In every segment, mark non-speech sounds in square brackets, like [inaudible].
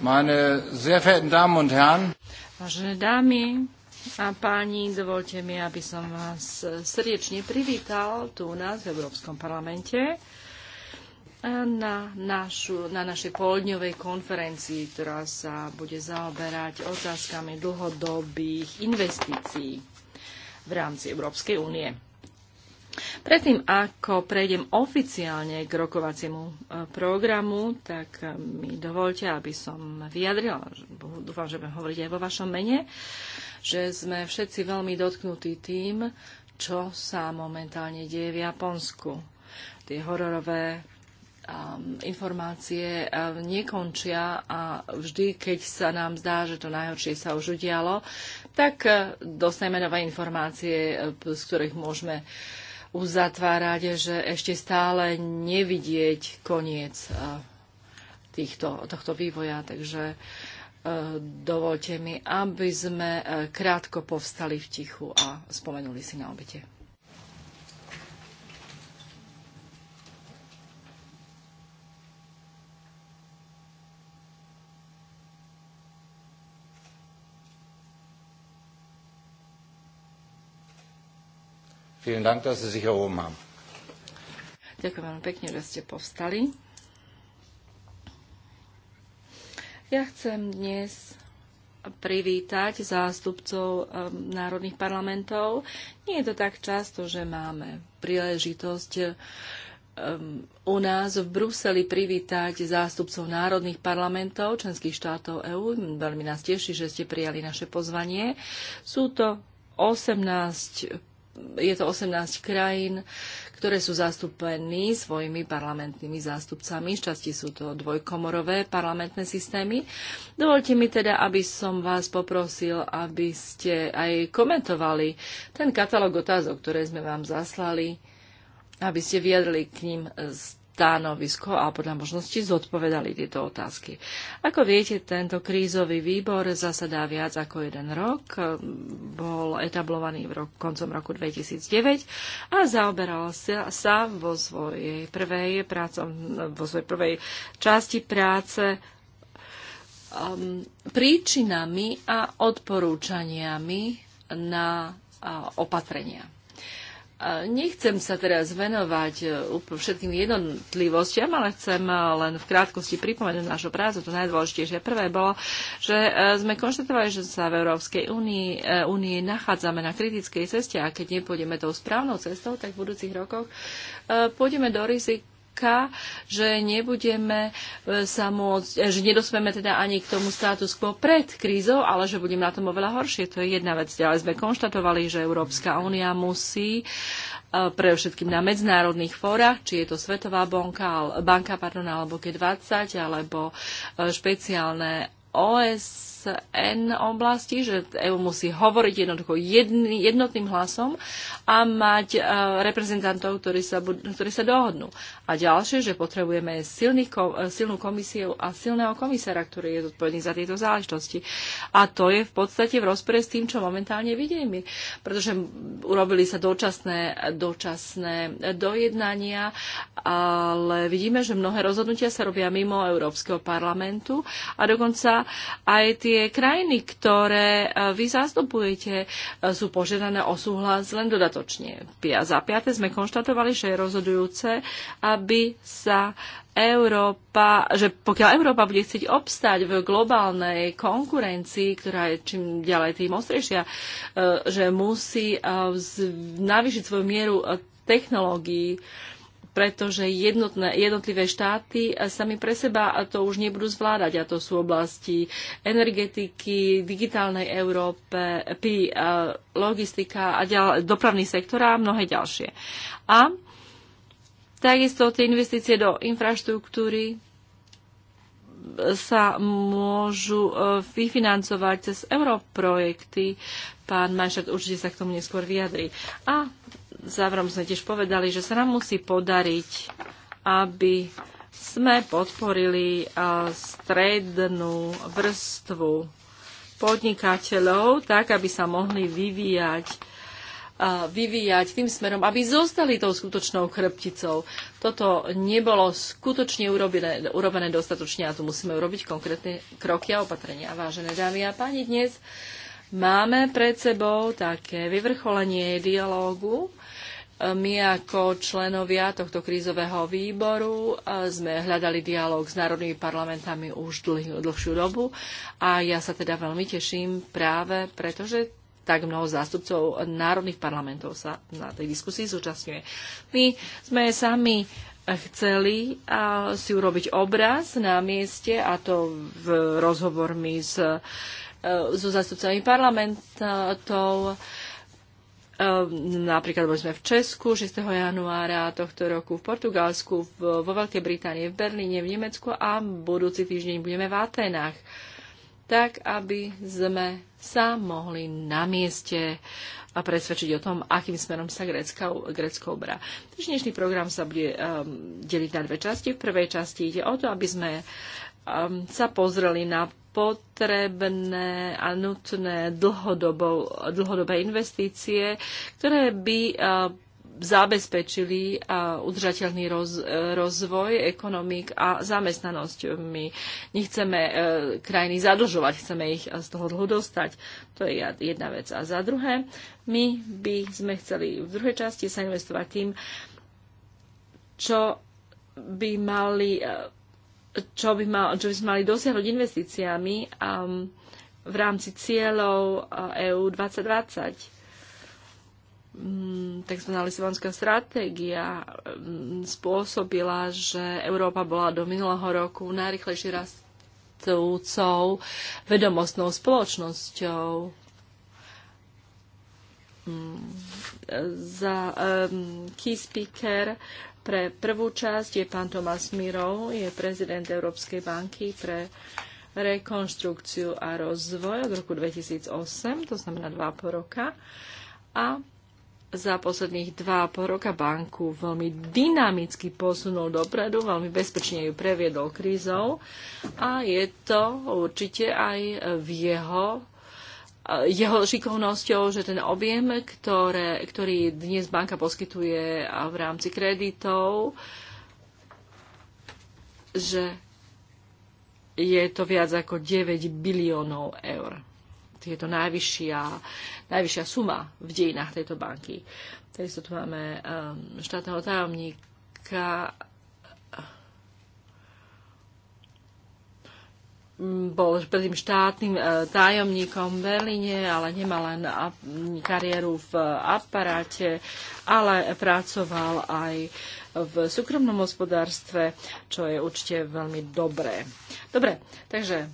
Meine sehr verehrten Damen und Herren, Vážené dámy a páni, dovolte mi, aby som vás srdečne privítal tu u nás v Európskom parlamente na, našu, na našej poldňovej konferencii, ktorá sa bude zaoberať otázkami dlhodobých investícií v rámci Európskej únie. Predtým, ako prejdem oficiálne k rokovaciemu e, programu, tak e, mi dovolte, aby som vyjadrila, dúfam, že budem hovoriť aj vo vašom mene, že sme všetci veľmi dotknutí tým, čo sa momentálne deje v Japonsku. Tie hororové um, informácie um, nekončia a vždy, keď sa nám zdá, že to najhoršie sa už udialo, tak uh, dostaneme nové informácie, z ktorých môžeme uh, uzatvárať, že ešte stále nevidieť koniec e, týchto, tohto vývoja. Takže e, dovolte mi, aby sme e, krátko povstali v tichu a spomenuli si na obete. Vielen Dank, dass Sie sich erhoben haben. Ďakujem veľmi pekne, že ste povstali. Ja chcem dnes privítať zástupcov um, národných parlamentov. Nie je to tak často, že máme príležitosť um, u nás v Bruseli privítať zástupcov národných parlamentov členských štátov EÚ. Veľmi nás teší, že ste prijali naše pozvanie. Sú to 18 je to 18 krajín, ktoré sú zastúpení svojimi parlamentnými zástupcami. časti sú to dvojkomorové parlamentné systémy. Dovolte mi teda, aby som vás poprosil, aby ste aj komentovali ten katalóg otázok, ktoré sme vám zaslali, aby ste vyjadrili k ním stanovisko a podľa možnosti zodpovedali tieto otázky. Ako viete, tento krízový výbor zasadá viac ako jeden rok. Bol etablovaný v rok, koncom roku 2009 a zaoberal sa, sa vo svojej prvej, prácom, vo svojej prvej časti práce um, príčinami a odporúčaniami na uh, opatrenia. Nechcem sa teraz venovať e, všetkým jednotlivostiam, ale chcem e, len v krátkosti pripomenúť našu prácu. To najdôležitejšie prvé bolo, že e, sme konštatovali, že sa v Európskej únii, únii nachádzame na kritickej ceste a keď nepôjdeme tou správnou cestou, tak v budúcich rokoch pôjdeme do rizik taká, že nebudeme e, sa môcť, e, že nedospeme teda ani k tomu status quo pred krízou, ale že budeme na tom oveľa horšie. To je jedna vec. Ďalej sme konštatovali, že Európska únia musí e, pre všetkým na medzinárodných fórach, či je to Svetová banka, banka pardon, alebo G20, alebo špeciálne OS, N oblasti, že EU musí hovoriť jednoducho jedný, jednotným hlasom a mať e, reprezentantov, ktorí sa, ktorí sa dohodnú. A ďalšie, že potrebujeme ko, silnú komisiu a silného komisára, ktorý je zodpovedný za tieto záležitosti. A to je v podstate v rozpore s tým, čo momentálne vidíme, pretože urobili sa dočasné, dočasné dojednania, ale vidíme, že mnohé rozhodnutia sa robia mimo Európskeho parlamentu a dokonca aj tí tie krajiny, ktoré e, vy zastupujete, e, sú požiadané o súhlas len dodatočne. A Za piate sme konštatovali, že je rozhodujúce, aby sa Európa, že pokiaľ Európa bude chcieť obstať v globálnej konkurencii, ktorá je čím ďalej tým ostrejšia, e, že musí navýšiť svoju mieru technológií, pretože jednotné, jednotlivé štáty sami pre seba to už nebudú zvládať. A to sú oblasti energetiky, digitálnej Európe, eh, logistika a ďal, dopravný sektor a mnohé ďalšie. A takisto tie investície do infraštruktúry sa môžu eh, vyfinancovať cez europrojekty. Pán Majšert určite sa k tomu neskôr vyjadrí. A záverom sme tiež povedali, že sa nám musí podariť, aby sme podporili strednú vrstvu podnikateľov, tak aby sa mohli vyvíjať vyvíjať tým smerom, aby zostali tou skutočnou chrbticou. Toto nebolo skutočne urobené, urobené dostatočne a tu musíme urobiť konkrétne kroky a opatrenia. Vážené dámy a páni, dnes máme pred sebou také vyvrcholenie dialógu my ako členovia tohto krízového výboru e, sme hľadali dialog s národnými parlamentami už dlh, dlhšiu dobu a ja sa teda veľmi teším práve preto, že tak mnoho zástupcov národných parlamentov sa na tej diskusii zúčastňuje. My sme sami chceli e, si urobiť obraz na mieste a to v rozhovormi s, e, so zástupcami parlamentov Ehm, napríklad boli sme v Česku 6. januára tohto roku, v Portugalsku, vo Veľkej Británii, v Berlíne, v Nemecku a budúci týždeň budeme v Atenách. Tak, aby sme sa mohli na mieste a presvedčiť o tom, akým smerom sa Grécko obrá. Dnešný program sa bude um, deliť na dve časti. V prvej časti ide o to, aby sme uh, Um, sa pozreli na potrebné a nutné dlhodobé investície, ktoré by uh, zabezpečili uh, udržateľný roz, uh, rozvoj ekonomík a zamestnanosť. My nechceme krajiny zadlžovať, chceme ich z toho dlhu dostať. To je jedna vec. A za druhé, my by sme chceli v druhej časti sa investovať tým, čo by mali čo by, mal, čo by sme mali dosiahnuť investíciami um, v rámci cieľov EU 2020 tzv. Lisabonská stratégia mm, spôsobila, že Európa bola do minulého roku najrychlejšie rastúcou vedomostnou spoločnosťou. Mm, za um, key speaker pre prvú časť je pán Tomás Mirov, je prezident Európskej banky pre rekonštrukciu a rozvoj od roku 2008, to znamená 2,5 roka. A za posledných 2,5 roka banku veľmi dynamicky posunul dopredu, veľmi bezpečne ju previedol krízou a je to určite aj v jeho jeho šikovnosťou, že ten objem, ktoré, ktorý dnes banka poskytuje v rámci kreditov, že je to viac ako 9 biliónov eur. Je to najvyššia, najvyššia suma v dejinách tejto banky. Takisto tu máme um, štátneho tajomníka, bol prvým štátnym e, tajomníkom v Berlíne, ale nemal len kariéru v e, aparáte, ale pracoval aj v súkromnom hospodárstve, čo je určite veľmi dobré. Dobre, takže e,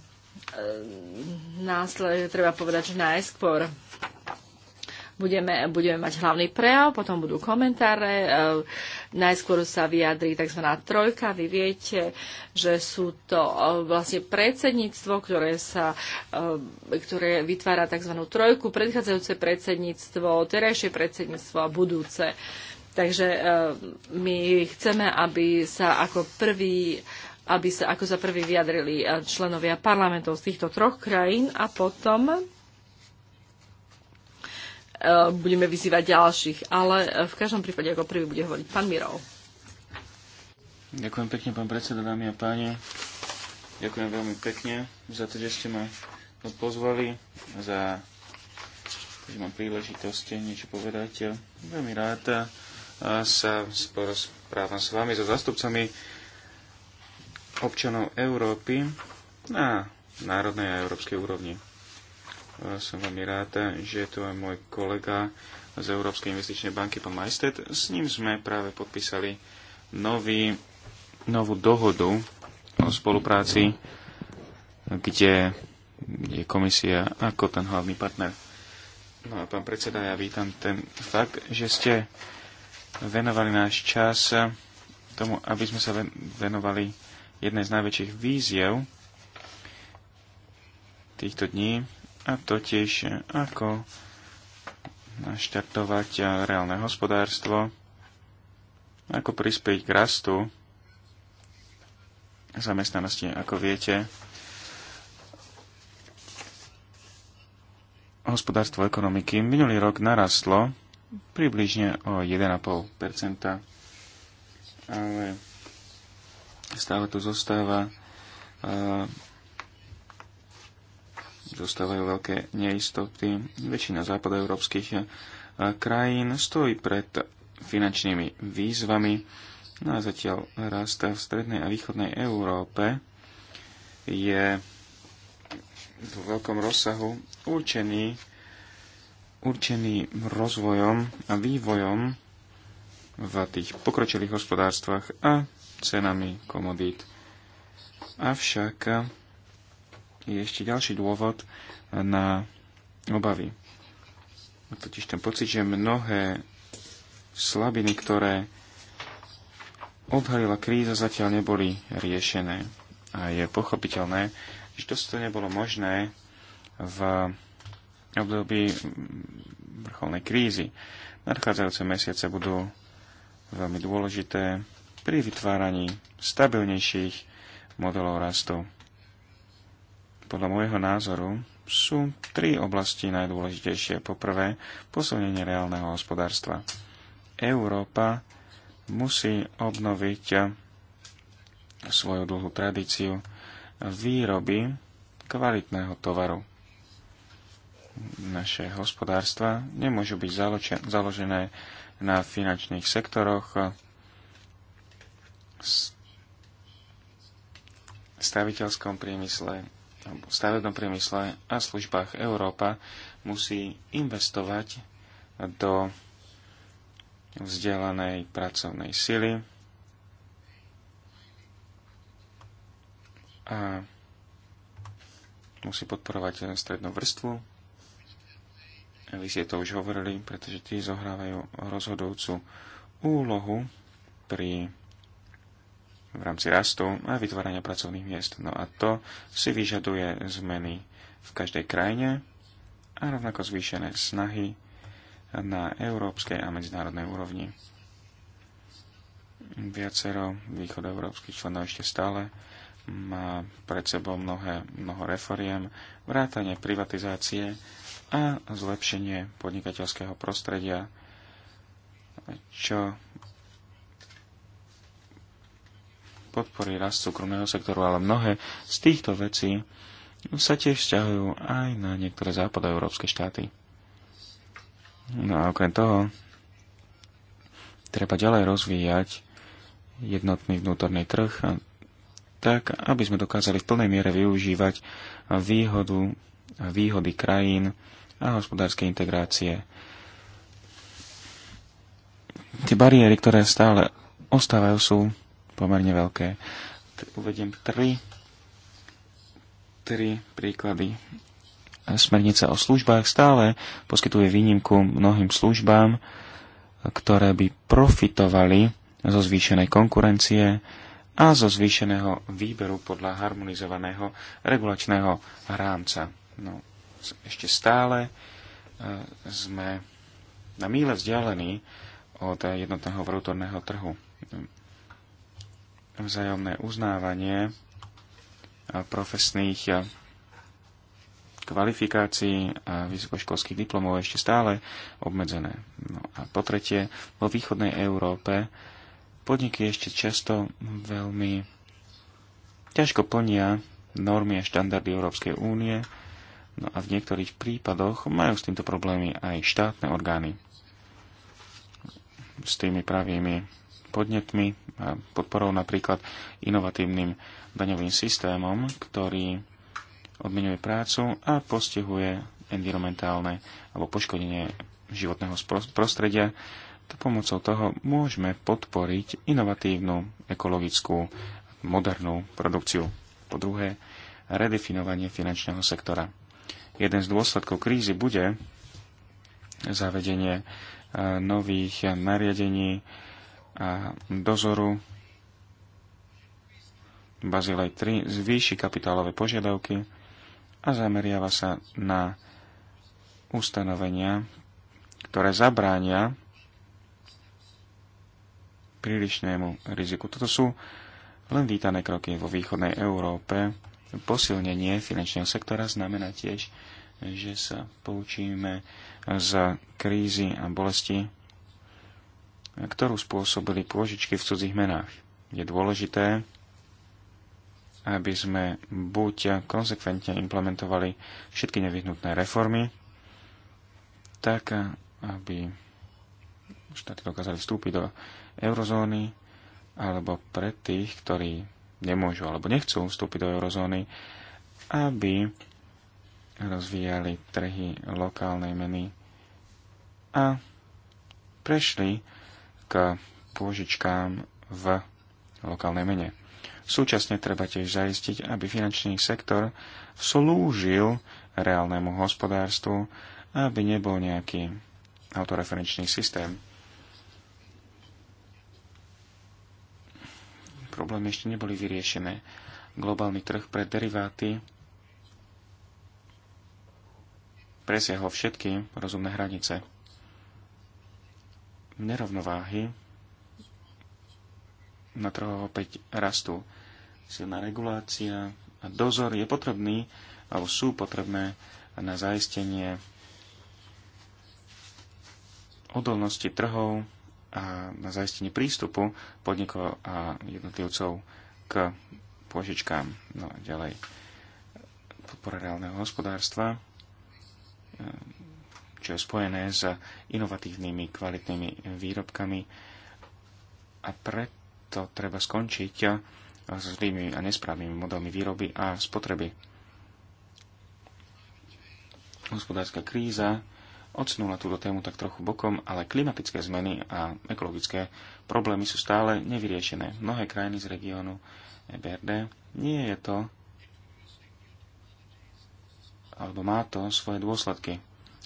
následne treba povedať, že najskôr budeme, budeme mať hlavný prejav, potom budú komentáre, e, najskôr sa vyjadrí tzv. trojka. Vy viete, že sú to e, vlastne predsedníctvo, ktoré, sa, e, ktoré vytvára tzv. trojku, predchádzajúce predsedníctvo, terajšie predsedníctvo a budúce. Takže my chceme, aby sa ako prvý aby sa, ako za prvý vyjadrili členovia parlamentov z týchto troch krajín a potom Eh, budeme vyzývať ďalších. Ale eh, v každom prípade ako prvý bude hovoriť pán Mirov. Ďakujem pekne, pán predseda, dámy a páni. Ďakujem veľmi pekne za to, že ste ma pozvali, za to, že mám príležitosť niečo povedať. Veľmi rád eh, sa porozprávam s vami, so zastupcami občanov Európy na národnej a európskej úrovni som veľmi rád, že je tu aj môj kolega z Európskej investičnej banky, pán Majstet. S ním sme práve podpísali nový, novú dohodu o spolupráci, kde je komisia ako ten hlavný partner. No a pán predseda, ja vítam ten fakt, že ste venovali náš čas tomu, aby sme sa venovali jednej z najväčších víziev týchto dní, a totiž ako naštartovať reálne hospodárstvo, ako prispieť k rastu zamestnanosti, ako viete. Hospodárstvo ekonomiky minulý rok narastlo približne o 1,5 ale stále tu zostáva eh, zostávajú veľké neistoty. Väčšina západoeurópskych eh, krajín stojí pred finančnými výzvami. No a zatiaľ rast v strednej a východnej Európe je v veľkom rozsahu určený, určený rozvojom a vývojom v tých pokročilých hospodárstvach a cenami komodít. Avšak je ešte ďalší dôvod na obavy. Totiž ten pocit, že mnohé slabiny, ktoré odhalila kríza, zatiaľ neboli riešené. A je pochopiteľné, že to nebolo možné v období vrcholnej krízy. Nadchádzajúce mesiace budú veľmi dôležité pri vytváraní stabilnejších modelov rastu podľa môjho názoru sú tri oblasti najdôležitejšie. Poprvé, posunenie reálneho hospodárstva. Európa musí obnoviť svoju dlhú tradíciu výroby kvalitného tovaru. Naše hospodárstva nemôžu byť založené na finančných sektoroch, staviteľskom priemysle, v stavebnom priemysle a službách Európa musí investovať do vzdelanej pracovnej sily a musí podporovať strednú vrstvu. Vy ste to už hovorili, pretože tí zohrávajú rozhodujúcu úlohu pri v rámci rastu a vytvárania pracovných miest. No a to si vyžaduje zmeny v každej krajine a rovnako zvýšené snahy na európskej a medzinárodnej úrovni. Viacero východoeurópskych členov ešte stále má pred sebou mnohé, mnoho reforiem, vrátanie privatizácie a zlepšenie podnikateľského prostredia, čo podpory rast súkromného sektoru, ale mnohé z týchto vecí sa tiež vzťahujú aj na niektoré západoeurópske štáty. No a okrem toho, treba ďalej rozvíjať jednotný vnútorný trh, tak aby sme dokázali v plnej miere využívať výhodu, výhody krajín a hospodárskej integrácie. Tie bariéry, ktoré stále ostávajú, sú pomerne veľké. Uvediem tri, tri príklady. Smernica o službách stále poskytuje výnimku mnohým službám, ktoré by profitovali zo zvýšenej konkurencie a zo zvýšeného výberu podľa harmonizovaného regulačného rámca. No, ešte stále e, sme na míle vzdialení od jednotného vrútorného trhu vzájomné uznávanie eh, profesných eh, kvalifikácií a vysokoškolských diplomov ešte stále obmedzené. No a po tretie, vo východnej Európe podniky ešte často veľmi ťažko plnia normy a štandardy Európskej únie, no a v niektorých prípadoch majú s týmto problémy aj štátne orgány s tými pravými podnetmi podporou napríklad inovatívnym daňovým systémom, ktorý odmenuje prácu a postihuje environmentálne alebo poškodenie životného prostredia. To pomocou toho môžeme podporiť inovatívnu, ekologickú, modernú produkciu. Po druhé, redefinovanie finančného sektora. Jeden z dôsledkov krízy bude zavedenie nových nariadení, a dozoru Bazilej 3 zvýši kapitálové požiadavky a zameriava sa na ustanovenia, ktoré zabránia prílišnému riziku. Toto sú len vítané kroky vo východnej Európe. Posilnenie finančného sektora znamená tiež, že sa poučíme z krízy a bolesti ktorú spôsobili pôžičky v cudzích menách. Je dôležité, aby sme buď konsekventne implementovali všetky nevyhnutné reformy, tak aby štáty dokázali vstúpiť do eurozóny, alebo pre tých, ktorí nemôžu alebo nechcú vstúpiť do eurozóny, aby rozvíjali trhy lokálnej meny a prešli k pôžičkám v lokálnej mene. Súčasne treba tiež zaistiť, aby finančný sektor slúžil reálnemu hospodárstvu, aby nebol nejaký autoreferenčný systém. Problémy ešte neboli vyriešené. Globálny trh pre deriváty presiahol všetky rozumné hranice nerovnováhy na trhu opäť rastú. Silná regulácia a dozor je potrebný, alebo sú potrebné na zaistenie odolnosti trhov a na zaistenie prístupu podnikov a jednotlivcov k pôžičkám. No a ďalej podpora reálneho hospodárstva čo je spojené s inovatívnymi, kvalitnými výrobkami. A preto treba skončiť s zlými a nesprávnymi modelmi výroby a spotreby. Hospodárska kríza odsunula túto tému tak trochu bokom, ale klimatické zmeny a ekologické problémy sú stále nevyriešené. Mnohé krajiny z regiónu EBRD nie je to, alebo má to svoje dôsledky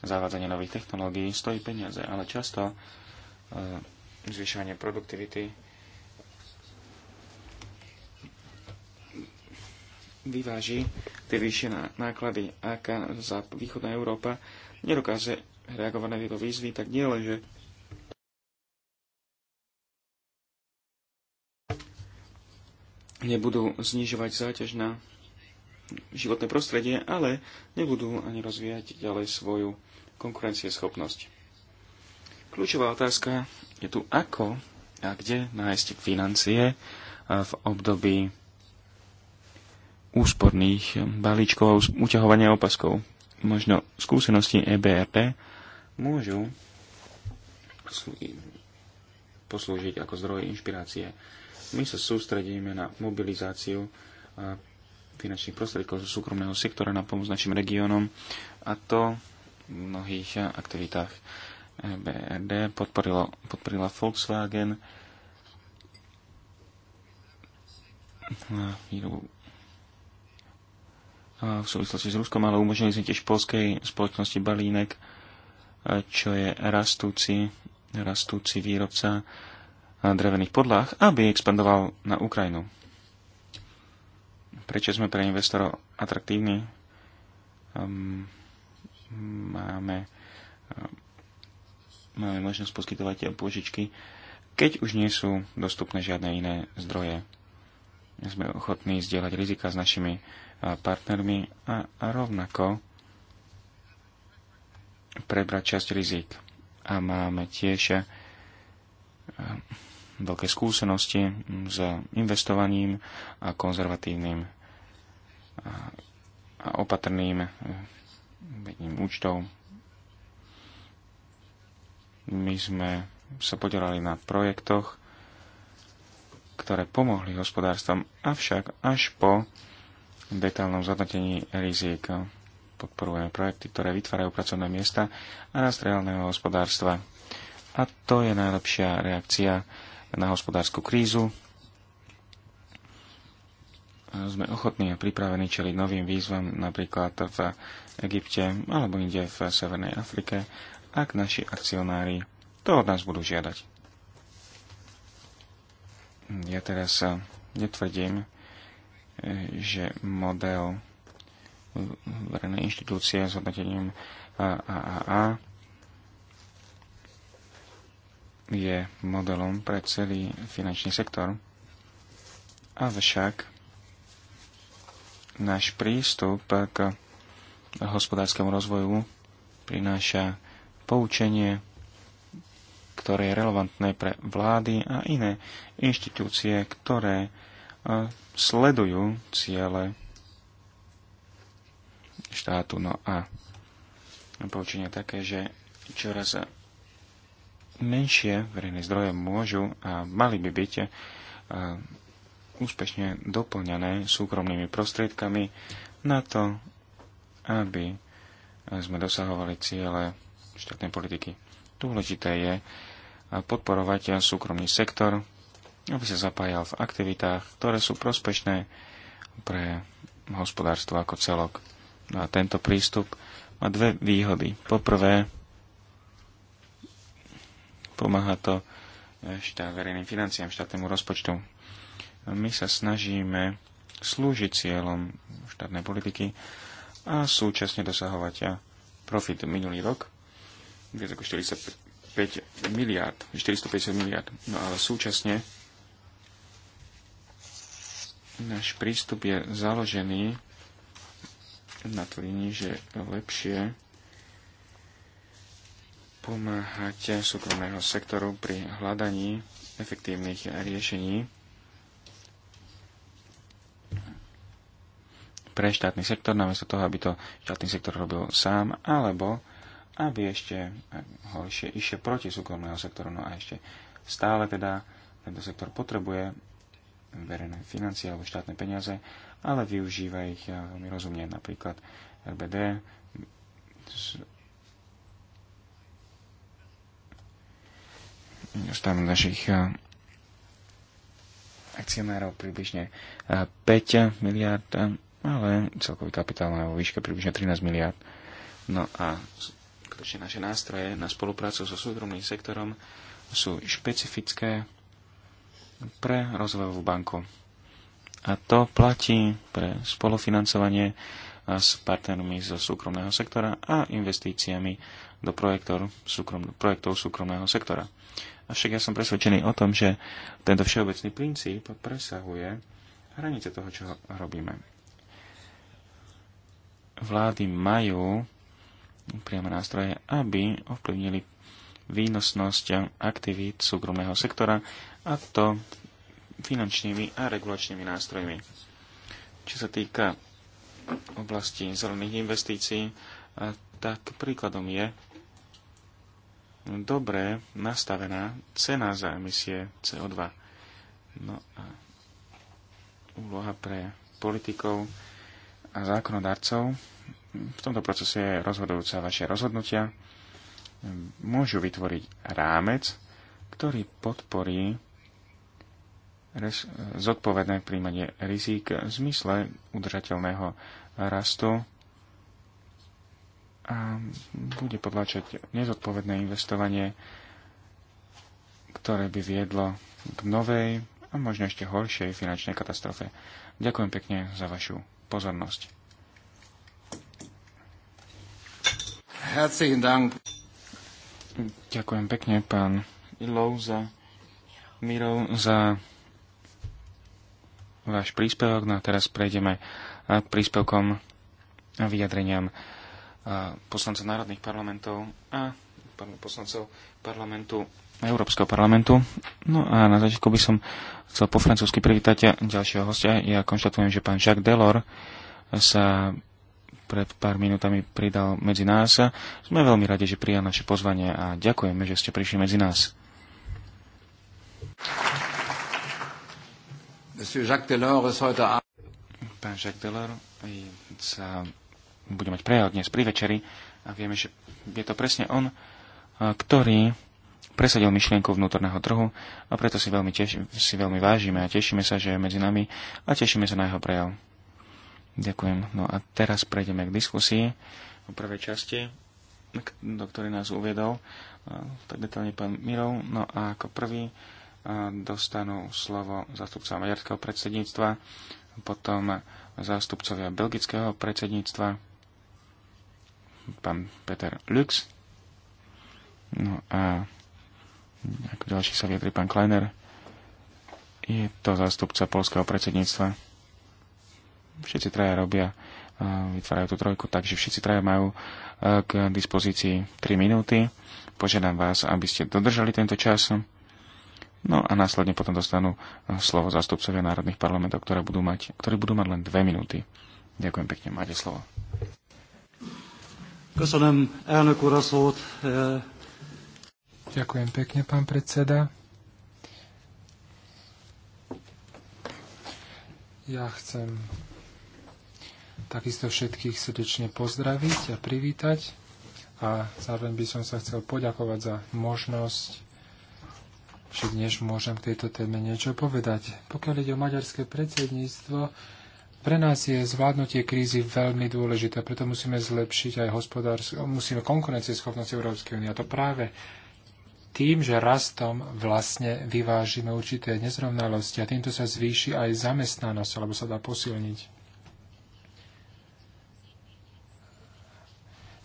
zavádzanie nových technológií stojí peniaze, ale často e, zvyšovanie produktivity vyváži tie vyššie náklady. Ak za východná Európa nedokáže reagovať na tieto výzvy, tak nie len, že nebudú znižovať záťaž na životné prostredie, ale nebudú ani rozvíjať ďalej svoju konkurencieschopnosť. Kľúčová otázka je tu, ako a kde nájsť financie v období úsporných balíčkov a uťahovania opaskov. Možno skúsenosti EBRD môžu poslúžiť ako zdroj inšpirácie. My sa sústredíme na mobilizáciu finančných prostriedkov zo súkromného sektora na pomoc našim regiónom a to v mnohých eh, aktivitách. E BRD e podporilo, podporila Volkswagen výrobu v súvislosti s Ruskom, ale umožnili sme tiež polskej spoločnosti Balínek, eh, čo je rastúci, rastúci výrobca eh, drevených podlách, aby expandoval na Ukrajinu prečo sme pre investorov atraktívni. Um, máme, um, máme možnosť poskytovať pôžičky, keď už nie sú dostupné žiadne iné zdroje. Sme ochotní zdieľať rizika s našimi partnermi a, a rovnako prebrať časť rizik. A máme tiež veľké skúsenosti s investovaním a konzervatívnym a opatrným vedením účtov. My sme sa podelali na projektoch, ktoré pomohli hospodárstvom, avšak až po detálnom zhodnotení rizik podporujeme projekty, ktoré vytvárajú pracovné miesta a rast reálneho hospodárstva. A to je najlepšia reakcia na hospodárskú krízu sme ochotní a pripravení čeliť novým výzvam napríklad v Egypte alebo inde v Severnej Afrike, ak naši akcionári to od nás budú žiadať. Ja teraz netvrdím, že model verejnej inštitúcie s hodnotením AAA je modelom pre celý finančný sektor. Avšak náš prístup k hospodárskemu rozvoju prináša poučenie, ktoré je relevantné pre vlády a iné inštitúcie, ktoré e, sledujú ciele štátu. No a poučenie také, že čoraz menšie verejné zdroje môžu a mali by byť e, úspešne doplňané súkromnými prostriedkami na to, aby sme dosahovali ciele štátnej politiky. Dôležité je podporovať súkromný sektor, aby sa zapájal v aktivitách, ktoré sú prospešné pre hospodárstvo ako celok. No a tento prístup má dve výhody. Poprvé, pomáha to štát verejným financiám, štátnemu rozpočtu my sa snažíme slúžiť cieľom štátnej politiky a súčasne dosahovať a profit minulý rok viac ako 45 miliard, 450 miliard. No ale súčasne náš prístup je založený na tvrdení, že lepšie pomáhať súkromného sektoru pri hľadaní efektívnych riešení pre štátny sektor, namiesto toho, aby to štátny sektor robil sám, alebo aby ešte horšie išiel proti súkromného sektoru. No a ešte stále teda tento sektor potrebuje verejné financie alebo štátne peniaze, ale využíva ich veľmi rozumne. Napríklad RBD dostávame našich eh, akcionárov približne 5 eh, miliard eh, ale celkový kapitál má vo výške približne 13 miliard. No a skutočne naše nástroje na spoluprácu so súkromným sektorom sú špecifické pre rozvojovú banku. A to platí pre spolufinancovanie s partnermi zo súkromného sektora a investíciami do projektor, súkrom, projektov súkromného sektora. Avšak ja som presvedčený o tom, že tento všeobecný princíp presahuje hranice toho, čo robíme vlády majú priame nástroje, aby ovplyvnili výnosnosť aktivít súkromného sektora a to finančnými a regulačnými nástrojmi. Čo sa týka oblasti zelených investícií, tak príkladom je dobre nastavená cena za emisie CO2. No a úloha pre politikov a zákonodarcov. V tomto procese je rozhodujúca vaše rozhodnutia. Môžu vytvoriť rámec, ktorý podporí zodpovedné príjmanie rizík v zmysle udržateľného rastu a bude podlačať nezodpovedné investovanie, ktoré by viedlo k novej a možno ešte horšej finančnej katastrofe. Ďakujem pekne za vašu pozornosť. Herzlichen Dank. Ďakujem pekne, pán Ilov, za, Mirov, za váš príspevok. No a teraz prejdeme k príspevkom a vyjadreniam poslancov národných parlamentov a poslancov parlamentu Európskeho parlamentu. No a na začiatku by som chcel po francúzsky privítať ďalšieho hostia. Ja konštatujem, že pán Jacques Delors sa pred pár minútami pridal medzi nás. Sme veľmi radi, že prijal naše pozvanie a ďakujeme, že ste prišli medzi nás. Pán Jacques Delors sa bude mať prejav dnes pri večeri a vieme, že je to presne on, ktorý presadil myšlienku vnútorného trhu a preto si veľmi, teši, si veľmi vážime a tešíme sa, že je medzi nami a tešíme sa na jeho prejav. Ďakujem. No a teraz prejdeme k diskusii o prvej časti, do ktorej nás uviedol tak detálne pán Mirov. No a ako prvý dostanú slovo zástupca maďarského predsedníctva, potom zástupcovia belgického predsedníctva, pán Peter Lux, no a ako ďalší sa vyjadri pán Kleiner. Je to zástupca polského predsedníctva. Všetci traja robia, vytvárajú tú trojku, takže všetci traja majú k dispozícii 3 minúty. Požiadam vás, aby ste dodržali tento čas. No a následne potom dostanú slovo zástupcovia národných parlamentov, ktoré budú mať, ktoré budú mať len dve minúty. Ďakujem pekne, máte slovo. Köszönöm, elnök úr, a szót. E, Ďakujem pekne, pán predseda. Ja chcem takisto všetkých srdečne pozdraviť a privítať a zároveň by som sa chcel poďakovať za možnosť že dnes môžem k tejto téme niečo povedať. Pokiaľ ide o maďarské predsedníctvo, pre nás je zvládnutie krízy veľmi dôležité, preto musíme zlepšiť aj hospodárske, musíme konkurencieschopnosť Európskej únie. A to práve tým, že rastom vlastne vyvážime určité nezrovnalosti a týmto sa zvýši aj zamestnanosť, alebo sa dá posilniť.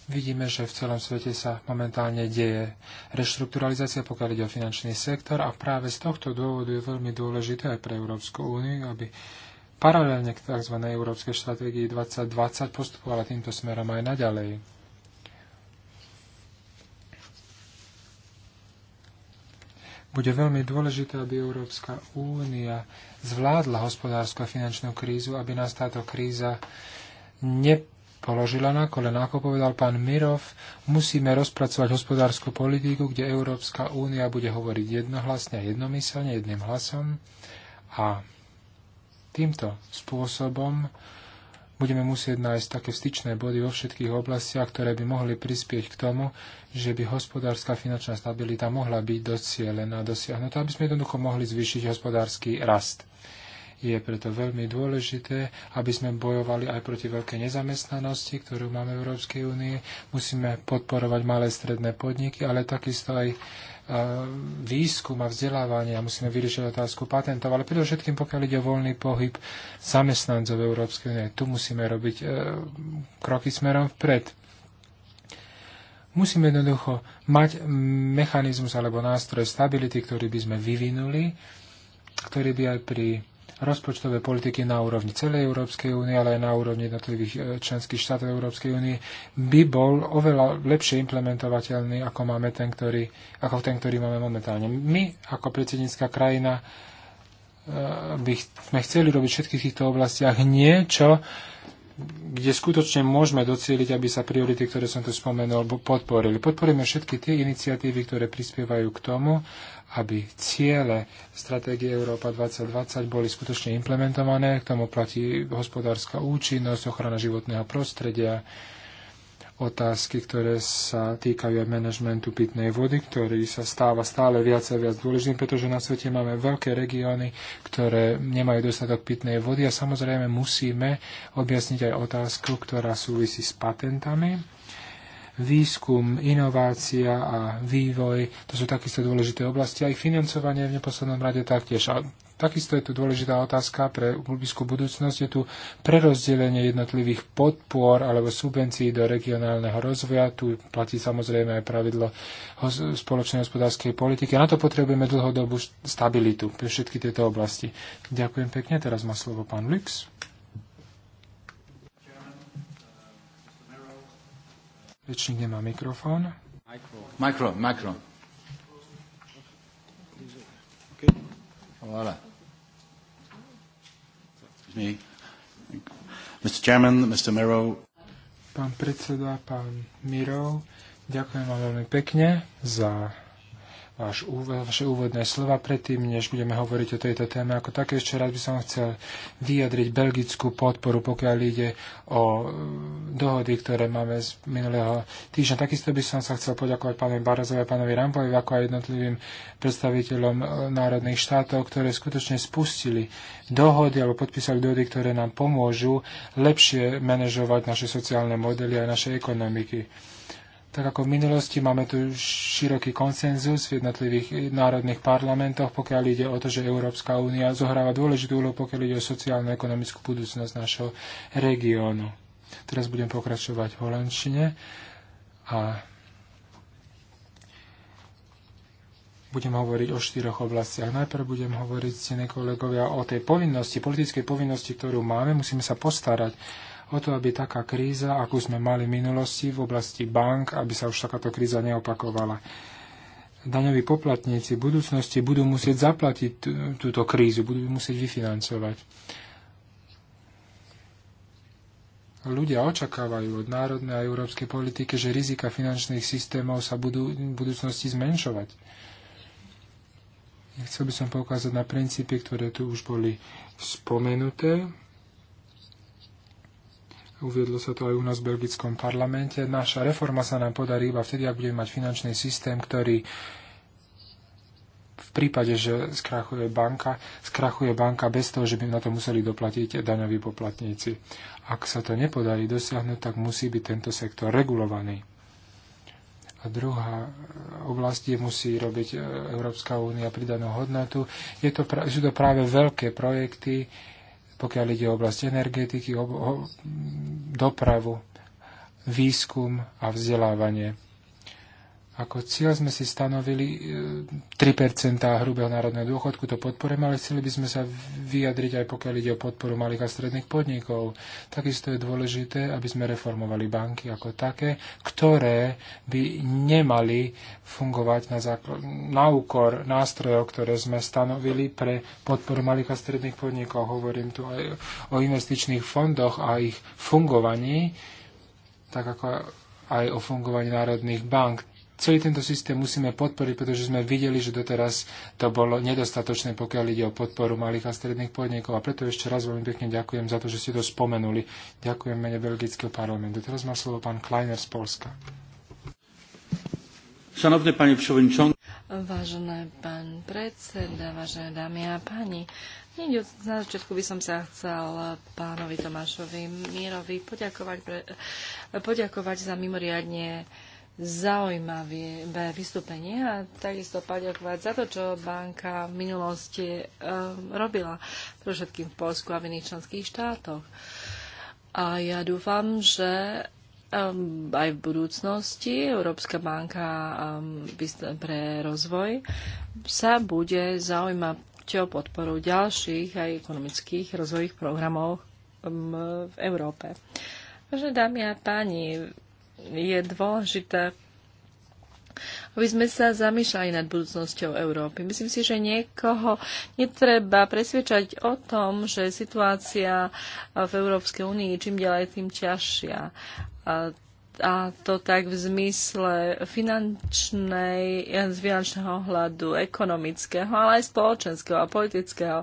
Vidíme, že v celom svete sa momentálne deje reštrukturalizácia, pokiaľ ide o finančný sektor a práve z tohto dôvodu je veľmi dôležité aj pre Európsku úniu, aby paralelne k tzv. Európskej stratégii 2020 postupovala týmto smerom aj naďalej. Bude veľmi dôležité, aby Európska únia zvládla hospodársku a finančnú krízu, aby nás táto kríza nepoložila na kolena. Ako povedal pán Mirov, musíme rozpracovať hospodárskú politiku, kde Európska únia bude hovoriť jednohlasne a jednomyselne, jedným hlasom. A týmto spôsobom budeme musieť nájsť také styčné body vo všetkých oblastiach, ktoré by mohli prispieť k tomu, že by hospodárska finančná stabilita mohla byť docielená, dosiahnutá, aby sme jednoducho mohli zvýšiť hospodársky rast. Je preto veľmi dôležité, aby sme bojovali aj proti veľkej nezamestnanosti, ktorú máme v Európskej únii. Musíme podporovať malé stredné podniky, ale takisto aj e, výskum a vzdelávanie a musíme vyriešiť otázku patentov, ale predovšetkým pokiaľ ide o voľný pohyb zamestnancov Európskej únie, tu musíme robiť e, kroky smerom vpred. Musíme jednoducho mať mechanizmus alebo nástroj stability, ktorý by sme vyvinuli, ktorý by aj pri rozpočtové politiky na úrovni celej Európskej únie, ale aj na úrovni jednotlivých e, členských štátov Európskej únie, by bol oveľa lepšie implementovateľný, ako, máme ten, ktorý, ako ten, ktorý máme momentálne. My, ako predsednícka krajina, e, by sme chceli robiť v všetkých týchto oblastiach niečo, kde skutočne môžeme docieliť, aby sa priority, ktoré som tu spomenul, podporili. Podporíme všetky tie iniciatívy, ktoré prispievajú k tomu, aby ciele stratégie Európa 2020 boli skutočne implementované. K tomu platí hospodárska účinnosť, ochrana životného prostredia, otázky, ktoré sa týkajú aj manažmentu pitnej vody, ktorý sa stáva stále viac a viac dôležitým, pretože na svete máme veľké regióny, ktoré nemajú dostatok pitnej vody a samozrejme musíme objasniť aj otázku, ktorá súvisí s patentami výskum, inovácia a vývoj, to sú takisto dôležité oblasti a ich financovanie v neposlednom rade taktiež. A takisto je tu dôležitá otázka pre blízku budúcnosť, je tu prerozdelenie jednotlivých podpor alebo subvencií do regionálneho rozvoja. Tu platí samozrejme aj pravidlo spoločnej hospodárskej politiky. A na to potrebujeme dlhodobú stabilitu pre všetky tieto oblasti. Ďakujem pekne. Teraz má slovo pán Lux. Rečník nemá mikrofón. Mikro, mikro. Voilà. Mr. Chairman, Mr. Miro. Pán predseda, pán Miro, ďakujem vám veľmi pekne za váš úvod, vaše úvodné slova predtým, než budeme hovoriť o tejto téme ako také. Ešte raz by som chcel vyjadriť belgickú podporu, pokiaľ ide o e, dohody, ktoré máme z minulého týždňa. Takisto by som sa chcel poďakovať pánovi Barazovi a pánovi Rampovi, ako aj jednotlivým predstaviteľom e, národných štátov, ktoré skutočne spustili dohody alebo podpísali dohody, ktoré nám pomôžu lepšie manažovať naše sociálne modely a naše ekonomiky tak ako v minulosti máme tu široký konsenzus v jednotlivých národných parlamentoch, pokiaľ ide o to, že Európska únia zohráva dôležitú úlohu, pokiaľ ide o sociálnu a ekonomickú budúcnosť našho regiónu. Teraz budem pokračovať v holandčine a budem hovoriť o štyroch oblastiach. Najprv budem hovoriť, ctené kolegovia, o tej povinnosti, politickej povinnosti, ktorú máme. Musíme sa postarať o to, aby taká kríza, akú sme mali v minulosti v oblasti bank, aby sa už takáto kríza neopakovala. Daňoví poplatníci v budúcnosti budú musieť zaplatiť túto krízu, budú musieť vyfinancovať. Ľudia očakávajú od národnej a európskej politiky, že rizika finančných systémov sa budú v budúcnosti zmenšovať. Chcel by som poukázať na princípy, ktoré tu už boli spomenuté uviedlo sa to aj u nás v belgickom parlamente. Naša reforma sa nám podarí iba vtedy, ak budeme mať finančný systém, ktorý v prípade, že skrachuje banka, skrachuje banka bez toho, že by na to museli doplatiť daňoví poplatníci. Ak sa to nepodarí dosiahnuť, tak musí byť tento sektor regulovaný. A druhá oblasť, musí robiť Európska únia pridanú hodnotu, je to, sú to práve veľké projekty, pokiaľ ide o oblasť energetiky, o, dopravu, výskum a vzdelávanie. Ako cieľ sme si stanovili 3% e, hrubého národného dôchodku, to podporujeme, ale chceli by sme sa vyjadriť aj pokiaľ ide o podporu malých a stredných podnikov. Takisto je dôležité, aby sme reformovali banky ako také, ktoré by nemali fungovať na, zákl- na úkor nástrojov, ktoré sme stanovili pre podporu malých a stredných podnikov. Hovorím tu aj o investičných fondoch a ich fungovaní, tak ako aj o fungovaní národných bank Celý tento systém musíme podporiť, pretože sme videli, že doteraz to bolo nedostatočné, pokiaľ ide o podporu malých a stredných podnikov. A preto ešte raz veľmi pekne ďakujem za to, že ste to spomenuli. Ďakujem mene Belgického parlamentu. Teraz má slovo pán Kleiner z Polska. Szanowny panie przewodniczący. Vážený pán predseda, vážené dámy a páni, Hneď na začiatku by som sa chcel pánovi Tomášovi Mírovi poďakovať, pre, poďakovať za mimoriadne zaujímavé vystúpenie a takisto poďakovať za to, čo banka v minulosti um, robila, pro všetkým v Polsku a v iných členských štátoch. A ja dúfam, že um, aj v budúcnosti Európska banka um, pre rozvoj sa bude zaujímať o podporu ďalších aj ekonomických rozvojových programov um, v Európe. Takže dámy a páni, je dôležité, aby sme sa zamýšľali nad budúcnosťou Európy. Myslím si, že niekoho netreba presvedčať o tom, že situácia v Európskej únii čím ďalej tým ťažšia a to tak v zmysle finančnej, z finančného hľadu, ekonomického, ale aj spoločenského a politického,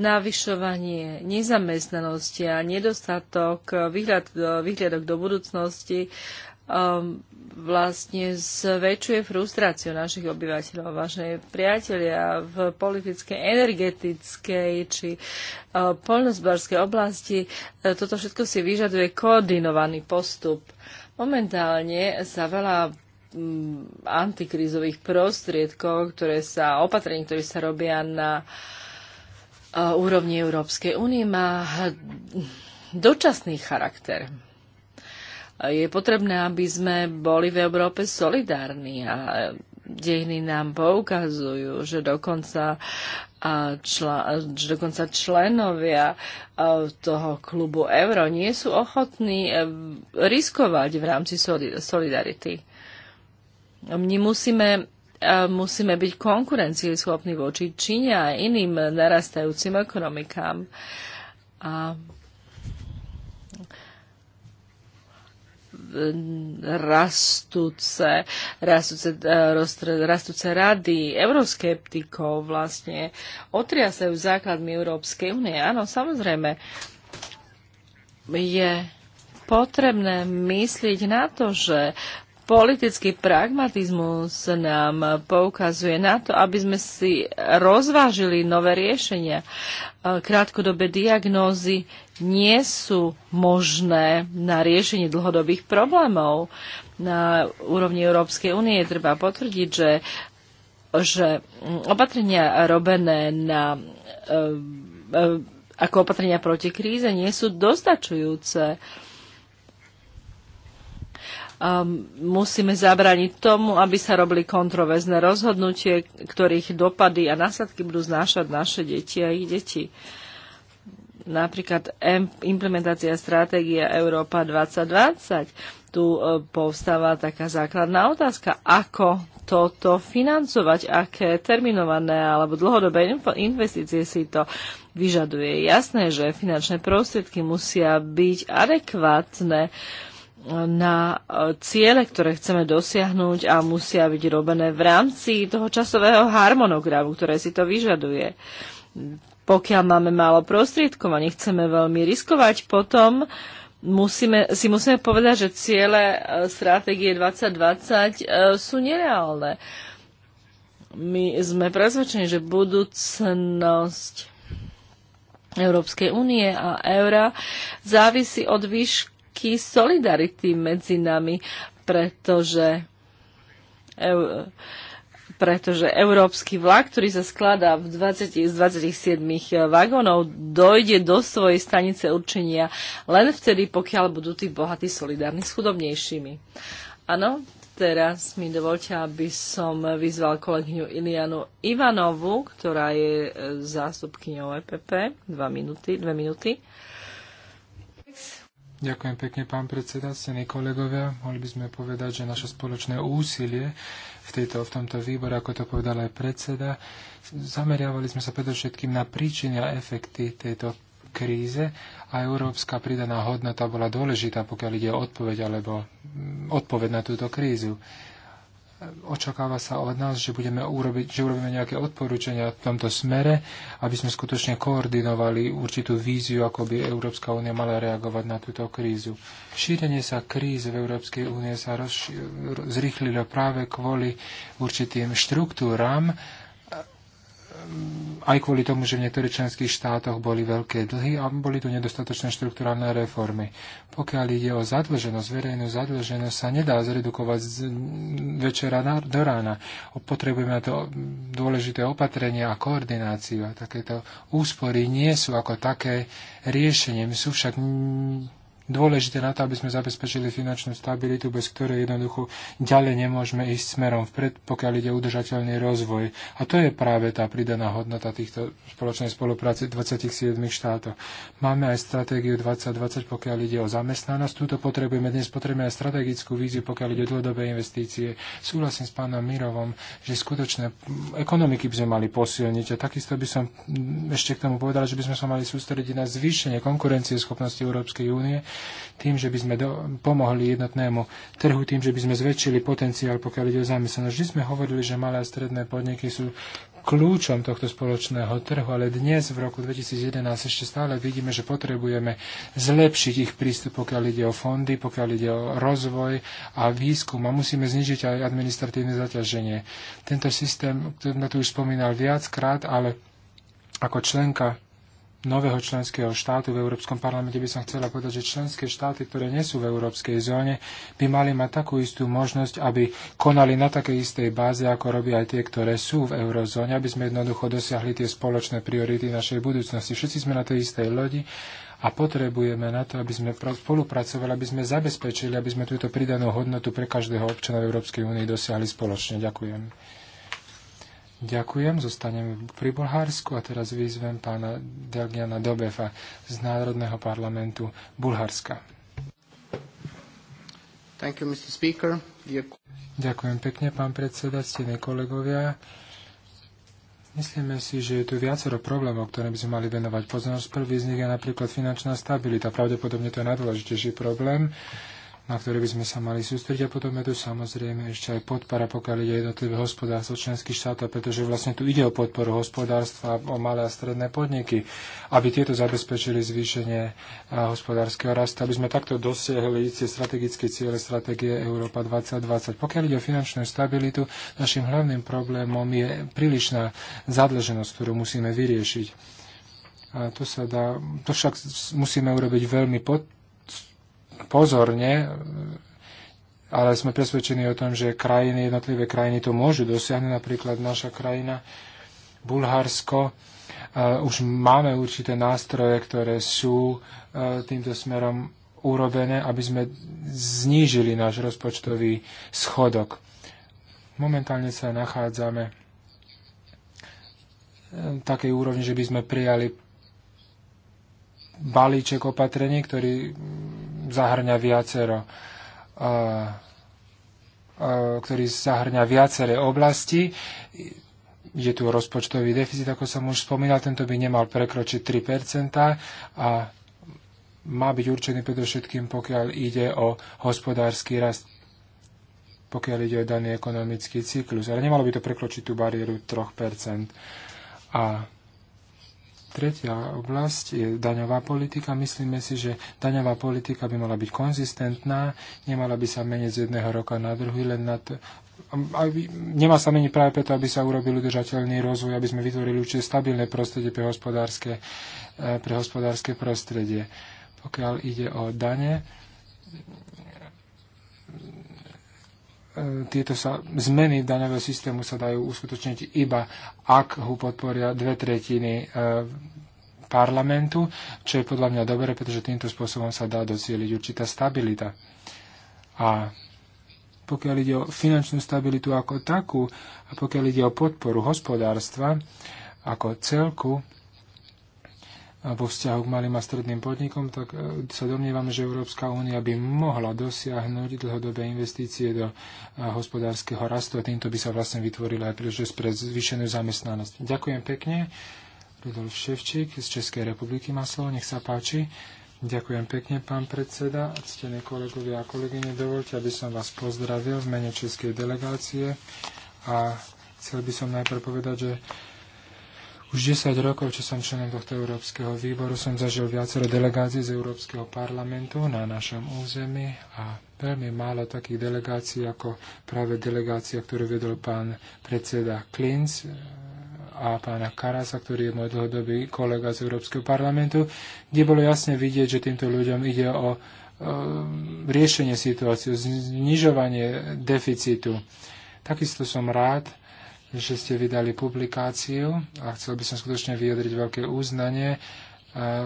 navyšovanie nezamestnanosti a nedostatok vyhľad, výhľadok do budúcnosti um, vlastne zväčšuje frustráciu našich obyvateľov, vážne priatelia v politickej, energetickej či uh, poľnozbarskej oblasti. Uh, toto všetko si vyžaduje koordinovaný postup Momentálne sa veľa mm, antikrízových prostriedkov, ktoré sa, opatrení, ktoré sa robia na úrovni Európskej únie, má dočasný charakter. Je potrebné, aby sme boli v Európe solidárni a dejiny nám poukazujú, že dokonca, čla, že dokonca členovia toho klubu Euro nie sú ochotní e, riskovať v rámci solidarity. My musíme musíme byť konkurencieschopní voči Číne a iným narastajúcim ekonomikám. A rastúce, rastúce, eh, rastúce rady euroskeptikov vlastne otriasajú základmi Európskej únie. Áno, samozrejme, je potrebné myslieť na to, že politický pragmatizmus nám poukazuje na to, aby sme si rozvážili nové riešenia. E, krátkodobé diagnózy nie sú možné na riešenie dlhodobých problémov. Na úrovni Európskej únie treba potvrdiť, že, že opatrenia robené na e, e, ako opatrenia proti kríze nie sú dostačujúce. Uh, Ehm, musíme zabrániť tomu, aby sa robili kontroverzné rozhodnutie, ktorých dopady a následky budú znášať naše deti a ich deti. Napríklad implementácia stratégie Európa 2020. Tu e, povstáva taká základná otázka, ako toto financovať, aké terminované alebo dlhodobé investície si to vyžaduje. Jasné, že finančné prostriedky musia byť adekvátne uh, na eh, ciele, ktoré chceme dosiahnuť a musia byť robené v rámci toho časového harmonogramu, ktoré si to vyžaduje. Pokiaľ máme málo prostriedkov a nechceme veľmi riskovať, potom musíme, si musíme povedať, že ciele eh, stratégie 2020 eh, sú nereálne. My sme presvedčení, že budúcnosť Európskej únie a eura závisí od výšky prvky solidarity medzi nami, pretože pretože európsky vlak, ktorý sa skladá v 20, z 27 eh, vagónov, dojde do svojej stanice určenia len vtedy, pokiaľ budú tí bohatí solidárni s chudobnejšími. Áno, teraz mi dovolte, aby som vyzval kolegyňu Ilianu Ivanovu, ktorá je eh, zástupkyňou EPP. Dva minúty, dve minúty. Ďakujem pekne, pán predseda, cení kolegovia. Mohli by sme povedať, že naše spoločné úsilie v, tejto, v tomto výbore, ako to povedal aj predseda, zameriavali sme sa predovšetkým na príčiny a efekty tejto kríze a európska pridaná hodnota bola dôležitá, pokiaľ ide o odpoveď alebo mm, odpoveď na túto krízu očakáva sa od nás, že, budeme urobiť, že urobíme nejaké odporúčania v tomto smere, aby sme skutočne koordinovali určitú víziu, ako by Európska únia mala reagovať na túto krízu. Šírenie sa kríz v Európskej únie sa rozši- zrychlilo práve kvôli určitým štruktúram, aj kvôli tomu, že v niektorých členských štátoch boli veľké dlhy a boli tu nedostatočné štruktúralné reformy. Pokiaľ ide o zadlženosť, verejnú zadlženosť sa nedá zredukovať z večera na, do rána. Potrebujeme to dôležité opatrenie a koordináciu a takéto úspory nie sú ako také My sú však dôležité na to, aby sme zabezpečili finančnú stabilitu, bez ktorej jednoducho ďalej nemôžeme ísť smerom vpred, pokiaľ ide udržateľný rozvoj. A to je práve tá pridaná hodnota týchto spoločnej spolupráce 27 štátov. Máme aj stratégiu 2020, pokiaľ ide o zamestnanosť. Tuto potrebujeme dnes potrebujeme aj strategickú víziu, pokiaľ ide o dlhodobé investície. Súhlasím s pánom Mirovom, že skutočné ekonomiky by sme mali posilniť. A takisto by som ešte k tomu povedal, že by sme sa mali sústrediť na zvýšenie konkurencie schopnosti Európskej únie tým, že by sme do, pomohli jednotnému trhu, tým, že by sme zväčšili potenciál, pokiaľ ide o zamestnanosť. Vždy sme hovorili, že malé a stredné podniky sú kľúčom tohto spoločného trhu, ale dnes v roku 2011 ešte stále vidíme, že potrebujeme zlepšiť ich prístup, pokiaľ ide o fondy, pokiaľ ide o rozvoj a výskum a musíme znižiť aj administratívne zaťaženie. Tento systém, ktorý sme tu už spomínal viackrát, ale ako členka nového členského štátu v Európskom parlamente by som chcela povedať, že členské štáty, ktoré nie sú v európskej zóne, by mali mať takú istú možnosť, aby konali na takej istej báze, ako robia aj tie, ktoré sú v eurozóne, aby sme jednoducho dosiahli tie spoločné priority našej budúcnosti. Všetci sme na tej istej lodi a potrebujeme na to, aby sme spolupracovali, aby sme zabezpečili, aby sme túto pridanú hodnotu pre každého občana v Európskej únie dosiahli spoločne. Ďakujem. Ďakujem, zostaneme pri Bulharsku a teraz vyzvem pána Delgiana Dobefa z Národného parlamentu Bulharska. Thank you, Mr. Speaker. Ďakujem pekne, pán predseda, ctení kolegovia. Myslíme si, že je tu viacero problémov, ktoré by sme mali venovať pozornosť. Prvý z nich je napríklad finančná stabilita. Pravdepodobne to je najdôležitejší problém. Uh, na ktoré by sme sa mali sústrediť. A potom je tu samozrejme ešte aj podpora, pokiaľ ide jednotlivé hospodárstvo členských štátov, pretože vlastne tu ide o podporu hospodárstva, o malé a stredné podniky, aby tieto zabezpečili zvýšenie hospodárskeho rastu, aby sme takto dosiahli tie strategické ciele stratégie Európa 2020. Pokiaľ ide o finančnú stabilitu, našim hlavným problémom je prílišná zadlženosť, ktorú musíme vyriešiť. A to sa dá, to však musíme urobiť veľmi pod, pozorne, ale sme presvedčení o tom, že krajiny, jednotlivé krajiny to môžu dosiahnuť. Napríklad naša krajina, Bulharsko, e, už máme určité nástroje, ktoré sú e, týmto smerom urobené, aby sme znížili náš rozpočtový schodok. Momentálne sa nachádzame v e, takej úrovni, že by sme prijali balíček opatrení, ktorý zahrňa viacero e, e, ktorý zahrňa viaceré oblasti. Je tu rozpočtový deficit, ako som už spomínal, tento by nemal prekročiť 3 a má byť určený predovšetkým, pokiaľ ide o hospodársky rast, pokiaľ ide o daný ekonomický cyklus. Ale nemalo by to prekročiť tú bariéru 3 A Tretia oblasť je daňová politika. Myslíme si, že daňová politika by mala byť konzistentná, nemala by sa meniť z jedného roka na druhý, len na to, aby, nemá sa meniť práve preto, aby sa urobil udržateľný rozvoj, aby sme vytvorili určite stabilné prostredie pre hospodárske, eh, pre hospodárske prostredie. Pokiaľ ide o dane, E, tieto sa, zmeny daňového systému sa dajú uskutočniť iba, ak ho podporia dve tretiny e, parlamentu, čo je podľa mňa dobre, pretože týmto spôsobom sa dá docieliť určitá stabilita. A pokiaľ ide o finančnú stabilitu ako takú a pokiaľ ide o podporu hospodárstva ako celku, vo vzťahu k malým a stredným podnikom, tak e, sa domnievame, že Európska únia by mohla dosiahnuť dlhodobé investície do e, hospodárskeho rastu a týmto by sa vlastne vytvorila aj príležitosť pre zvýšenú zamestnanosť. Ďakujem pekne. Rudolf Ševčík z Českej republiky má slovo, nech sa páči. Ďakujem pekne, pán predseda. Ctené kolegovia a kolegyne, dovolte, aby som vás pozdravil v mene Českej delegácie a chcel by som najprv povedať, že už 10 rokov, čo som členom tohto Európskeho výboru, som zažil viacero delegácií z Európskeho parlamentu na našom území a veľmi málo takých delegácií, ako práve delegácia, ktorú vedol pán predseda Klinc e, a pána Karasa, ktorý je môj dlhodobý kolega z Európskeho parlamentu, kde bolo jasne vidieť, že týmto ľuďom ide o, o e, riešenie situácie, znižovanie deficitu. Takisto som rád, že ste vydali publikáciu a chcel by som skutočne vyjadriť veľké uznanie, e,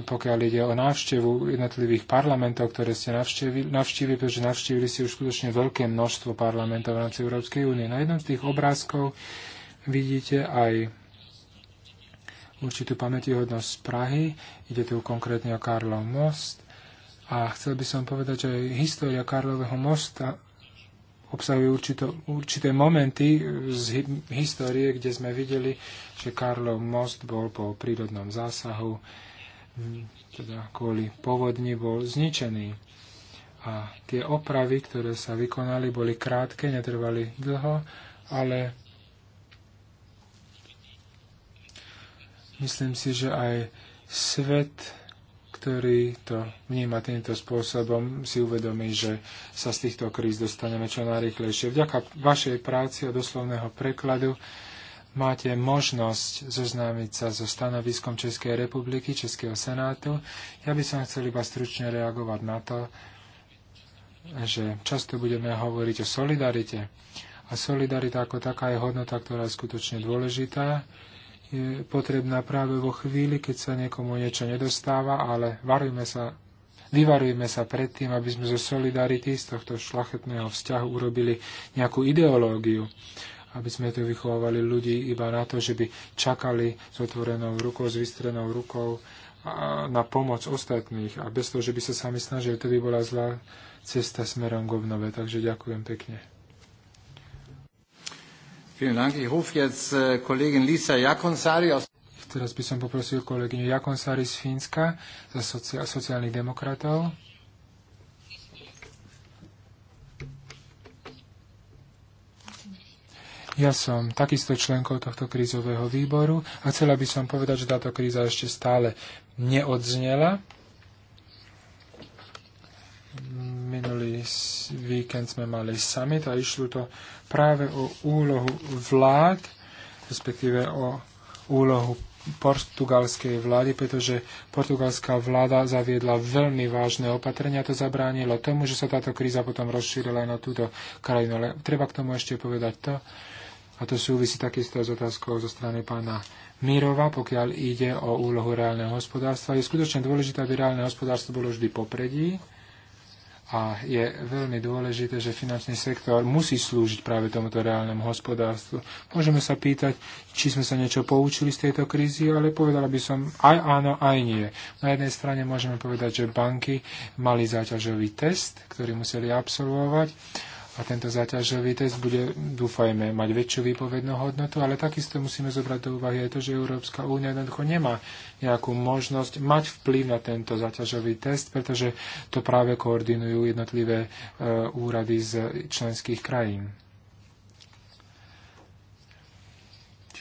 pokiaľ ide o návštevu jednotlivých parlamentov, ktoré ste navštívili, navštívili pretože navštívili ste už skutočne veľké množstvo parlamentov v rámci Európskej únie. Na no jednom z tých obrázkov vidíte aj určitú pamätihodnosť z Prahy. Ide tu konkrétne o Karlov most. A chcel by som povedať, že aj história Karlového mosta obsahuje určito, určité momenty z histórie, kde sme videli, že Karlov most bol po prírodnom zásahu, teda kvôli povodni bol zničený. A tie opravy, ktoré sa vykonali, boli krátke, netrvali dlho, ale myslím si, že aj svet ktorý to vníma týmto spôsobom, si uvedomí, že sa z týchto kríz dostaneme čo najrychlejšie. Vďaka vašej práci a doslovného prekladu máte možnosť zoznámiť sa so stanoviskom Českej republiky, Českého senátu. Ja by som chcel iba stručne reagovať na to, že často budeme hovoriť o solidarite. A solidarita ako taká je hodnota, ktorá je skutočne dôležitá je potrebná práve vo chvíli, keď sa niekomu niečo nedostáva, ale varujme sa, vyvarujme sa pred tým, aby sme zo solidarity, z tohto šlachetného vzťahu urobili nejakú ideológiu aby sme tu vychovávali ľudí iba na to, že by čakali s otvorenou rukou, s vystrenou rukou na pomoc ostatných a bez toho, že by sa sami snažili, to by bola zlá cesta smerom k obnove. Takže ďakujem pekne. Äh, Teraz by som poprosil kolegyňu Jakonsari z Fínska za sociál, sociálnych demokratov. Ja som takisto členkou tohto krízového výboru a chcela by som povedať, že táto kríza ešte stále neodznela Minulý víkend sme mali summit a išlo to práve o úlohu vlád, respektíve o úlohu portugalskej vlády, pretože portugalská vláda zaviedla veľmi vážne opatrenia. To zabránilo tomu, že sa táto kríza potom rozšírila aj na túto krajinu. Ale treba k tomu ešte povedať to, a to súvisí takisto s otázkou zo strany pána Mirova, pokiaľ ide o úlohu reálneho hospodárstva. Je skutočne dôležité, aby reálne hospodárstvo bolo vždy popredí a je veľmi dôležité, že finančný sektor musí slúžiť práve tomuto reálnemu hospodárstvu. Môžeme sa pýtať, či sme sa niečo poučili z tejto krízy, ale povedala by som aj áno, aj nie. Na jednej strane môžeme povedať, že banky mali záťažový test, ktorý museli absolvovať a tento záťažový test bude, dúfajme, mať väčšiu výpovednú hodnotu, ale takisto musíme zobrať do úvahy aj to, že Európska únia jednoducho nemá nejakú možnosť mať vplyv na tento záťažový test, pretože to práve koordinujú jednotlivé e, úrady z členských krajín.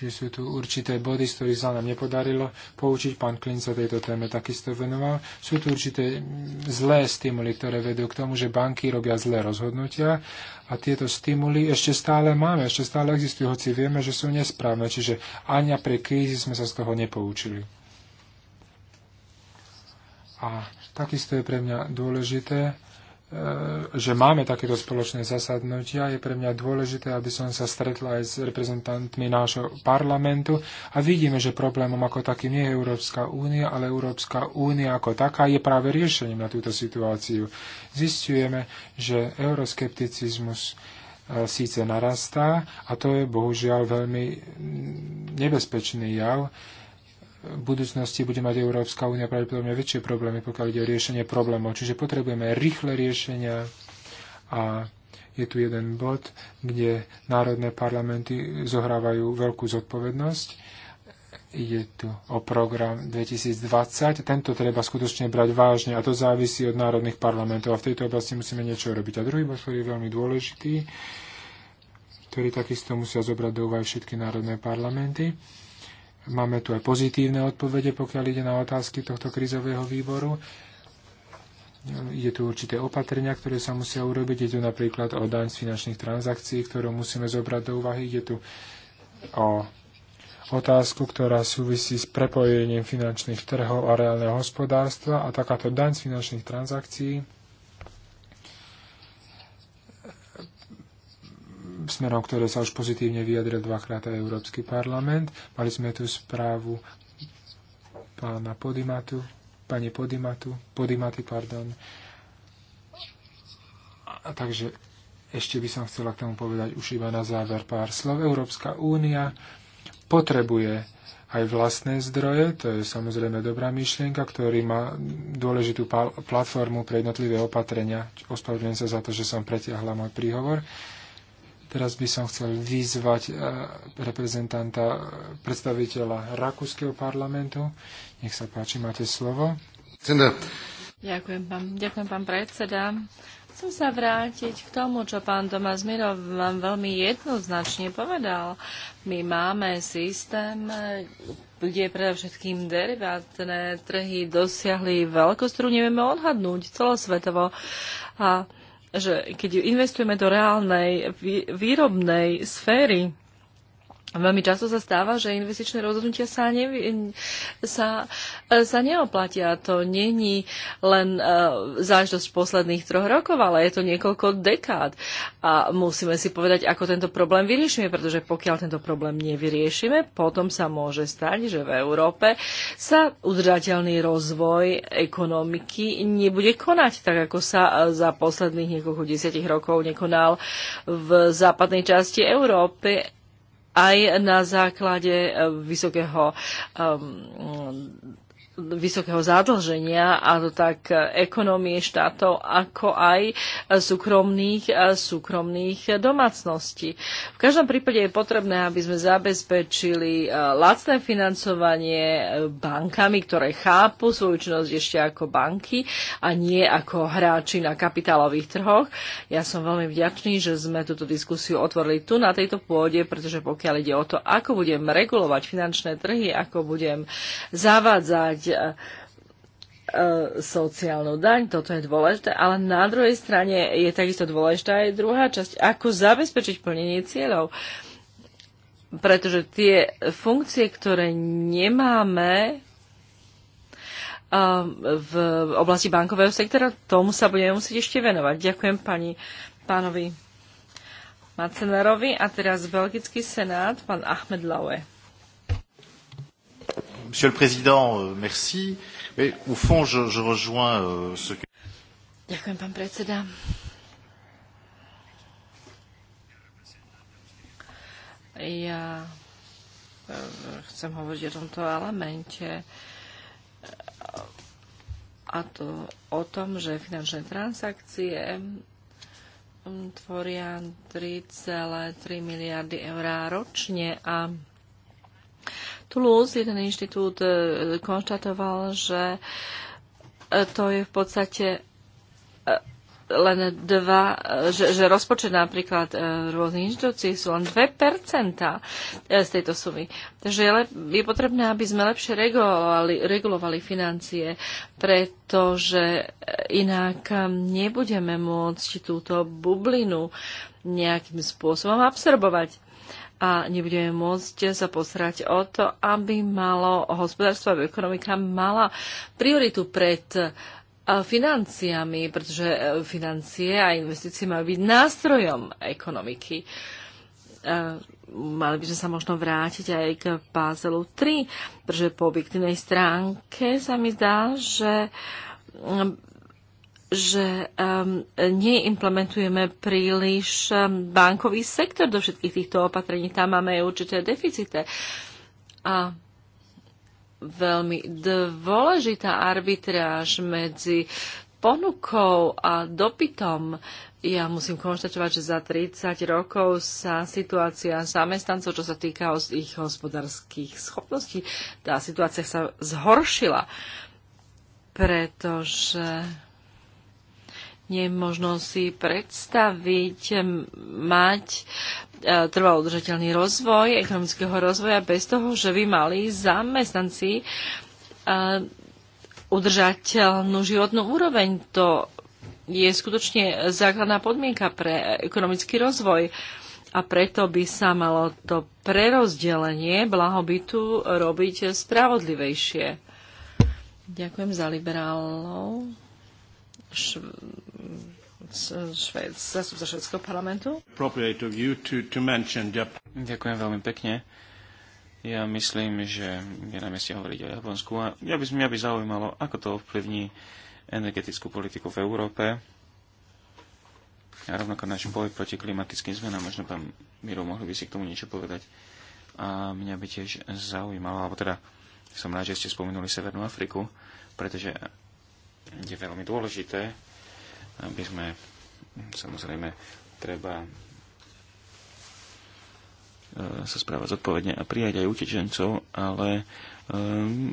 že sú tu určité body, z ktorých sa nám nepodarilo poučiť. Pán Klin sa tejto téme takisto venoval. Sú tu určité zlé stimuly, ktoré vedú k tomu, že banky robia zlé rozhodnutia a tieto stimuly ešte stále máme, ešte stále existujú, hoci vieme, že sú nesprávne. Čiže ani pre krízi sme sa z toho nepoučili. A takisto je pre mňa dôležité, E, že máme takéto spoločné zasadnutia. Je pre mňa dôležité, aby som sa stretla aj s reprezentantmi nášho parlamentu a vidíme, že problémom ako takým nie je Európska únia, ale Európska únia ako taká je práve riešením na túto situáciu. Zistujeme, že euroskepticizmus e, síce narastá a to je bohužiaľ veľmi nebezpečný jav v budúcnosti bude mať Európska únia pravdepodobne väčšie problémy, pokiaľ ide o riešenie problémov. Čiže potrebujeme rýchle riešenia a je tu jeden bod, kde národné parlamenty zohrávajú veľkú zodpovednosť. Ide tu o program 2020. Tento treba skutočne brať vážne a to závisí od národných parlamentov. A v tejto oblasti musíme niečo robiť. A druhý bod, ktorý je veľmi dôležitý, ktorý takisto musia zobrať do úvahy všetky národné parlamenty, Máme tu aj pozitívne odpovede, pokiaľ ide na otázky tohto krizového výboru. Je tu určité opatrenia, ktoré sa musia urobiť. Je tu napríklad o daň z finančných transakcií, ktorú musíme zobrať do úvahy. Je tu o otázku, ktorá súvisí s prepojením finančných trhov a reálneho hospodárstva a takáto daň z finančných transakcií smerom, ktoré sa už pozitívne vyjadril dvakrát aj Európsky parlament. Mali sme tu správu pána Podimatu, pani Podimatu, Podimaty, pardon. A takže ešte by som chcela k tomu povedať už iba na záver pár slov. Európska únia potrebuje aj vlastné zdroje, to je samozrejme dobrá myšlienka, ktorý má dôležitú platformu pre jednotlivé opatrenia. Ospravedlňujem sa za to, že som pretiahla môj príhovor. Teraz by som chcel vyzvať eh, reprezentanta, eh, predstaviteľa Rakúskeho parlamentu. Nech sa páči, máte slovo. Ďakujem, pán, ďakujem, pán predseda. Chcem sa vrátiť k tomu, čo pán Tomás Mirov vám veľmi jednoznačne povedal. My máme systém, kde predovšetkým derivátne trhy dosiahli veľkosť, ktorú nevieme odhadnúť celosvetovo. A že keď investujeme do reálnej výrobnej sféry, Veľmi často sa stáva, že investičné rozhodnutia sa, ne, sa, e, sa neoplatia. To není len uh, záležitosť posledných troch rokov, ale je to niekoľko dekád. A musíme si povedať, ako tento problém vyriešime, pretože pokiaľ tento problém nevyriešime, potom sa môže stať, že v Európe sa udržateľný rozvoj ekonomiky nebude konať, tak ako sa e, za posledných niekoľko desiatich rokov nekonal v západnej časti Európy aj na základe eh, vysokého um, vysokého zadlženia a to tak ekonomie štátov, ako aj súkromných, súkromných domácností. V každom prípade je potrebné, aby sme zabezpečili e, lacné financovanie e, bankami, ktoré chápu svoju činnosť ešte ako banky a nie ako hráči na kapitálových trhoch. Ja som veľmi vďačný, že sme túto diskusiu otvorili tu na tejto pôde, pretože pokiaľ ide o to, ako budem regulovať finančné trhy, ako budem zavádzať E, e, sociálnu daň, toto je dôležité, ale na druhej strane je takisto dôležitá aj druhá časť, ako zabezpečiť plnenie cieľov. Pretože tie funkcie, ktoré nemáme e, v oblasti bankového sektora, tomu sa budeme musieť ešte venovať. Ďakujem pani, pánovi Macenerovi a teraz Belgický senát, pán Ahmed Laue. Monsieur le Président, euh, merci. Mais au fond, je, je rejoins euh, ce que... Ďakujem, pán predseda. Ja e, chcem hovoriť o tomto elemente a to o tom, že finančné transakcie tvoria 3,3 miliardy eur ročne a Toulouse, jeden inštitút e, konštatoval, že e, to je v podstate e, len dva, že, že rozpočet napríklad rôznych inštitúcií sú len 2% z tejto sumy. Takže je, je potrebné, aby sme lepšie regulovali, regulovali financie, pretože inak nebudeme môcť túto bublinu nejakým spôsobom absorbovať a nebudeme môcť sa posrať o to, aby malo hospodárstvo a ekonomika mala prioritu pred e, financiami, pretože e, financie a investície majú byť nástrojom ekonomiky. E, mali by sme sa možno vrátiť aj k pázelu 3, pretože po objektívnej stránke sa mi zdá, že že um, neimplementujeme príliš um, bankový sektor do všetkých týchto opatrení. Tam máme určité deficite. A veľmi dôležitá arbitráž medzi ponukou a dopytom. Ja musím konštatovať, že za 30 rokov sa situácia zamestnancov, čo sa týka ich hospodárskych schopností, tá situácia sa zhoršila, pretože je možno si predstaviť mať e, trvalo udržateľný rozvoj, ekonomického rozvoja bez toho, že by mali zamestnanci e, udržateľnú životnú úroveň. To je skutočne základná podmienka pre ekonomický rozvoj a preto by sa malo to prerozdelenie blahobytu robiť spravodlivejšie. Ďakujem za liberálov. Švéd, zastupca švedského parlamentu. Ďakujem veľmi pekne. Ja myslím, že je na mieste hovoriť o Japonsku a ja by, mňa by zaujímalo, ako to ovplyvní energetickú politiku v Európe a rovnako náš boj proti klimatickým zmenám. Možno pán Miro, mohli by si k tomu niečo povedať. A mňa by tiež zaujímalo, alebo teda som rád, že ste spomenuli Severnú Afriku, pretože je veľmi dôležité, aby sme samozrejme treba e, sa správať zodpovedne a prijať aj utečencov, ale um,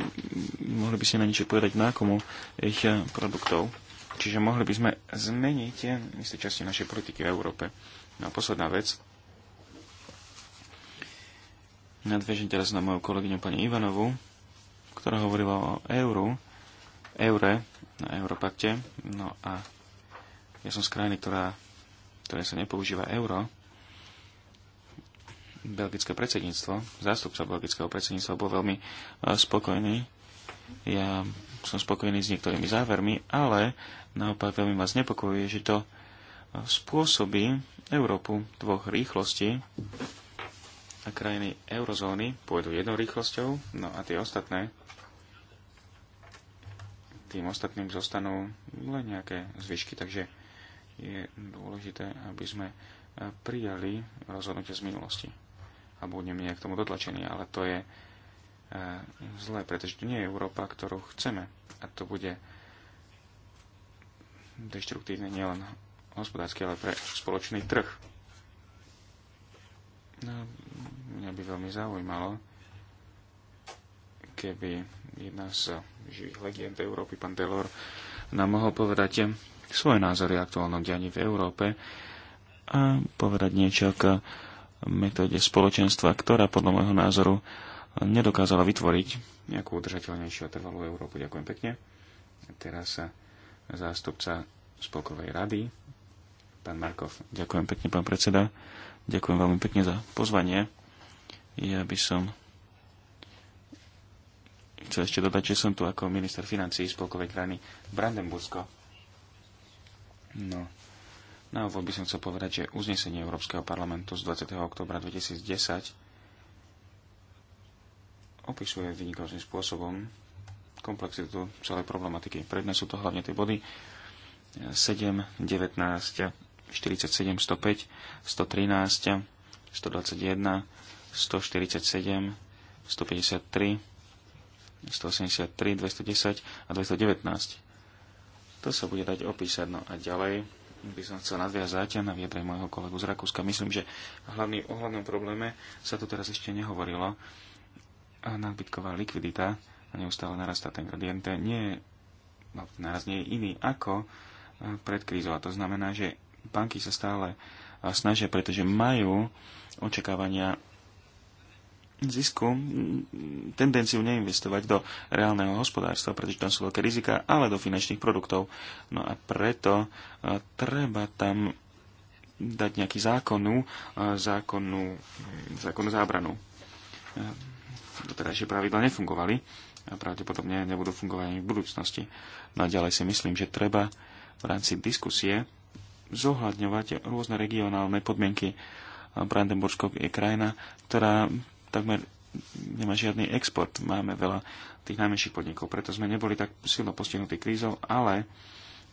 mohli by ste na niečo povedať nákomu ich produktov. Čiže mohli by sme zmeniť isté časti našej politiky v Európe. No a posledná vec. Nadviežem teraz na moju kolegyňu pani Ivanovu, ktorá hovorila o euru, eure, na Europakte. No a ja som z krajiny, ktorá, ktoré sa nepoužíva euro. Belgické predsedníctvo, zástupca belgického predsedníctva bol veľmi e, spokojný. Ja som spokojný s niektorými závermi, ale naopak veľmi ma znepokojuje, že to e, spôsobí Európu dvoch rýchlostí a krajiny eurozóny pôjdu jednou rýchlosťou, no a tie ostatné tým ostatným zostanú len nejaké zvyšky, takže je dôležité, aby sme e, prijali rozhodnutie z minulosti. A budeme nejak tomu dotlačení, ale to je e, zlé, pretože to nie je Európa, ktorú chceme. A to bude deštruktívne nielen hospodársky, ale pre spoločný trh. No, mňa by veľmi zaujímalo, keby jedna z živých legend Európy, pán Delor, nám mohol povedať svoje názory o aktuálnom dianí v Európe a povedať niečo k metóde spoločenstva, ktorá podľa môjho názoru nedokázala vytvoriť nejakú udržateľnejšiu a trvalú Európu. Ďakujem pekne. Teraz sa zástupca Spolkovej rady, pán Markov. Ďakujem pekne, pán predseda. Ďakujem veľmi pekne za pozvanie. Ja by som chcel ešte dodať, že som tu ako minister financí spolkovej krajiny Brandenbursko. No, na úvod by som chcel povedať, že uznesenie Európskeho parlamentu z 20. oktobra 2010 opisuje vynikajúcim spôsobom komplexitu celej problematiky. Predne sú to hlavne tie body 7, 19, 47, 105, 113, 121, 147, 153, 183, 210 a 219. To sa bude dať opísať. No a ďalej by som chcel nadviazať na viedre môjho kolegu z Rakúska. Myslím, že hlavný, o hlavnom probléme sa tu teraz ešte nehovorilo. A nadbytková likvidita a neustále narastá ten gradient, nie je, no, naraz nie je iný ako e, pred krízou. A to znamená, že banky sa stále e, snažia, pretože majú očakávania zisku tendenciu neinvestovať do reálneho hospodárstva, pretože tam sú veľké rizika, ale do finančných produktov. No a preto e, treba tam dať nejaký zákonu, e, zákonu, zákonu zábranu. E, doterajšie pravidla nefungovali a pravdepodobne nebudú fungovať ani v budúcnosti. No a ďalej si myslím, že treba v rámci diskusie zohľadňovať rôzne regionálne podmienky. Brandenburgsko je krajina, ktorá takmer nemá žiadny export. Máme veľa tých najmenších podnikov, preto sme neboli tak silno postihnutí krízou, ale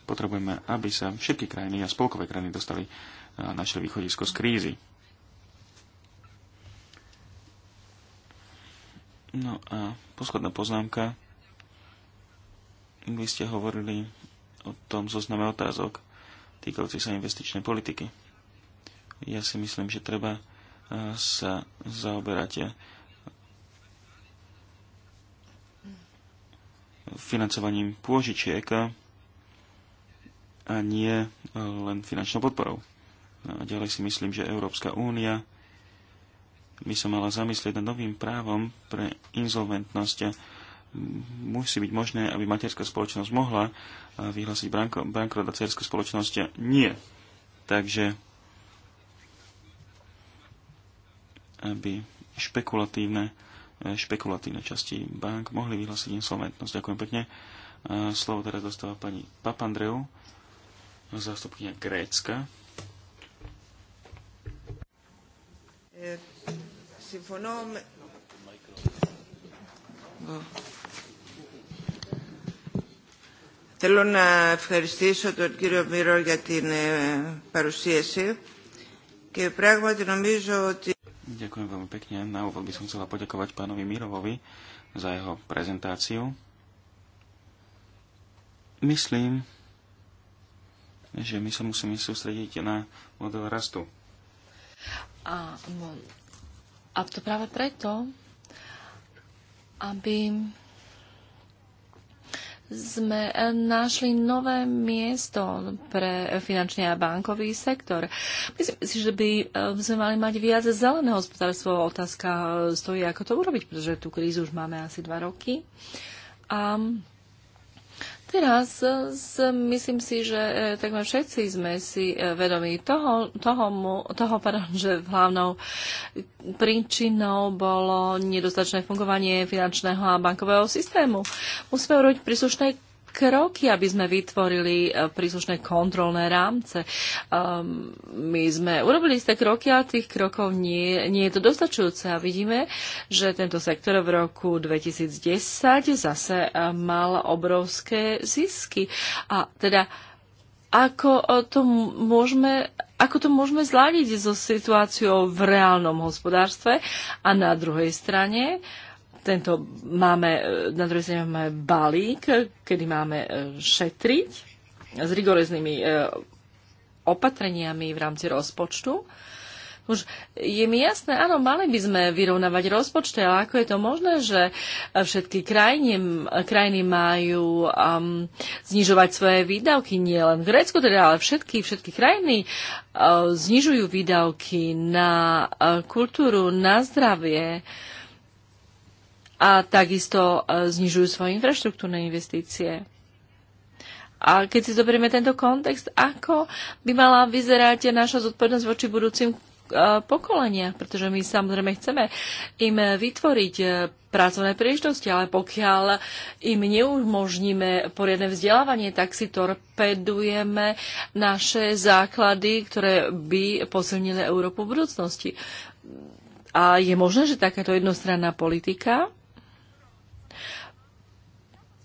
potrebujeme, aby sa všetky krajiny a spolkové krajiny dostali a našli východisko z krízy. No a posledná poznámka. Vy ste hovorili o tom zozname otázok týkajúcich sa investičnej politiky. Ja si myslím, že treba sa zaoberáte financovaním pôžičiek a nie len finančnou podporou. No a ďalej si myslím, že Európska únia by sa mala zamyslieť nad novým právom pre insolventnosť. Musí byť možné, aby materská spoločnosť mohla vyhlásiť bankrot a spoločnosť nie. Takže aby špekulatívne, e, špekulatívne časti bank mohli vyhlásiť insolventnosť. Ďakujem pekne. E, slovo teraz dostáva pani Papandreou, zástupkynia Grécka. E, Θέλω να ευχαριστήσω τον κύριο Μύρο για την παρουσίαση και πράγματι νομίζω ότι Ďakujem veľmi pekne. Na úvod by som chcela poďakovať pánovi Mirovovi za jeho prezentáciu. Myslím, že my sa musíme sústrediť na model rastu. A, no, a to práve preto, aby sme eh, našli nové miesto pre finančný a bankový sektor. Myslím si, že by eh, sme mali mať viac zeleného hospodárstvo. Otázka eh, stojí, ako to urobiť, pretože tú krízu už máme asi dva roky. A Teraz e, myslím si, že e, takmer všetci sme si e, vedomi toho, toho, toho pardon, že hlavnou príčinou bolo nedostačné fungovanie finančného a bankového systému. Musíme urobiť príslušné kroky, aby sme vytvorili e, príslušné kontrolné rámce. Um, my sme urobili isté kroky, ale tých krokov nie, nie je to dostačujúce a vidíme, že tento sektor v roku 2010 zase e, mal obrovské zisky. A teda ako e, to môžeme ako to môžeme zladiť so situáciou v reálnom hospodárstve a na druhej strane uh, tento máme, e, na druhej strane máme balík, kedy máme e, šetriť s rigoreznými e, opatreniami v rámci rozpočtu. Už je mi jasné, áno, mali by sme vyrovnávať rozpočty, ale ako je to možné, že všetky krajiny, krajiny majú um, znižovať svoje výdavky, nie len v Grécku, teda, ale všetky, všetky krajiny uh, znižujú výdavky na uh, kultúru, na zdravie. Uh, a takisto e, znižujú svoje infraštruktúrne investície. A keď si zoberieme tento kontext, ako by mala vyzerať naša zodpovednosť voči budúcim e, pokolenia? pretože my samozrejme chceme im vytvoriť e, pracovné príležitosti, ale pokiaľ im neumožníme poriadne vzdelávanie, tak si torpedujeme naše základy, ktoré by posilnili Európu v budúcnosti. A je možné, že takáto jednostranná politika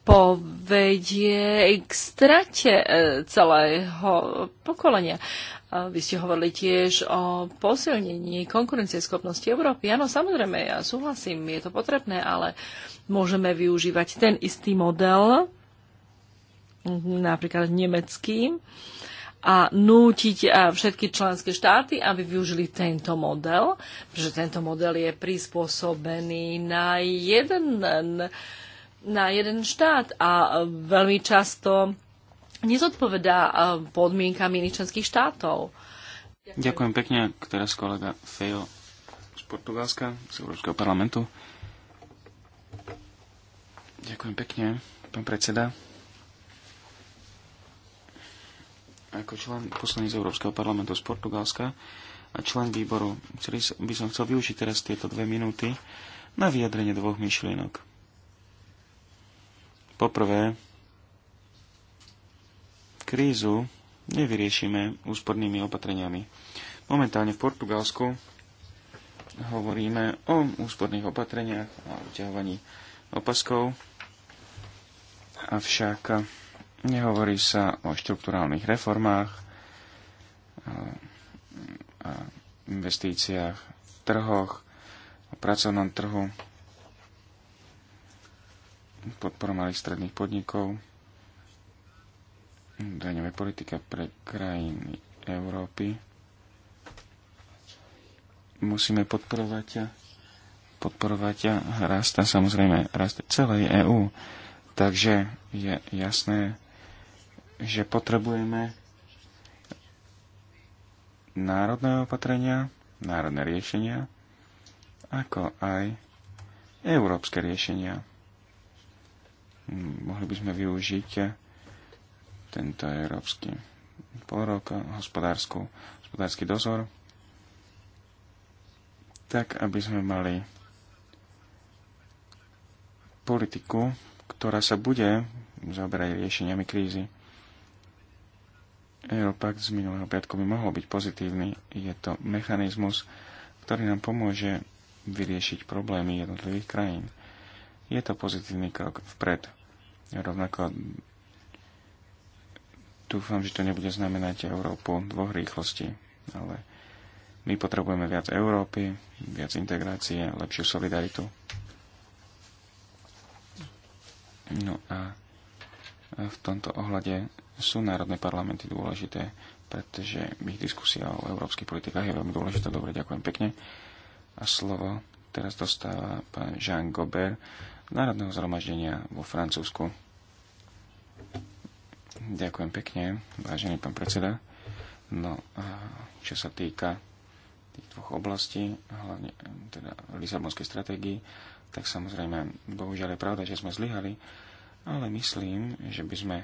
povedie k strate e, celého pokolenia. Vy ste hovorili tiež o posilnení konkurencieschopnosti Európy. Áno, samozrejme, ja súhlasím, je to potrebné, ale môžeme využívať ten istý model, napríklad nemecký, a nútiť e, všetky členské štáty, aby využili tento model, pretože tento model je prispôsobený na jeden na jeden štát a e, veľmi často nezodpovedá e, podmienkam iných členských štátov. Ďakujem, pekne. Teraz kolega Fejo z Portugalska, z Európskeho parlamentu. Ďakujem pekne, pán predseda. Ako člen poslanec Európskeho parlamentu z Portugalska a člen výboru by som chcel využiť teraz tieto dve minúty na vyjadrenie dvoch myšlienok. Poprvé, krízu nevyriešime úspornými opatreniami. Momentálne v Portugalsku hovoríme o úsporných opatreniach a uťahovaní opaskov, avšak nehovorí sa o štruktúrálnych reformách, a investíciách v trhoch, o pracovnom trhu podporu malých stredných podnikov, daňové politika pre krajiny Európy. Musíme podporovať podporovať rast a samozrejme rast celej EÚ. Takže je jasné, že potrebujeme národné opatrenia, národné riešenia, ako aj európske riešenia mohli by sme využiť tento európsky porok, hospodársky dozor, tak aby sme mali politiku, ktorá sa bude zaoberať riešeniami krízy. Europakt z minulého piatku by mohol byť pozitívny. Je to mechanizmus, ktorý nám pomôže vyriešiť problémy jednotlivých krajín. Je to pozitívny krok vpred. Rovnako dúfam, že to nebude znamenať Európu dvoch rýchlostí, ale my potrebujeme viac Európy, viac integrácie, lepšiu solidaritu. No a v tomto ohľade sú národné parlamenty dôležité, pretože ich diskusia o európskych politikách je veľmi dôležitá. Dobre, ďakujem pekne. A slovo teraz dostáva pán Jean Gobert národného zhromaždenia vo Francúzsku. Ďakujem pekne, vážený pán predseda. No, čo sa týka tých dvoch oblastí, hlavne teda Lisabonskej stratégii, tak samozrejme, bohužiaľ je pravda, že sme zlyhali, ale myslím, že by sme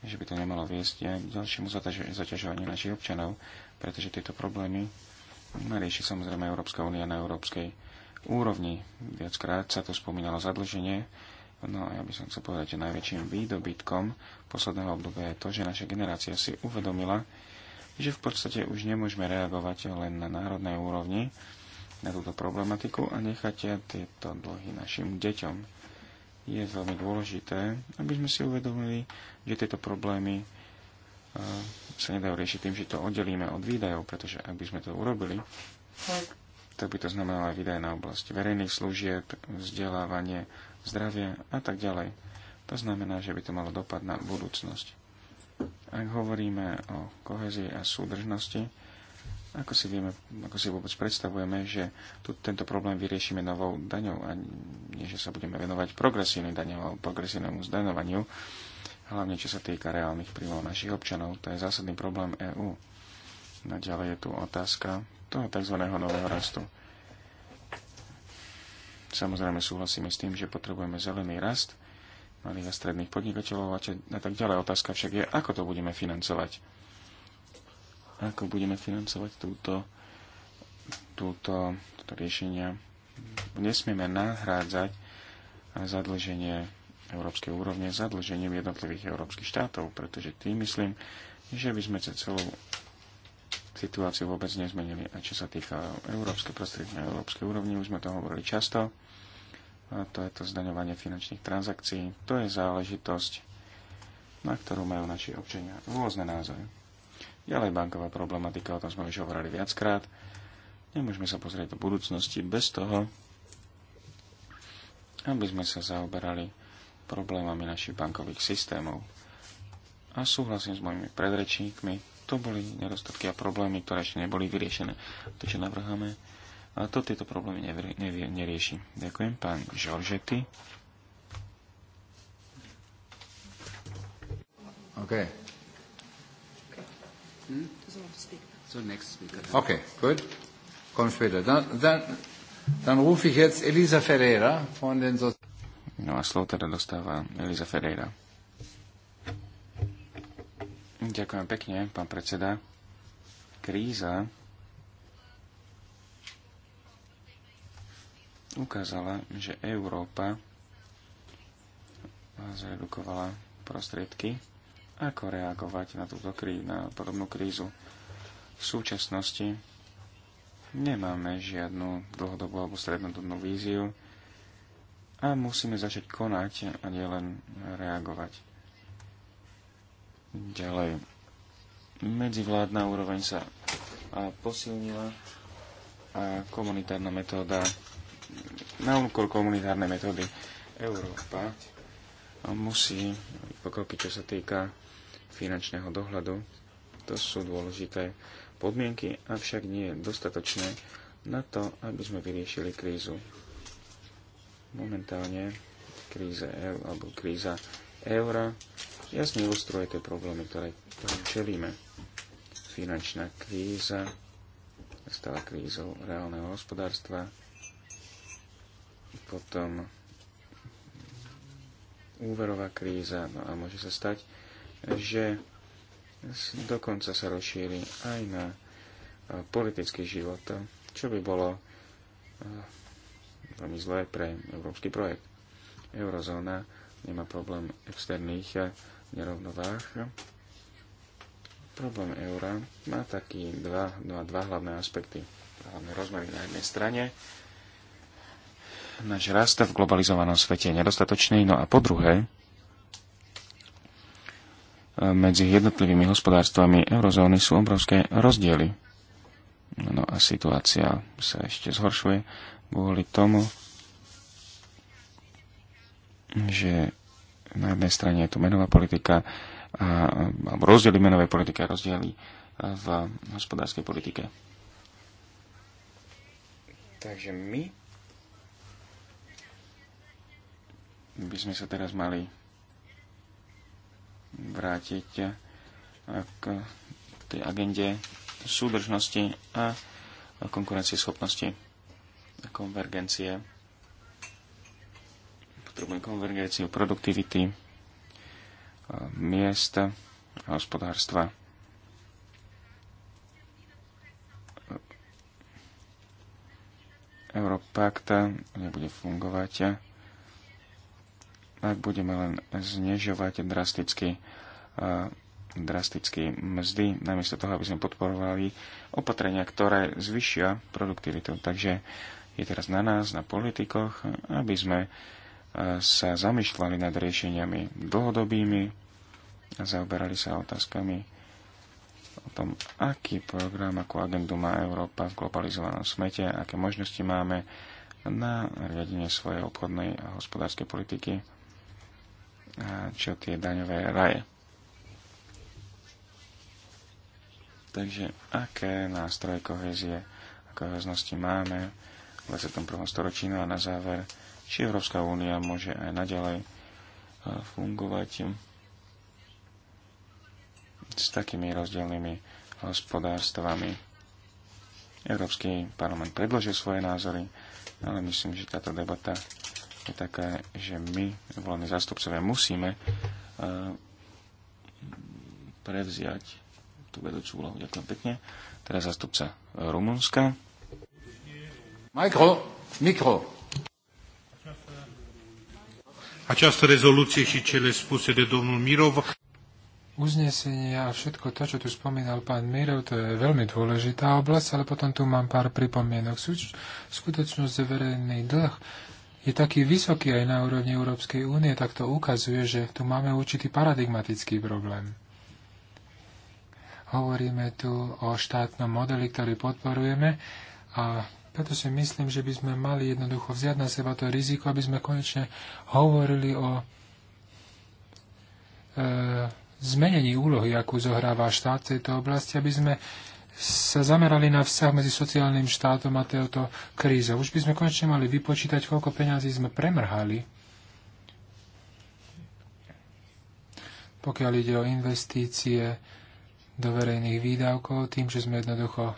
že by to nemalo viesť aj k ďalšiemu zaťažovaniu našich občanov, pretože tieto problémy riešiť samozrejme Európska únia na európskej úrovni. Viackrát sa to spomínalo zadlženie. No a ja by som chcel povedať, že najväčším výdobytkom posledného obdobia je to, že naša generácia si uvedomila, že v podstate už nemôžeme reagovať len na národnej úrovni na túto problematiku a nechať tieto dlhy našim deťom. Je veľmi dôležité, aby sme si uvedomili, že tieto problémy e, sa nedajú riešiť tým, že to oddelíme od výdajov, pretože ak by sme to urobili, tak by to znamenalo aj výdaje na oblasti verejných služieb, vzdelávanie, zdravie a tak ďalej. To znamená, že by to malo dopad na budúcnosť. Ak hovoríme o kohezii a súdržnosti, ako si, vieme, ako si vôbec predstavujeme, že tu, tento problém vyriešime novou daňou a nie, že sa budeme venovať progresívnym daňom alebo progresívnemu zdaňovaniu, hlavne čo sa týka reálnych príjmov našich občanov. To je zásadný problém EÚ. Naďalej je tu otázka toho tzv. nového rastu. Samozrejme súhlasíme s tým, že potrebujeme zelený rast malých a stredných podnikateľov a tak ďalej. Otázka však je, ako to budeme financovať. Ako budeme financovať túto, túto, túto riešenia. Nesmieme nahrádzať zadlženie európskej úrovne zadlžením jednotlivých európskych štátov, pretože tým myslím, že by sme sa celú situáciu vôbec nezmenili. A čo sa týka európskej prostredie na európskej úrovni, už sme to hovorili často, a to je to zdaňovanie finančných transakcií. To je záležitosť, na ktorú majú naši občania rôzne názory. Ďalej banková problematika, o tom sme už hovorili viackrát. Nemôžeme sa pozrieť do budúcnosti bez toho, aby sme sa zaoberali problémami našich bankových systémov. A súhlasím s mojimi predrečníkmi, to boli nedostatky a problémy, ktoré ešte neboli vyriešené. Takže navrháme, a to tieto problémy nevie, nevie, nerieši. Ďakujem, pán Žoržety. OK. Hmm? OK, good. Komm später. Dann, dann, dann rufe ich jetzt Elisa Ferreira von den Sozialisten. No a slovo teda dostáva Elisa Ferreira. Ďakujem pekne, pán predseda. Kríza ukázala, že Európa zredukovala prostriedky, ako reagovať na túto krí- na podobnú krízu. V súčasnosti nemáme žiadnu dlhodobú alebo strednodobnú víziu a musíme začať konať a nielen reagovať. Ďalej. Medzivládna úroveň sa posilnila a komunitárna metóda na úkor komunitárnej metódy Európa musí pokroky, čo sa týka finančného dohľadu. To sú dôležité podmienky, avšak nie je dostatočné na to, aby sme vyriešili krízu. Momentálne kríze, alebo kríza eura jasne ilustruje tie problémy, ktoré, čelíme. Finančná kríza stala krízou reálneho hospodárstva, potom úverová kríza, no a môže sa stať, že dokonca sa rozšíri aj na politický život, čo by bolo veľmi zlé pre európsky projekt. Eurozóna nemá problém externých nerovnováh. Problém eura má taký dva, dva, dva hlavné aspekty. Hlavné rozmery na jednej strane. Náš rast v globalizovanom svete je nedostatočný, no a po druhé, medzi jednotlivými hospodárstvami eurozóny sú obrovské rozdiely. No a situácia sa ešte zhoršuje kvôli tomu, že na jednej strane je tu menová politika, a, alebo rozdiely menovej politiky a rozdiely v hospodárskej politike. Takže my by sme sa teraz mali vrátiť eh, k tej agende súdržnosti a konkurencieschopnosti a konvergencie potrebujeme konvergenciu produktivity, e, miest a hospodárstva. Europakta nebude fungovať, ak budeme len znižovať drasticky, e, drasticky mzdy, namiesto toho, aby sme podporovali opatrenia, ktoré zvyšia produktivitu. Takže je teraz na nás, na politikoch, aby sme sa zamýšľali nad riešeniami dlhodobými a zaoberali sa otázkami o tom, aký program, ako agendu má Európa v globalizovanom smete, aké možnosti máme na riadenie svojej obchodnej a hospodárskej politiky, a čo tie daňové raje. Takže aké nástroje kohezie a koheznosti máme v 21. storočí no a na záver či Európska únia môže aj naďalej e, fungovať s takými rozdielnymi hospodárstvami. Európsky parlament predložil svoje názory, ale myslím, že táto debata je taká, že my, volení zastupcovia, musíme e, prevziať tú vedúcu úlohu. Ďakujem pekne. Teraz zastupca Rumunska. Mikro, mikro această rezoluție și cele spuse de domnul Mirov. Uznesenie a všetko to, čo tu spomínal pán Mirov, to je veľmi dôležitá oblasť, ale potom tu mám pár pripomienok. Skutočnosť verejný dlh je taký vysoký aj na úrovni Európskej únie, tak to ukazuje, že tu máme určitý paradigmatický problém. Hovoríme tu o štátnom modeli, ktorý podporujeme a preto si myslím, že by sme mali jednoducho vziať na seba to riziko, aby sme konečne hovorili o e, zmenení úlohy, akú zohráva štát v tejto oblasti, aby sme sa zamerali na vzťah medzi sociálnym štátom a touto krízou. Už by sme konečne mali vypočítať, koľko peňazí sme premrhali, pokiaľ ide o investície do verejných výdavkov, tým, že sme jednoducho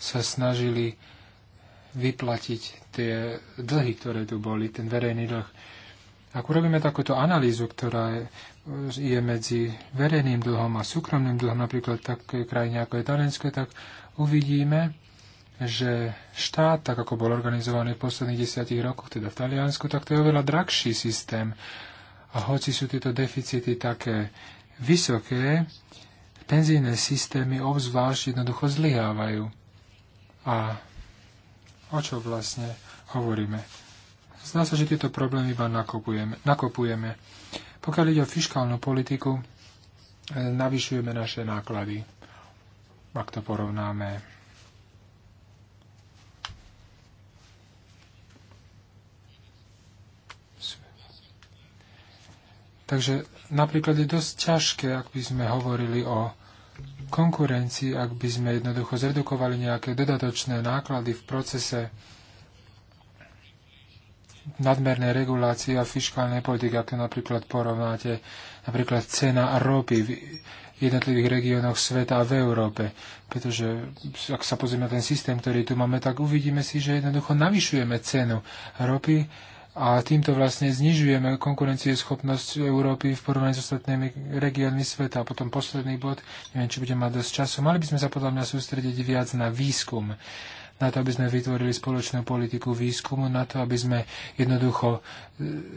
sa snažili vyplatiť tie dlhy, ktoré tu boli, ten verejný dlh. Ak urobíme takúto analýzu, ktorá je, medzi verejným dlhom a súkromným dlhom, napríklad také krajine ako je Talensko, tak uvidíme, že štát, tak ako bol organizovaný v posledných desiatich rokoch, teda v Taliansku, tak to je oveľa drahší systém. A hoci sú tieto deficity také vysoké, penzijné systémy obzvlášť jednoducho zlyhávajú. A o čo vlastne hovoríme. Zdá sa, že tieto problémy iba nakopujeme. nakopujeme. Pokiaľ ide o fiskálnu politiku, e, navyšujeme naše náklady, ak to porovnáme. Takže napríklad je dosť ťažké, ak by sme hovorili o konkurencii, ak by sme jednoducho zredukovali nejaké dodatočné náklady v procese nadmernej regulácie a fiskálnej politiky, ako napríklad porovnáte napríklad cena ropy v jednotlivých regiónoch sveta a v Európe. Pretože ak sa pozrieme na ten systém, ktorý tu máme, tak uvidíme si, že jednoducho navyšujeme cenu ropy a týmto vlastne znižujeme konkurencieschopnosť Európy v porovnaní s ostatnými regiónmi sveta. A potom posledný bod, neviem, či budem mať dosť času, mali by sme sa podľa mňa sústrediť viac na výskum na to, aby sme vytvorili spoločnú politiku výskumu, na to, aby sme jednoducho e,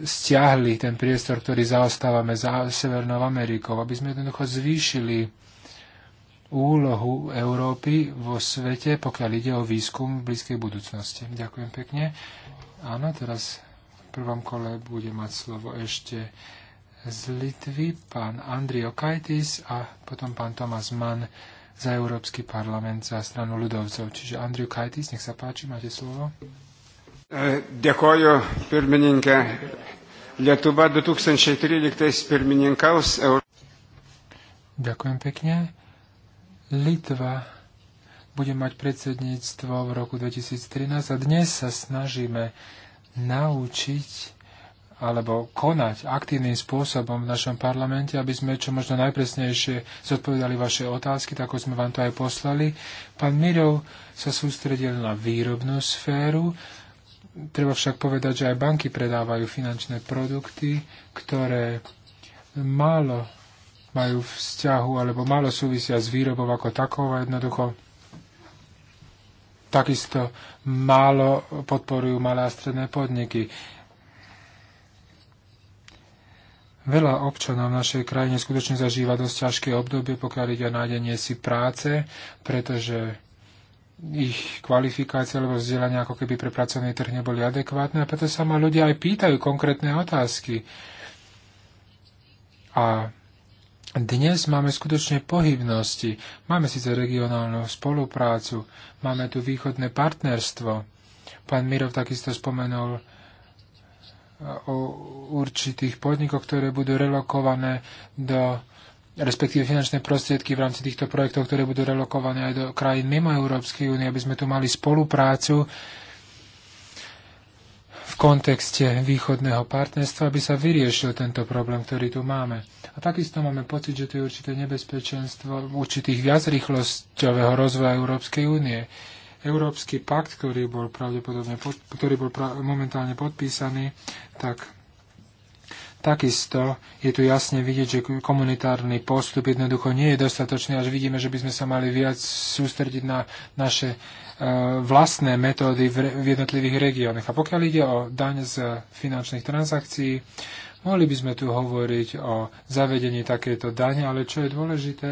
stiahli ten priestor, ktorý zaostávame za Severnou Amerikou, aby sme jednoducho zvýšili úlohu Európy vo svete, pokiaľ ide o výskum v blízkej budúcnosti. Ďakujem pekne. Áno, teraz prvom kole bude mať slovo ešte z Litvy pán Andrio Kajtis a potom pán Tomas Mann za Európsky parlament za stranu ľudovcov. Čiže Andriu Kajtis, nech sa páči, máte slovo. Ďakujem, pirmininke. Lietuva 2013 pirmininkaus. Ďakujem pekne. Litva bude mať predsedníctvo v roku 2013 a dnes sa snažíme naučiť alebo konať aktívnym spôsobom v našom parlamente, aby sme čo možno najpresnejšie zodpovedali vaše otázky, tak ako sme vám to aj poslali. Pán Mirov sa sústredil na výrobnú sféru. Treba však povedať, že aj banky predávajú finančné produkty, ktoré málo majú vzťahu alebo málo súvisia s výrobou ako takou a jednoducho takisto málo podporujú malé a stredné podniky. Veľa občanov v našej krajine skutočne zažíva dosť ťažké obdobie, pokiaľ ide o nájdenie si práce, pretože ich kvalifikácie alebo vzdelania ako keby pre pracovný trh neboli adekvátne a preto sa ma ľudia aj pýtajú konkrétne otázky. A dnes máme skutočne pohybnosti, máme síce regionálnu spoluprácu, máme tu východné partnerstvo. Pán Mirov takisto spomenul e, o určitých podnikoch, ktoré budú relokované do respektíve finančné prostriedky v rámci týchto projektov, ktoré budú relokované aj do krajín mimo Európskej únie, aby sme tu mali spoluprácu kontexte východného partnerstva, aby sa vyriešil tento problém, ktorý tu máme. A takisto máme pocit, že to je určité nebezpečenstvo určitých viacrýchlosťového rozvoja Európskej únie. Európsky pakt, ktorý bol, pravdepodobne pod, ktorý bol pra, momentálne podpísaný, tak Takisto je tu jasne vidieť, že komunitárny postup jednoducho nie je dostatočný, až vidíme, že by sme sa mali viac sústrediť na naše e, vlastné metódy v, jednotlivých regiónoch. A pokiaľ ide o daň z finančných transakcií, mohli by sme tu hovoriť o zavedení takéto dane, ale čo je dôležité,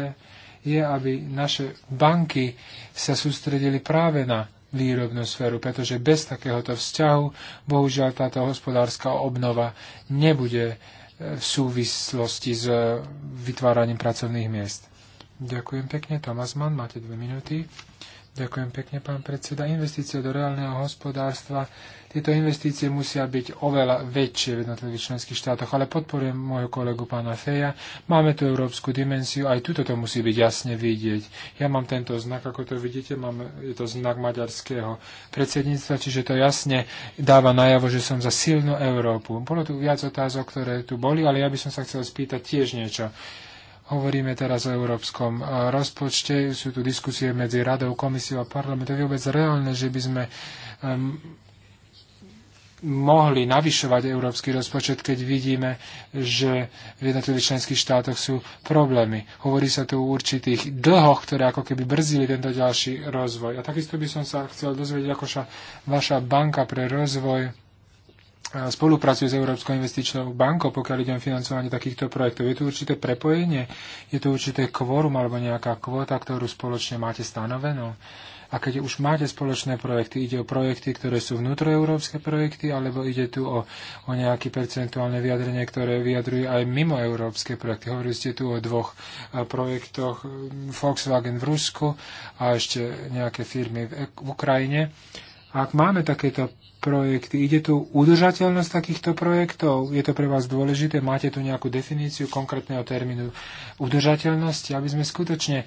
je, aby naše banky sa sústredili práve na výrobnú sféru, pretože bez takéhoto vzťahu bohužiaľ táto hospodárska obnova nebude e, v súvislosti s e, vytváraním pracovných miest. Ďakujem pekne. Tomas Mann, máte dve minúty. Ďakujem pekne, pán predseda. Investície do reálneho hospodárstva. Tieto investície musia byť oveľa väčšie v jednotlivých členských štátoch, ale podporujem môjho kolegu pána Feja. Máme tu európsku dimenziu, aj tuto to musí byť jasne vidieť. Ja mám tento znak, ako to vidíte, mám, je to znak maďarského predsedníctva, čiže to jasne dáva najavo, že som za silnú Európu. Bolo tu viac otázok, ktoré tu boli, ale ja by som sa chcel spýtať tiež niečo. Hovoríme teraz o európskom e, rozpočte, sú tu diskusie medzi radou, komisiou a parlamentom. Je vôbec reálne, že by sme um, mohli navyšovať európsky rozpočet, keď vidíme, že v jednotlivých členských štátoch sú problémy. Hovorí sa tu o určitých dlhoch, ktoré ako keby brzili tento ďalší rozvoj. A takisto by som sa chcel dozvedieť, ako sa vaša banka pre rozvoj spolupracujú s Európskou investičnou bankou, pokiaľ ide o financovanie takýchto projektov. Je tu určité prepojenie? Je tu určité kvórum alebo nejaká kvota, ktorú spoločne máte stanovenú? A keď už máte spoločné projekty, ide o projekty, ktoré sú vnútroeurópske projekty, alebo ide tu o, o nejaké percentuálne vyjadrenie, ktoré vyjadrujú aj mimoeurópske projekty. Hovorili ste tu o dvoch eh, projektoch mm, Volkswagen v Rusku a ešte nejaké firmy v, v Ukrajine. Uh, ak máme takéto projekty, ide tu udržateľnosť takýchto projektov? Je to pre vás dôležité? Máte tu nejakú definíciu konkrétneho termínu udržateľnosti, aby sme skutočne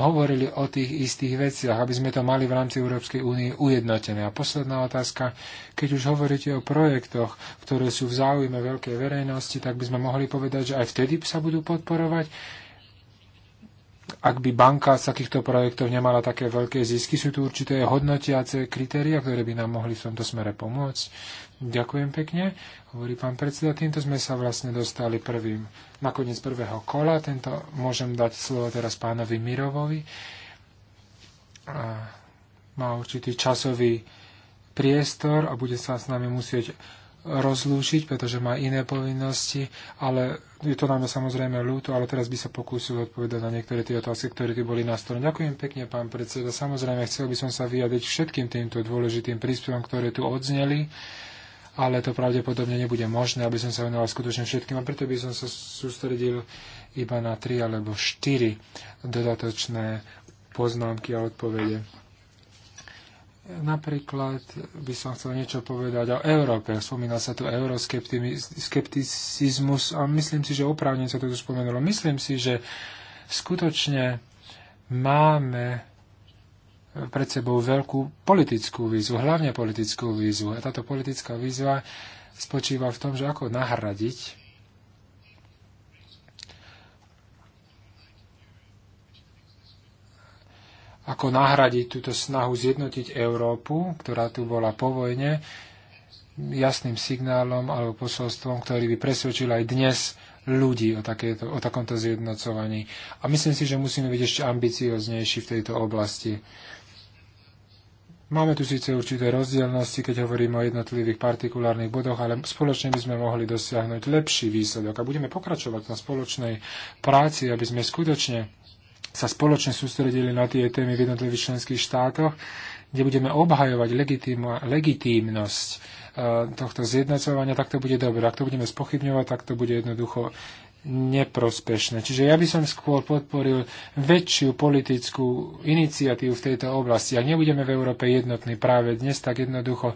hovorili o tých istých veciach, aby sme to mali v rámci Európskej únie ujednotené. A posledná otázka, keď už hovoríte o projektoch, ktoré sú v záujme veľkej verejnosti, tak by sme mohli povedať, že aj vtedy sa budú podporovať ak by banka z takýchto projektov nemala také veľké zisky, sú tu určité hodnotiace kritéria, ktoré by nám mohli v tomto smere pomôcť. Ďakujem pekne, hovorí pán predseda. Týmto sme sa vlastne dostali prvým, nakoniec prvého kola. Tento môžem dať slovo teraz pánovi Mirovovi. A má určitý časový priestor a bude sa s nami musieť rozlúčiť, pretože má iné povinnosti, ale je to nám samozrejme ľúto, ale teraz by sa pokúsil odpovedať na niektoré tie otázky, ktoré tu boli na stole. Ďakujem pekne, pán predseda. Samozrejme, chcel by som sa vyjadriť všetkým týmto dôležitým príspevom, ktoré tu odzneli, ale to pravdepodobne nebude možné, aby som sa venoval skutočne všetkým a preto by som sa sústredil iba na tri alebo štyri dodatočné poznámky a odpovede. Napríklad by som chcel niečo povedať o Európe. Spomínal sa tu euroskepticizmus a myslím si, že oprávne sa to tu spomenulo. Myslím si, že skutočne máme pred sebou veľkú politickú výzvu, hlavne politickú výzvu. A táto politická výzva spočíva v tom, že ako nahradiť ako nahradiť túto snahu zjednotiť Európu, ktorá tu bola po vojne, jasným signálom alebo posolstvom, ktorý by presvedčil aj dnes ľudí o, takéto, o takomto zjednocovaní. A myslím si, že musíme byť ešte ambicioznejší v tejto oblasti. Máme tu síce určité rozdielnosti, keď hovoríme o jednotlivých partikulárnych bodoch, ale spoločne by sme mohli dosiahnuť lepší výsledok a budeme pokračovať na spoločnej práci, aby sme skutočne sa spoločne sústredili na tie témy v jednotlivých členských štátoch, kde budeme obhajovať legitímnosť e, tohto zjednocovania, tak to bude dobre. Ak to budeme spochybňovať, tak to bude jednoducho neprospešné. Čiže ja by som skôr podporil väčšiu politickú iniciatívu v tejto oblasti. Ak nebudeme v Európe jednotní práve dnes, tak jednoducho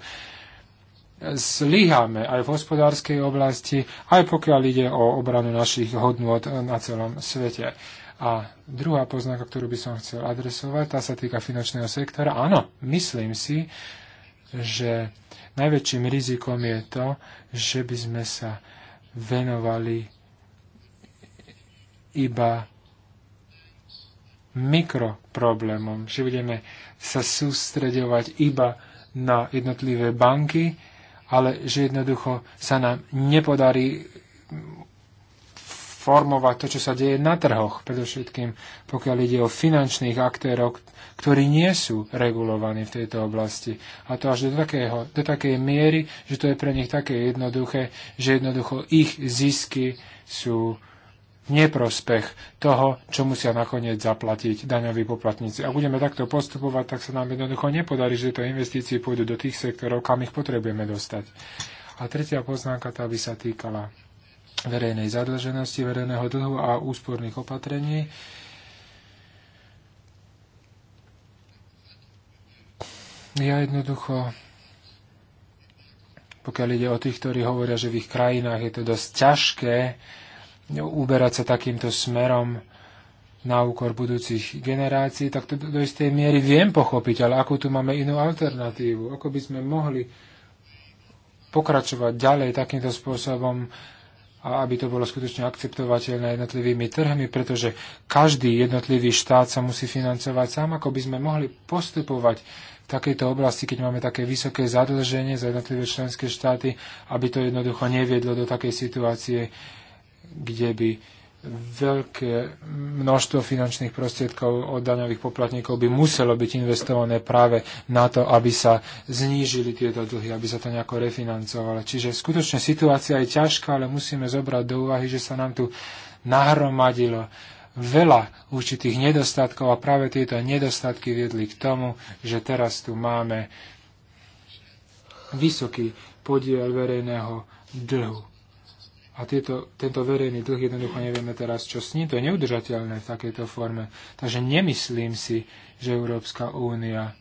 zlyháme aj v hospodárskej oblasti, aj pokiaľ ide o obranu našich hodnôt na celom svete. A druhá poznámka, ktorú by som chcel adresovať, tá sa týka finančného sektora. Áno, myslím si, že najväčším rizikom je to, že by sme sa venovali iba mikroproblémom, že budeme sa sústredovať iba na jednotlivé banky, ale že jednoducho sa nám nepodarí formovať to, čo sa deje na trhoch, predovšetkým pokiaľ ide o finančných aktérov, ktorí nie sú regulovaní v tejto oblasti. A to až do, takého, do takej miery, že to je pre nich také jednoduché, že jednoducho ich zisky sú neprospech toho, čo musia nakoniec zaplatiť daňoví poplatníci. A budeme takto postupovať, tak sa nám jednoducho nepodarí, že to investície pôjdu do tých sektorov, kam ich potrebujeme dostať. A tretia poznámka tá by sa týkala verejnej zadlženosti, verejného dlhu a úsporných opatrení. Ja jednoducho, pokiaľ ide o tých, ktorí hovoria, že v ich krajinách je to dosť ťažké no, uberať sa takýmto smerom na úkor budúcich generácií, tak to do istej miery viem pochopiť, ale ako tu máme inú alternatívu? Ako by sme mohli pokračovať ďalej takýmto spôsobom a aby to bolo skutočne akceptovateľné jednotlivými trhmi, pretože každý jednotlivý štát sa musí financovať sám, ako by sme mohli postupovať v takejto oblasti, keď máme také vysoké zadlženie za jednotlivé členské štáty, aby to jednoducho neviedlo do takej situácie, kde by veľké množstvo finančných prostriedkov od daňových poplatníkov by muselo byť investované práve na to, aby sa znížili tieto dlhy, aby sa to nejako refinancovalo. Čiže skutočne situácia je ťažká, ale musíme zobrať do úvahy, že sa nám tu nahromadilo veľa určitých nedostatkov a práve tieto nedostatky viedli k tomu, že teraz tu máme vysoký podiel verejného dlhu. A tieto, tento verejný dlh jednoducho nevieme teraz, čo s ním. To je neudržateľné v takejto forme. Takže nemyslím si, že Európska únia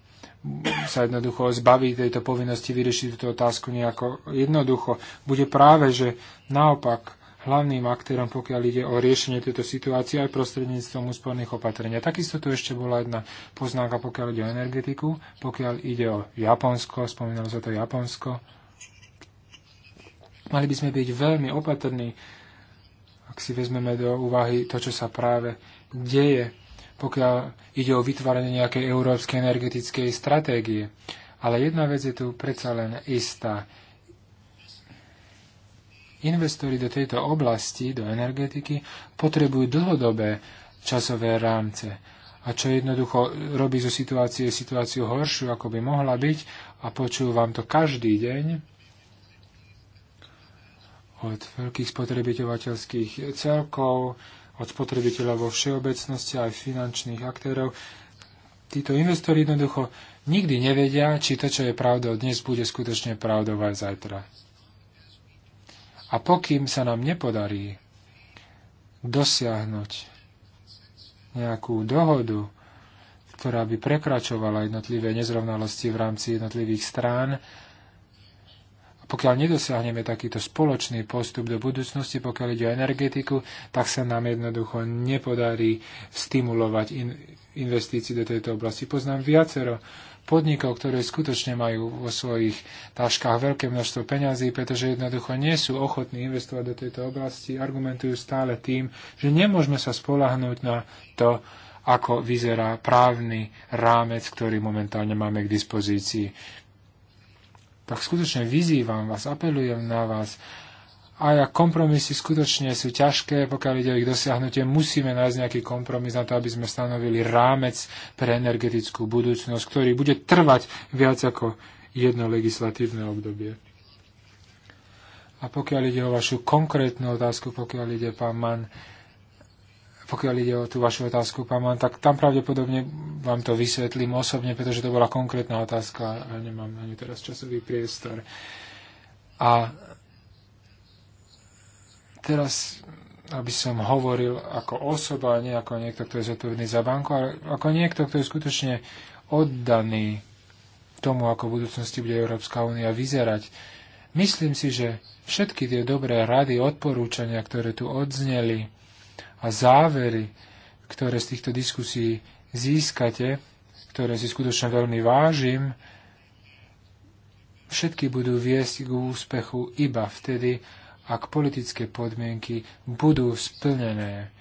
sa jednoducho zbaví tejto povinnosti vyriešiť túto otázku nejako jednoducho. Bude práve, že naopak hlavným aktérom, pokiaľ ide o riešenie tejto situácie aj prostredníctvom úsporných opatrenia. Takisto tu ešte bola jedna poznáka, pokiaľ ide o energetiku, pokiaľ ide o Japonsko, spomínalo sa to Japonsko. Mali by sme byť veľmi opatrní, ak si vezmeme do úvahy to, čo sa práve deje, pokiaľ ide o vytváranie nejakej európskej energetickej stratégie. Ale jedna vec je tu predsa len istá. Investori do tejto oblasti, do energetiky, potrebujú dlhodobé časové rámce. A čo jednoducho robí zo situácie situáciu horšiu, ako by mohla byť, a počúvam to každý deň, od veľkých spotrebiteľovateľských celkov, od spotrebiteľov vo všeobecnosti, aj finančných aktérov. Títo investori jednoducho nikdy nevedia, či to, čo je pravdou dnes, bude skutočne pravdou aj zajtra. A pokým sa nám nepodarí dosiahnuť nejakú dohodu, ktorá by prekračovala jednotlivé nezrovnalosti v rámci jednotlivých strán, pokiaľ nedosiahneme takýto spoločný postup do budúcnosti, pokiaľ ide o energetiku, tak sa nám jednoducho nepodarí stimulovať in, investície do tejto oblasti. Poznám viacero podnikov, ktoré skutočne majú vo svojich taškách veľké množstvo peňazí, pretože jednoducho nie sú ochotní investovať do tejto oblasti, argumentujú stále tým, že nemôžeme sa spolahnúť na to, ako vyzerá právny rámec, ktorý momentálne máme k dispozícii tak skutočne vyzývam vás, apelujem na vás. A ak kompromisy skutočne sú ťažké, pokiaľ ide o ich dosiahnutie, musíme nájsť nejaký kompromis na to, aby sme stanovili rámec pre energetickú budúcnosť, ktorý bude trvať viac ako jedno legislatívne obdobie. A pokiaľ ide o vašu konkrétnu otázku, pokiaľ ide pán Mann, pokiaľ ide o tú vašu otázku, pán Man, tak tam pravdepodobne vám to vysvetlím osobne, pretože to bola konkrétna otázka a nemám ani teraz časový priestor. A teraz, aby som hovoril ako osoba, nie ako niekto, kto je zodpovedný za banku, ale ako niekto, kto je skutočne oddaný tomu, ako v budúcnosti bude Európska únia vyzerať. Myslím si, že všetky tie dobré rady, odporúčania, ktoré tu odzneli, a závery, ktoré z týchto diskusí získate, ktoré si skutočne veľmi vážim, všetky budú viesť k úspechu iba vtedy, ak politické podmienky budú splnené.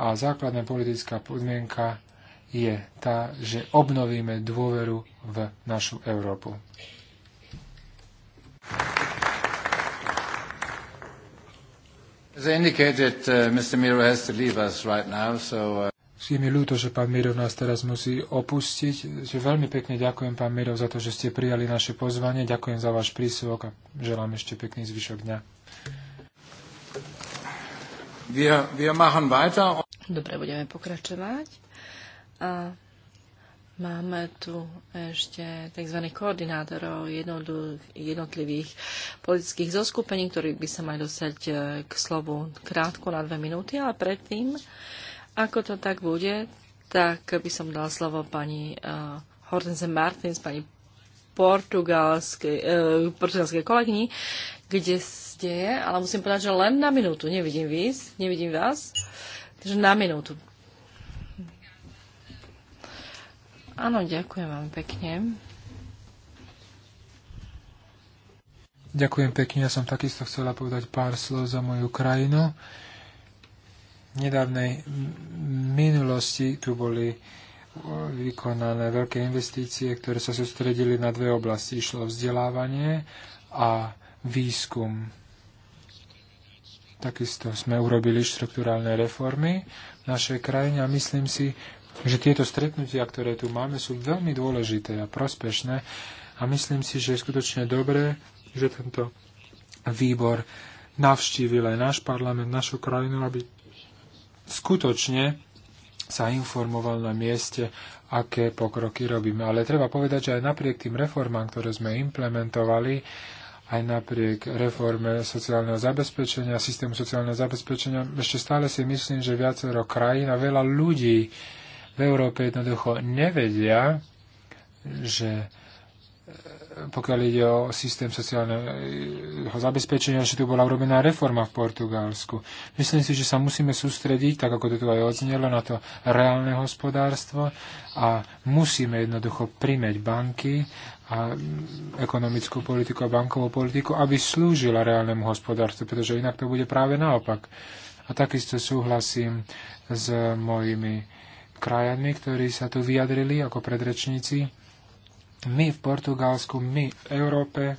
A základná politická podmienka je tá, že obnovíme dôveru v našu Európu. Uh, uh, Je mi ľúto, že pán Mirov nás teraz musí opustiť. Že veľmi pekne ďakujem, pán Mirov, za to, že ste prijali naše pozvanie. Ďakujem za váš prísvok a želám ešte pekný zvyšok dňa. Wir, wir machen weiter. Dobre, budeme pokračovať. A Máme tu ešte tzv. koordinátorov jednotlivých politických zoskupení, ktorí by sa mali dostať e, k slovu krátko na dve minúty, ale predtým, ako to tak bude, tak by som dala slovo pani uh, Hortense Martins, pani portugalskej, uh, portugalskej kolegyni, kde ste, ale musím povedať, že len na minútu. Nevidím vás, nevidím vás. Takže na minútu. Áno, ďakujem vám pekne. Ďakujem pekne, ja som takisto chcela povedať pár slov za moju krajinu. V nedávnej minulosti tu boli vykonané veľké investície, ktoré sa sústredili na dve oblasti. Išlo vzdelávanie a výskum. Takisto sme urobili štruktúrálne reformy v našej krajine a myslím si, že tieto stretnutia, ktoré tu máme, sú veľmi dôležité a prospešné a myslím si, že je skutočne dobré, že tento výbor navštívil aj náš parlament, našu krajinu, aby skutočne sa informoval na mieste, aké pokroky robíme. Ale treba povedať, že aj napriek tým reformám, ktoré sme implementovali, aj napriek reforme sociálneho zabezpečenia, systému sociálneho zabezpečenia, ešte stále si myslím, že viacero krajín a veľa ľudí v Európe jednoducho nevedia, že e, pokiaľ ide o systém sociálneho zabezpečenia, že tu bola urobená reforma v Portugalsku. Myslím si, že sa musíme sústrediť, tak ako to tu aj odznelo, na to reálne hospodárstvo a musíme jednoducho primeť banky a ekonomickú politiku a bankovú politiku, aby slúžila reálnemu hospodárstvu, pretože inak to bude práve naopak. A takisto súhlasím s mojimi krajami, ktorí sa tu vyjadrili ako predrečníci. My v Portugalsku, my v Európe eh,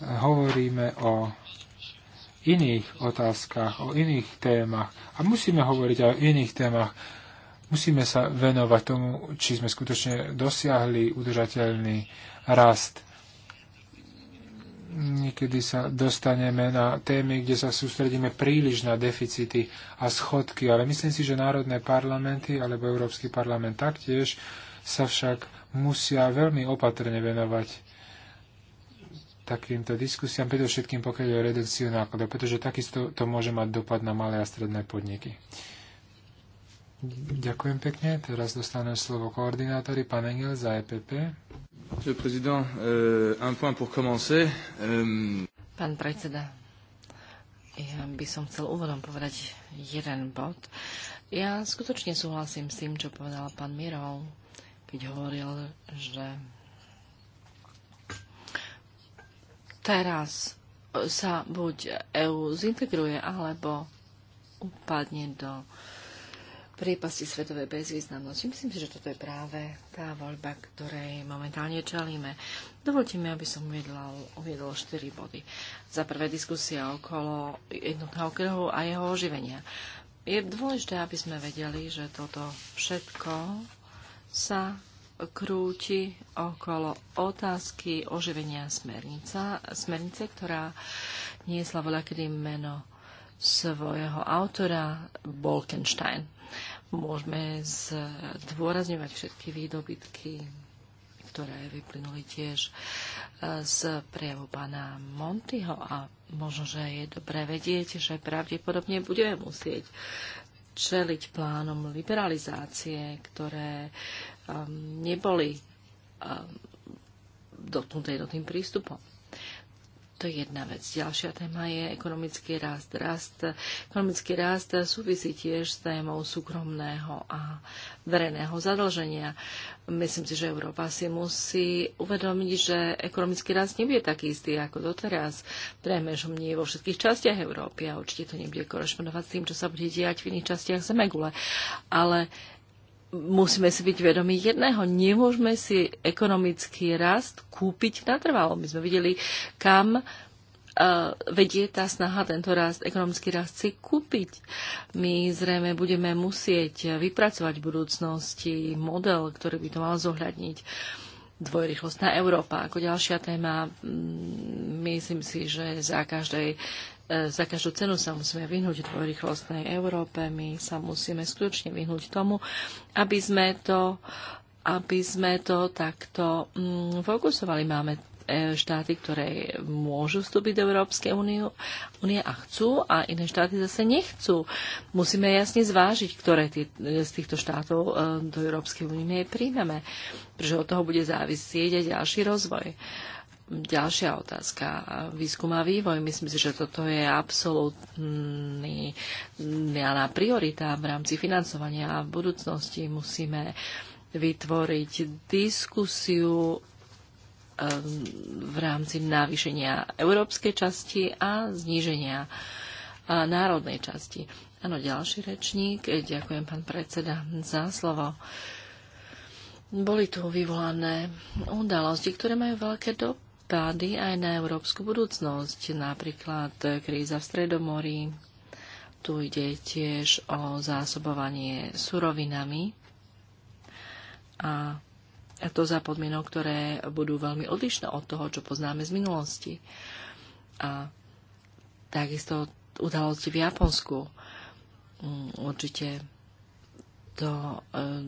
hovoríme o iných otázkach, o iných témach. A musíme hovoriť aj o iných témach. Musíme sa venovať tomu, či sme skutočne dosiahli udržateľný rast niekedy sa dostaneme na témy, kde sa sústredíme príliš na deficity a schodky, ale myslím si, že národné parlamenty alebo Európsky parlament taktiež sa však musia veľmi opatrne venovať takýmto diskusiám, predovšetkým pokiaľ je o redukciu nákladov, pretože takisto to môže mať dopad na malé a stredné podniky. Ďakujem pekne. Teraz dostanú slovo koordinátori. Pán Engel za EPP. Euh, euh, pán predseda, ja by som chcel úvodom povedať jeden bod. Ja skutočne súhlasím s tým, čo povedal pán Mirov, keď hovoril, že teraz sa buď EU zintegruje, alebo upadne do uh, priepasti svetovej bezvýznamnosti. Myslím si, že toto je práve tá voľba, ktorej momentálne čelíme. Dovolte mi, aby som uviedol štyri 4 body. Za prvé diskusia okolo jednotného krhu a jeho oživenia. Je dôležité, aby sme vedeli, že toto všetko sa krúti okolo otázky oživenia smernica, smernice, ktorá niesla voľakedy meno svojho autora Bolkenstein môžeme zdôrazňovať všetky výdobytky, ktoré vyplynuli tiež e, z prejavu pána Montyho a možno, že je dobré vedieť, že pravdepodobne budeme musieť čeliť plánom liberalizácie, ktoré um, neboli um, dotknuté tým prístupom. To je jedna vec. Ďalšia téma je ekonomický rast. rast ekonomický rast súvisí tiež s témou súkromného a verejného zadlženia. Myslím si, že Európa si musí uvedomiť, že ekonomický rast nebude taký istý ako doteraz. Premežom nie vo všetkých častiach Európy a určite to nebude korešpondovať s tým, čo sa bude diať v iných častiach Zemegule. Ale musíme si byť vedomí jedného. Nemôžeme si ekonomický rast kúpiť natrvalo. My sme videli, kam uh, vedie tá snaha tento rast, ekonomický rast si kúpiť. My zrejme budeme musieť vypracovať v budúcnosti model, ktorý by to mal zohľadniť. Dvojrychlostná Európa ako ďalšia téma. Mm, myslím si, že za každej E, za každú cenu sa musíme vyhnúť dvojrychlostnej Európe. My sa musíme skutočne vyhnúť tomu, aby sme to, aby sme to takto mm, fokusovali. Máme e, štáty, ktoré môžu vstúpiť do Európskej únie, a chcú a iné štáty zase nechcú. Musíme jasne zvážiť, ktoré tí, e, z týchto štátov do Európskej únie príjmeme, pretože od toho bude závisieť aj ďalší rozvoj. Uh, ďalšia otázka. Výskum a vývoj. Myslím si, že toto je absolútna priorita v rámci financovania a v budúcnosti musíme vytvoriť diskusiu ehm, v rámci navýšenia európskej časti a zníženia národnej časti. Áno, ďalší rečník. Ďakujem, pán predseda, za slovo. Boli tu vyvolané udalosti, ktoré majú veľké dopady dopady aj na európsku budúcnosť, napríklad kríza v Stredomorí. Tu ide tiež o zásobovanie surovinami a to za podmienok, ktoré budú veľmi odlišné od toho, čo poznáme z minulosti. A takisto udalosti v Japonsku. Mm, určite to eh,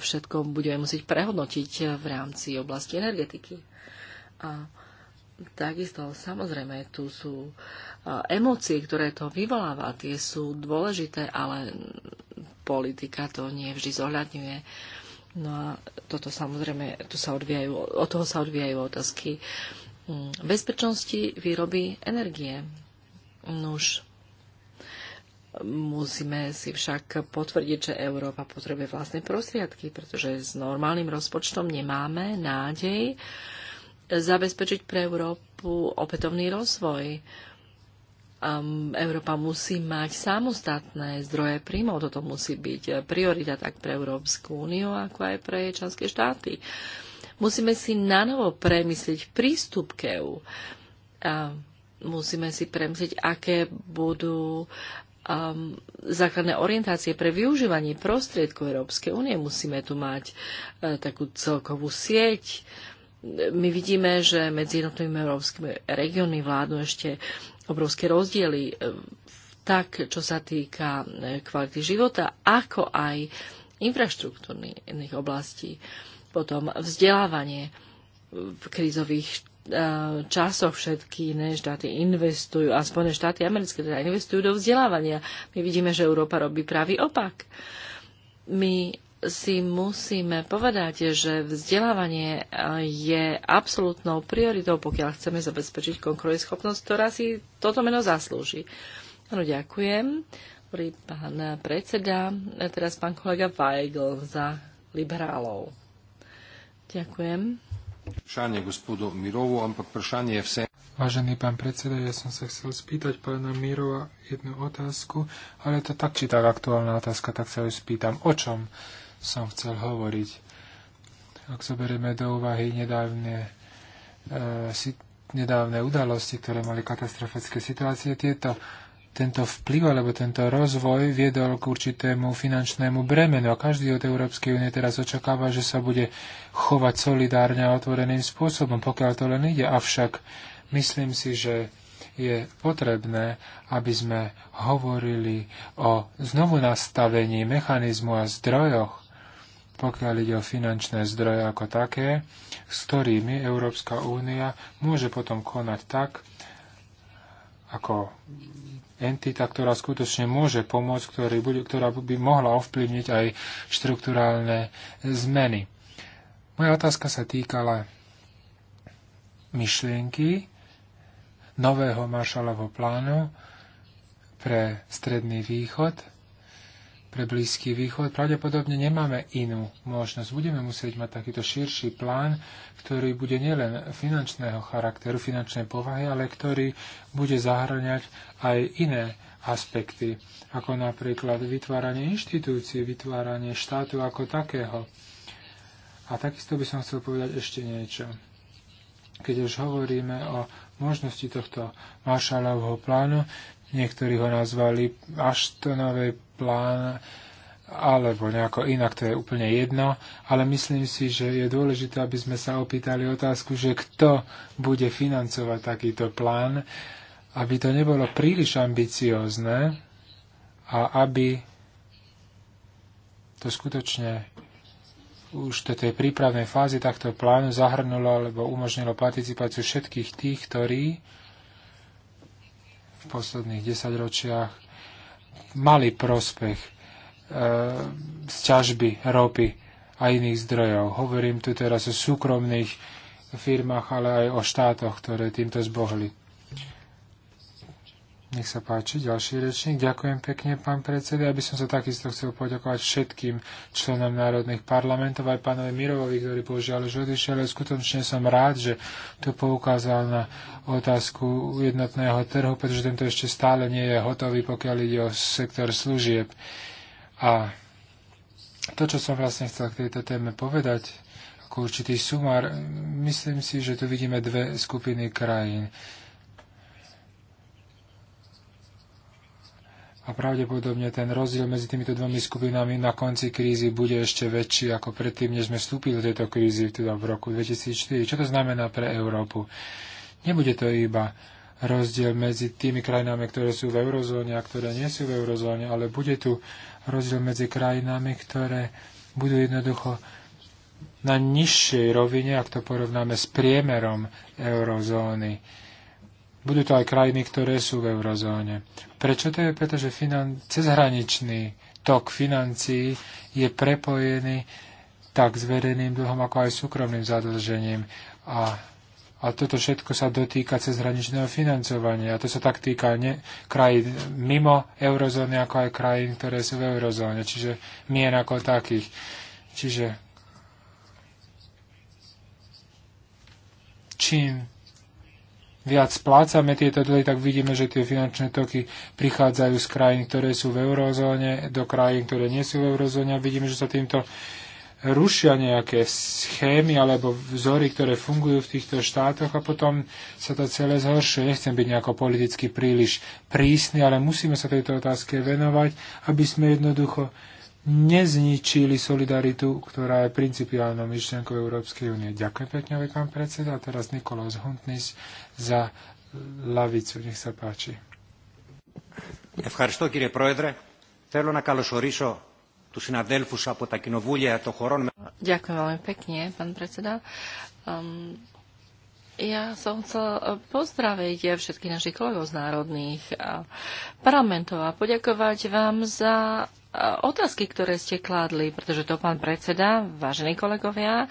všetko budeme musieť prehodnotiť v rámci oblasti energetiky. A takisto, samozrejme, tu sú emócie, ktoré to vyvoláva, tie sú dôležité, ale politika to nie vždy zohľadňuje. No a toto samozrejme, tu sa odvíjajú, od toho sa odvíjajú otázky mm, bezpečnosti výroby energie. Nuž, musíme si však potvrdiť, že Európa potrebuje vlastné prostriedky, pretože s normálnym rozpočtom nemáme nádej, uh, zabezpečiť pre Európu opätovný rozvoj. Um, Európa musí mať samostatné zdroje príjmov. Toto musí byť priorita tak pre Európsku úniu, ako aj pre jej členské štáty. Musíme si nanovo premyslieť prístup k EU. Um, musíme si premyslieť, aké budú um, základné orientácie pre využívanie prostriedkov Európskej únie. Musíme tu mať uh, takú celkovú sieť Um, my vidíme, že medzi jednotlivými európskymi regiónmi vládnu ešte obrovské rozdiely, e, tak čo sa týka e, kvality života, ako aj infraštruktúrnych oblastí. Potom vzdelávanie v krízových e, časoch všetky iné štáty investujú, a Spojené štáty americké teda investujú do vzdelávania. My vidíme, že Európa robí pravý opak. My si musíme povedať, že vzdelávanie eh, je absolútnou prioritou, pokiaľ chceme zabezpečiť konkurenceschopnosť, ktorá si toto meno zaslúži. No, ďakujem. Pán predseda, teraz pán kolega Weigl za liberálov. Ďakujem. Vprašanie gospodu Mirovu, ampak vprašanie je vse. Vážený pán predseda, ja som sa chcel spýtať pána Mirova jednu otázku, ale to tak či tak aktuálna otázka, tak sa ju spýtam. O čom? som chcel hovoriť. Ak zoberieme do úvahy nedávne, e, si, nedávne udalosti, ktoré mali katastrofické situácie, tieto, tento vplyv alebo tento rozvoj viedol k určitému finančnému bremenu a každý od Európskej únie teraz očakáva, že sa bude chovať solidárne a otvoreným spôsobom, pokiaľ to len ide. Avšak myslím si, že je potrebné, aby sme hovorili o znovu nastavení mechanizmu a zdrojoch, pokiaľ ide o finančné zdroje ako také, s ktorými Európska únia môže potom konať tak, ako entita, ktorá skutočne môže pomôcť, ktorý ktorá by mohla ovplyvniť aj štruktúrálne zmeny. Moja otázka sa týkala myšlienky nového maršalovho plánu pre Stredný východ, pre Blízky východ. Pravdepodobne nemáme inú možnosť. Budeme musieť mať takýto širší plán, ktorý bude nielen finančného charakteru, finančnej povahy, ale ktorý bude zahrňať aj iné aspekty, ako napríklad vytváranie inštitúcií, vytváranie štátu ako takého. A takisto by som chcel povedať ešte niečo. Keď už hovoríme o možnosti tohto maršalovho plánu, Niektorí ho nazvali Aštonové plán, alebo nejako inak, to je úplne jedno, ale myslím si, že je dôležité, aby sme sa opýtali otázku, že kto bude financovať takýto plán, aby to nebolo príliš ambiciózne a aby to skutočne už do tej prípravnej fázy takto plánu zahrnulo alebo umožnilo participáciu všetkých tých, ktorí posledných desaťročiach mali prospech e, z ťažby ropy a iných zdrojov. Hovorím tu teraz o súkromných firmách, ale aj o štátoch, ktoré týmto zbohli. Nech sa páči, ďalší rečník. Ďakujem pekne, pán predseda. Ja by som sa takisto chcel poďakovať všetkým členom národných parlamentov, aj pánovi Mirovovi, ktorý požiaľ už odišiel. Skutočne som rád, že to poukázal na otázku jednotného trhu, pretože tento ešte stále nie je hotový, pokiaľ ide o sektor služieb. A to, čo som vlastne chcel k tejto téme povedať, ako určitý sumár, myslím si, že tu vidíme dve skupiny krajín a pravdepodobne ten rozdiel medzi týmito dvomi skupinami na konci krízy bude ešte väčší ako predtým, než sme vstúpili do tejto krízy teda v roku 2004. Čo to znamená pre Európu? Nebude to iba rozdiel medzi tými krajinami, ktoré sú v eurozóne a ktoré nie sú v eurozóne, ale bude tu rozdiel medzi krajinami, ktoré budú jednoducho na nižšej rovine, ak to porovnáme s priemerom eurozóny budú to aj krajiny, ktoré sú v eurozóne. Prečo to je? Pretože finan- cezhraničný tok financií je prepojený tak s verejným dlhom, ako aj súkromným zadlžením. A, a toto všetko sa dotýka cezhraničného financovania. A to sa tak týka ne, krajín mimo eurozóny, ako aj krajín, ktoré sú v eurozóne, čiže mien ako takých. Čiže čím viac splácame tieto dlhy, tak vidíme, že tie finančné toky prichádzajú z krajín, ktoré sú v eurozóne, do krajín, ktoré nie sú v eurozóne a vidíme, že sa týmto rušia nejaké schémy alebo vzory, ktoré fungujú v týchto štátoch a potom sa to celé zhoršuje. Nechcem byť nejako politicky príliš prísny, ale musíme sa tejto otázke venovať, aby sme jednoducho nezničili solidaritu, ktorá je principiálnou myšlienkou Európskej únie. Ďakujem pekne, pán predseda. A teraz Nikolaus Huntnis za lavicu. Nech sa páči. Ευχαριστώ κύριε Πρόεδρε. Θέλω να καλωσορίσω τους συναδέλφους από τα κοινοβούλια των χωρών. Ďakujem veľmi pekne, pán predseda. Um, ja som chcel e, pozdraviť všetkých našich kolegov z národných e, parlamentov a poďakovať vám za otázky, ktoré ste kládli, pretože to pán predseda, vážení kolegovia,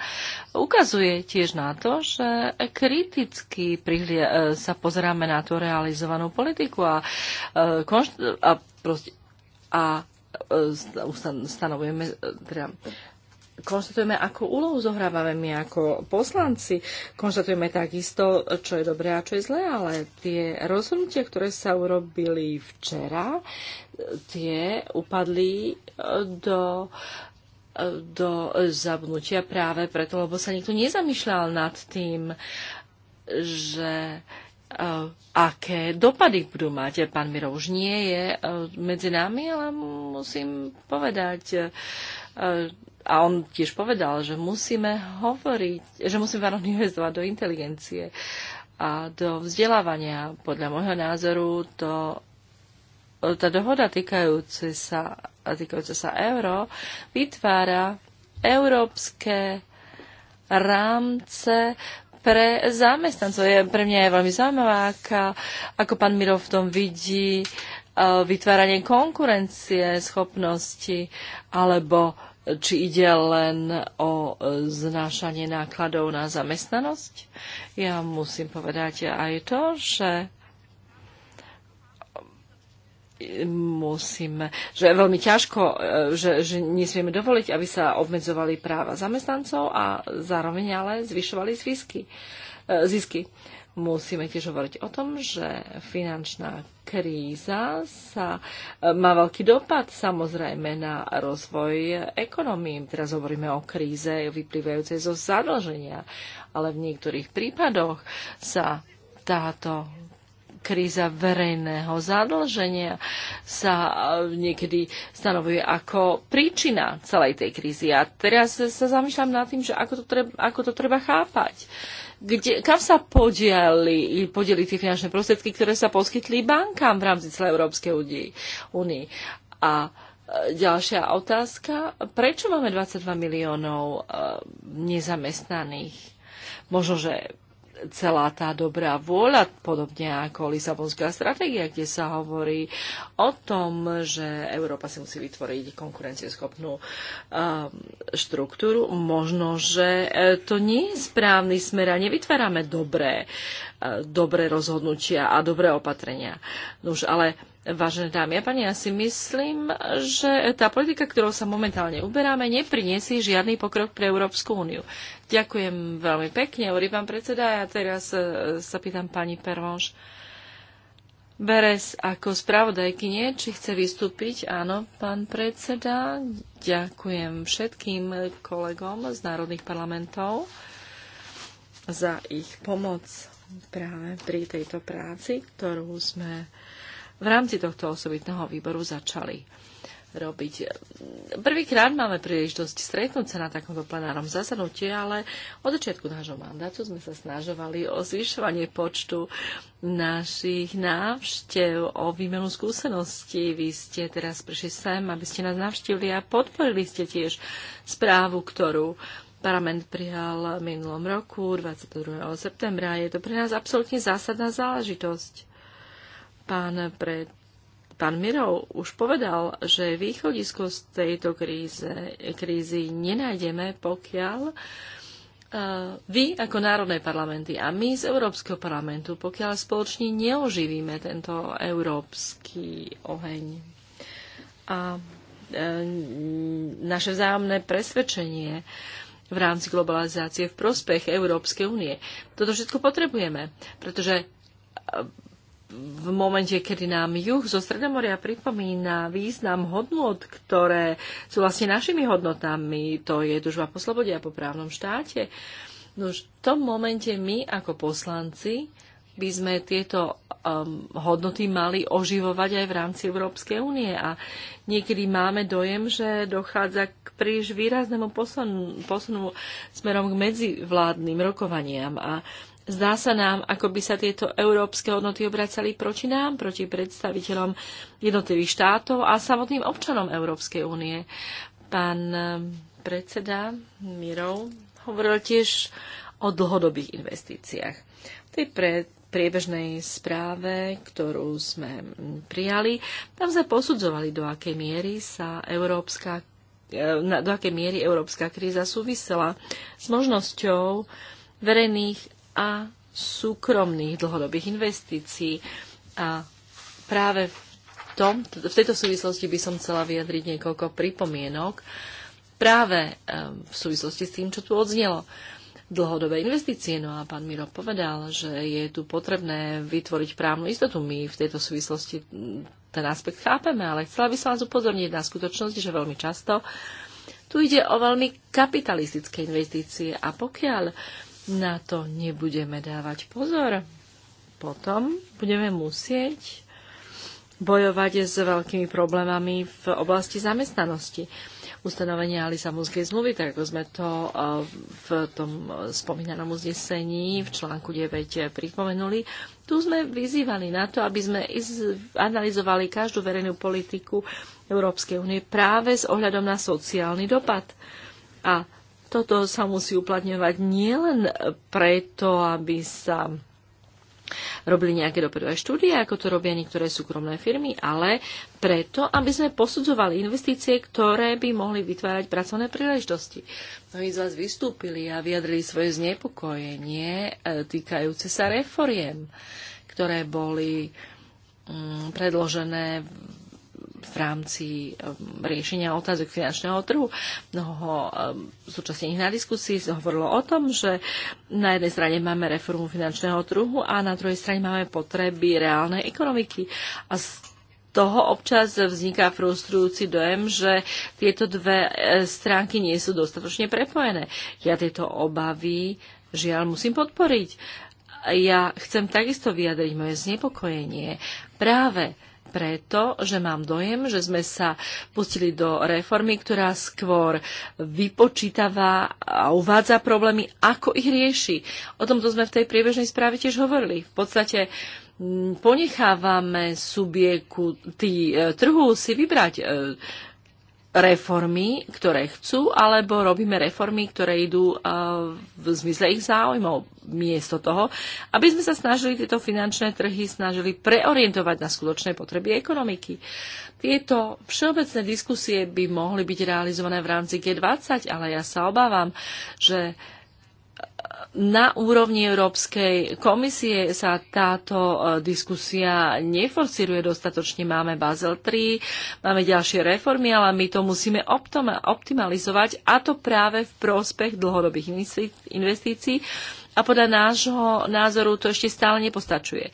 ukazuje tiež na to, že kriticky prihlia- e, sa pozeráme na tú realizovanú politiku a, e, konšt- a, proste, a e, stanovujeme, teda konštatujeme, akú úlohu zohrávame my ako poslanci. Konštatujeme takisto, čo je dobré a čo je zlé, ale tie rozhodnutia, ktoré sa urobili včera, tie upadli eh, do eh, do zabnutia práve preto, lebo sa nikto nezamýšľal nad tým, že eh, aké dopady budú mať. Pán Miro už nie je medzi nami, ale musím povedať, a on tiež povedal, že musíme hovoriť, že musíme varovne investovať do inteligencie a do vzdelávania. Podľa môjho názoru to tá dohoda týkajúce sa, týkajúce sa euro vytvára európske rámce pre zamestnancov. Je, pre mňa je veľmi zaujímavá, ako, ako pán Mirov v tom vidí eh, vytváranie konkurencie, schopnosti alebo či ide len o znášanie nákladov na zamestnanosť. Ja musím povedať aj to, že musíme, že je veľmi ťažko, e, že, že nesmieme dovoliť, aby sa obmedzovali práva zamestnancov a zároveň ale zvyšovali zisky. E, zisky. Musíme tiež hovoriť o tom, že finančná kríza sa, e, má veľký dopad samozrejme na rozvoj ekonomí. Teraz hovoríme o kríze vyplývajúcej zo zadlženia, ale v niektorých prípadoch sa táto kríza verejného zadlženia sa e, niekedy stanovuje ako príčina celej tej krízy. A teraz sa zamýšľam nad tým, že ako to treba, ako to treba chápať kde, kam sa podiali, podiali tie finančné prostriedky, ktoré sa poskytli bankám v rámci celej Európskej únie. A e, ďalšia otázka, prečo máme 22 miliónov e, nezamestnaných? Možno, že celá tá dobrá vôľa, podobne ako Lisabonská stratégia, kde sa hovorí o tom, že Európa si musí vytvoriť konkurencieschopnú um, štruktúru. Možno, že e, to nie je správny smer a nevytvárame dobré dobré rozhodnutia a dobré opatrenia. Nož, ale Vážené dámy a páni, ja si myslím, že tá politika, ktorou sa momentálne uberáme, nepriniesie žiadny pokrok pre Európsku úniu. Ďakujem veľmi pekne, hovorí pán predseda. Ja teraz e, sa pýtam pani Pervonš. Beres ako spravodajkynie, či chce vystúpiť? Áno, pán predseda. Ďakujem všetkým kolegom z národných parlamentov za ich pomoc práve pri tejto práci, ktorú sme v rámci tohto osobitného výboru začali robiť. Prvýkrát máme príležitosť stretnúť sa na takomto plenárnom zasadnutí, ale od začiatku nášho mandátu sme sa snažovali o zvyšovanie počtu našich návštev, o výmenu skúseností. Vy ste teraz prišli sem, aby ste nás navštívili a podporili ste tiež správu, ktorú parlament prihal minulom roku, 22. septembra. Je to pre nás absolútne zásadná záležitosť. Pán, pre... pán Mirov už povedal, že východisko z tejto kríze, krízy nenájdeme, pokiaľ e, vy ako národné parlamenty a my z Európskeho parlamentu, pokiaľ spoločne neoživíme tento európsky oheň. A e, naše vzájomné presvedčenie, v rámci globalizácie v prospech Európskej únie. Toto všetko potrebujeme, pretože e, v momente, kedy nám juh zo Stredomoria pripomína význam hodnot, ktoré sú vlastne našimi hodnotami, to je dužba po slobode a po právnom štáte, no už v tom momente my ako poslanci by sme tieto um, hodnoty mali oživovať aj v rámci Európskej únie. A niekedy máme dojem, že dochádza k príliš výraznému posunu, posunu smerom k medzivládnym rokovaniam. A zdá sa nám, ako by sa tieto európske hodnoty obracali proti nám, proti predstaviteľom jednotlivých štátov a samotným občanom Európskej únie. Pán um, predseda Mirov hovoril tiež o dlhodobých investíciách. V tej pred priebežnej správe, ktorú sme prijali, tam sme posudzovali, do akej miery sa európska, e, do akej miery európska kríza súvisela s možnosťou verejných a súkromných dlhodobých investícií. A práve v, tom, v tejto súvislosti by som chcela vyjadriť niekoľko pripomienok práve e, v súvislosti s tým, čo tu odznelo dlhodobé investície. No a pán Miro povedal, že je tu potrebné vytvoriť právnu istotu. My v tejto súvislosti ten aspekt chápeme, ale chcela by som vás upozorniť na skutočnosť, že veľmi často tu ide o veľmi kapitalistické investície a pokiaľ na to nebudeme dávať pozor, potom budeme musieť bojovať s veľkými problémami v oblasti zamestnanosti ustanovenia Lisabonskej zmluvy, tak ako sme to eh, v tom spomínanom uznesení v článku 9 pripomenuli. Tu sme vyzývali na to, aby sme analyzovali každú verejnú politiku Európskej únie práve s ohľadom na sociálny dopad. A toto sa musí uplatňovať nielen preto, aby sa robili nejaké dopredové štúdie, ako to robia niektoré súkromné firmy, ale preto, aby sme posudzovali investície, ktoré by mohli vytvárať pracovné príležitosti. Mnohí z vás vystúpili a vyjadrili svoje znepokojenie e, týkajúce sa reforiem, ktoré boli mm, predložené v rámci um, riešenia otázok finančného trhu. Mnoho súčasných um, na diskusii hovorilo o tom, že na jednej strane máme reformu finančného trhu a na druhej strane máme potreby reálnej ekonomiky. A z toho občas vzniká frustrujúci dojem, že tieto dve e, stránky nie sú dostatočne prepojené. Ja tieto obavy žiaľ musím podporiť. Ja chcem takisto vyjadriť moje znepokojenie práve preto, že mám dojem, že sme sa pustili do reformy, ktorá skôr vypočítava a uvádza problémy, ako ich rieši. O tomto sme v tej priebežnej správe tiež hovorili. V podstate ponechávame subjektu e, trhu si vybrať, e, reformy, ktoré chcú, alebo robíme reformy, ktoré idú eh, v zmysle ich záujmov, miesto toho, aby sme sa snažili tieto finančné trhy snažili preorientovať na skutočné potreby ekonomiky. Tieto všeobecné diskusie by mohli byť realizované v rámci G20, ale ja sa obávam, že na úrovni Európskej komisie sa táto e, diskusia neforciruje dostatočne. Máme Basel 3, máme ďalšie reformy, ale my to musíme optimalizovať a to práve v prospech dlhodobých investícií a podľa nášho názoru to ešte stále nepostačuje.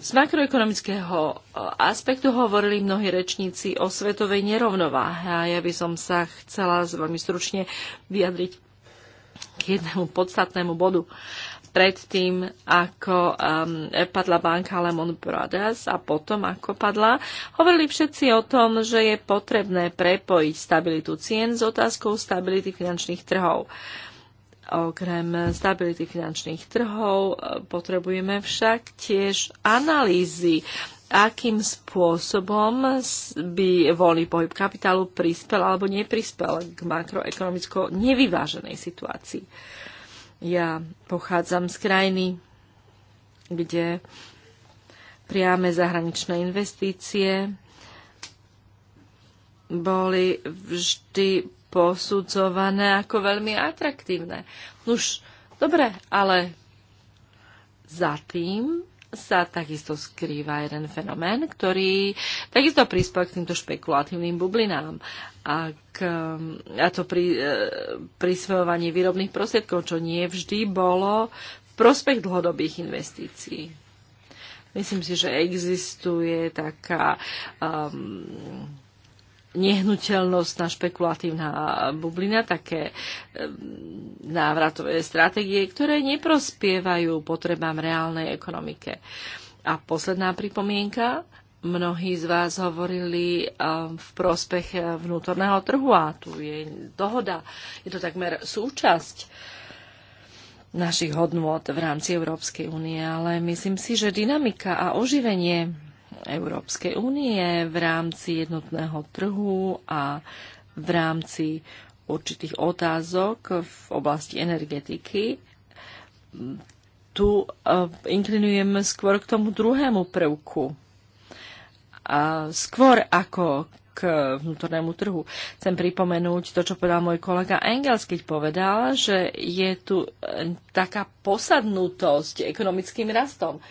Z makroekonomického e, aspektu hovorili mnohí rečníci o svetovej nerovnováhe a ja by som sa chcela veľmi stručne vyjadriť k jednému podstatnému bodu. Predtým, ako um, padla banka Lemon Brothers a potom, ako padla, hovorili všetci o tom, že je potrebné prepojiť stabilitu cien s otázkou stability finančných trhov. Okrem stability finančných trhov eh, potrebujeme však tiež analýzy akým spôsobom by voľný pohyb kapitálu prispel alebo neprispel k makroekonomicko nevyváženej situácii. Ja pochádzam z krajiny, kde priame zahraničné investície boli vždy posudzované ako veľmi atraktívne. Už dobre, ale za tým sa takisto skrýva jeden fenomén, ktorý takisto prispel k týmto špekulatívnym bublinám a, k, ehm, a to pri, e, prisvojovanie výrobných prostriedkov, čo nie vždy bolo v prospech dlhodobých investícií. Myslím si, že existuje taká um, nehnuteľnosť na špekulatívna bublina, také návratové stratégie, ktoré neprospievajú potrebám reálnej ekonomike. A posledná pripomienka, mnohí z vás hovorili v prospech vnútorného trhu a tu je dohoda. Je to takmer súčasť našich hodnôt v rámci Európskej únie, ale myslím si, že dynamika a oživenie Európskej únie v rámci jednotného trhu a v rámci určitých otázok v oblasti energetiky. Tu eh, inklinujem skôr k tomu druhému prvku. A skôr ako k vnútornému trhu. Chcem pripomenúť to, čo povedal môj kolega Engels, keď povedal, že je tu eh, taká posadnutosť ekonomickým rastom. Uh,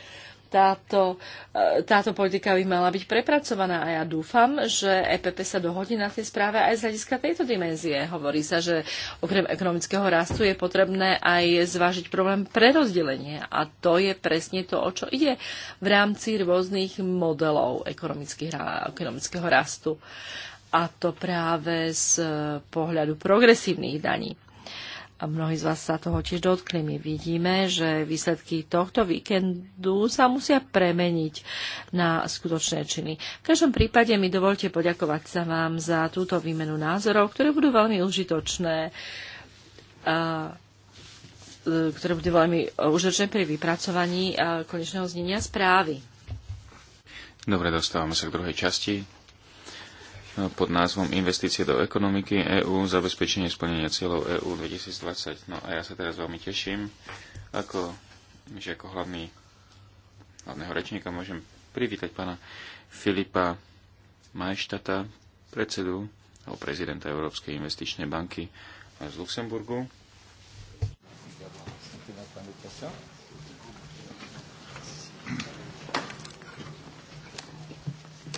táto, eh, táto politika by mala byť prepracovaná a ja dúfam, že EPP sa dohodí na tej správe aj z hľadiska tejto dimenzie. Hovorí sa, že okrem ekonomického rastu je potrebné aj zvážiť problém prerozdelenia a to je presne to, o čo ide v rámci rôznych modelov ekonomického rastu a to práve z eh, pohľadu progresívnych daní a mnohí z vás sa toho tiež dotkli. My vidíme, že výsledky tohto víkendu sa musia premeniť na skutočné činy. V každom prípade mi dovolte poďakovať sa vám za túto výmenu názorov, ktoré budú veľmi užitočné ktoré budú veľmi užitočné pri vypracovaní konečného znenia správy. Dobre, dostávame sa k druhej časti pod názvom Investície do ekonomiky EÚ, zabezpečenie splnenia cieľov EÚ 2020. No a ja sa teraz veľmi teším, ako, že ako hlavný, hlavného rečníka môžem privítať pána Filipa Majštata, predsedu alebo prezidenta Európskej investičnej banky z Luxemburgu. Ďakujem.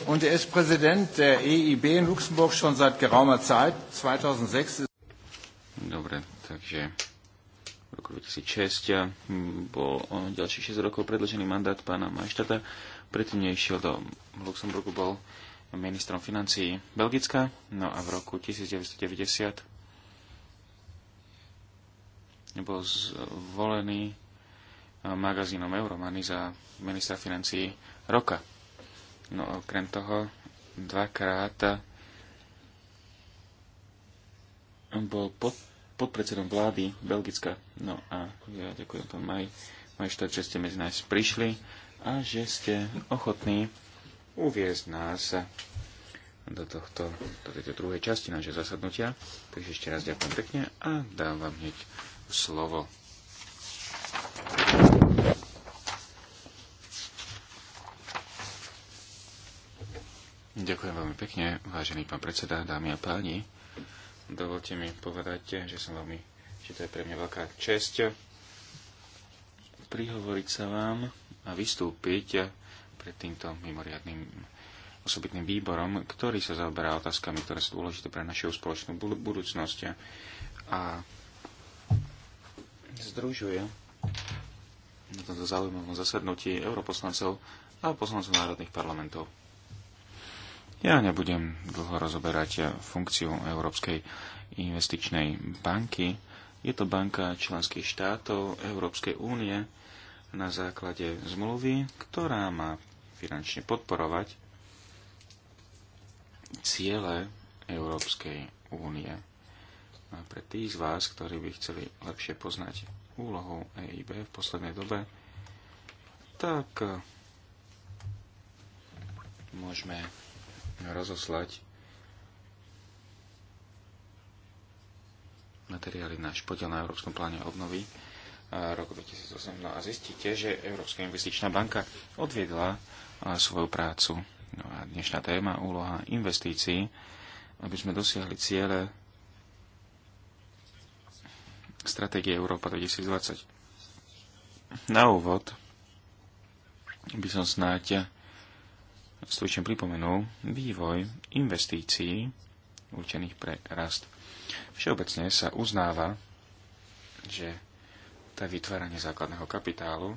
und er ist Präsident der EIB in Luxemburg schon seit geraumer Zeit. 2006 Dobre, takže v roku 2006 eh, bol o eh, ďalších 6 rokov predlžený mandát pána Majštata. Predtým nešiel do Luxemburgu, bol ministrom financií Belgická. No a v roku 1990 bol zvolený eh, magazínom Euromany za ministra financií roka. No a okrem toho dvakrát bol pod, podpredsedom vlády Belgická. No a ja ďakujem pán Maj, štát, že ste medzi nás prišli a že ste ochotní uviezť nás do tohto, do tejto druhej časti nášho zasadnutia. Takže ešte raz ďakujem pekne a dám vám hneď slovo. Ďakujem veľmi pekne, vážený pán predseda, dámy a páni. Dovolte mi povedať, že som veľmi, že to je pre mňa veľká česť prihovoriť sa vám a vystúpiť pred týmto mimoriadným osobitným výborom, ktorý sa zaoberá otázkami, ktoré sú dôležité pre našu spoločnú budúcnosť a združuje na toto zaujímavom zasadnutí europoslancov a poslancov národných parlamentov. Ja nebudem dlho rozoberať funkciu Európskej investičnej banky. Je to banka členských štátov Európskej únie na základe zmluvy, ktorá má finančne podporovať ciele Európskej únie. A pre tých z vás, ktorí by chceli lepšie poznať úlohu EIB v poslednej dobe, tak môžeme rozoslať materiály na podiel na Európskom pláne obnovy roku 2008. no a zistíte, že Európska investičná banka odviedla svoju prácu. No a dnešná téma, úloha investícií, aby sme dosiahli ciele stratégie Európa 2020. Na úvod by som snáď stručne pripomenul vývoj investícií určených pre rast. Všeobecne sa uznáva, že to je vytváranie základného kapitálu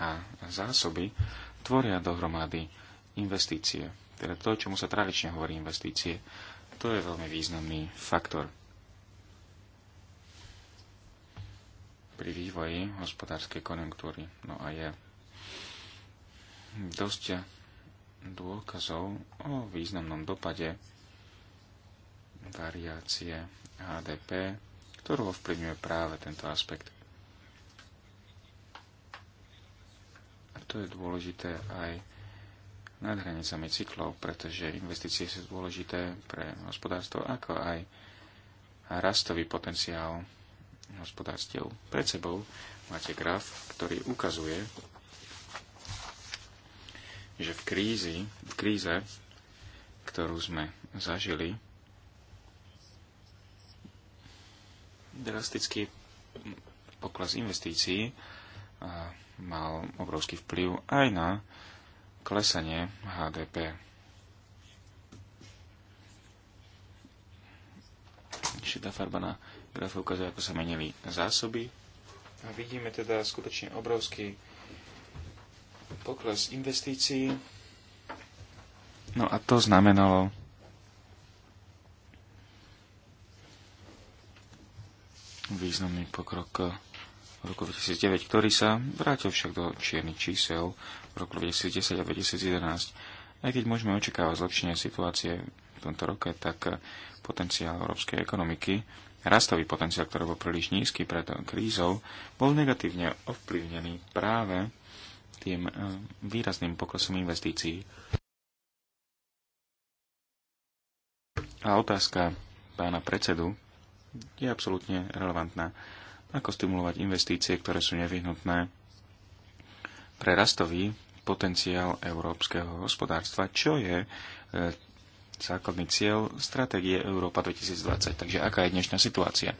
a zásoby tvoria dohromady investície. Teda to, čomu sa tradične hovorí investície, to je veľmi významný faktor. pri vývoji hospodárskej konjunktúry. No a je dosť dôkazov o významnom dopade variácie HDP, ktorú ovplyvňuje práve tento aspekt. A to je dôležité aj nad hranicami cyklov, pretože investície sú dôležité pre hospodárstvo, ako aj rastový potenciál hospodárstiev. Pred sebou máte graf, ktorý ukazuje, že v, krízi, v kríze, ktorú sme zažili, drastický pokles investícií mal obrovský vplyv aj na klesanie HDP. Šitá farba na grafe ukazuje, ako sa menili zásoby. A vidíme teda skutočne obrovský pokles investícií. No a to znamenalo významný pokrok v roku 2009, ktorý sa vrátil však do čiernych čísel v roku 2010 a 2011. Aj keď môžeme očakávať zlepšenie situácie v tomto roke, tak potenciál európskej ekonomiky, rastový potenciál, ktorý bol príliš nízky pred krízou, bol negatívne ovplyvnený práve tým eh, výrazným poklesom investícií. A otázka pána predsedu je absolútne relevantná. Ako stimulovať investície, ktoré sú nevyhnutné pre rastový potenciál európskeho hospodárstva, čo je eh, základný cieľ stratégie Európa 2020. Takže aká je dnešná situácia?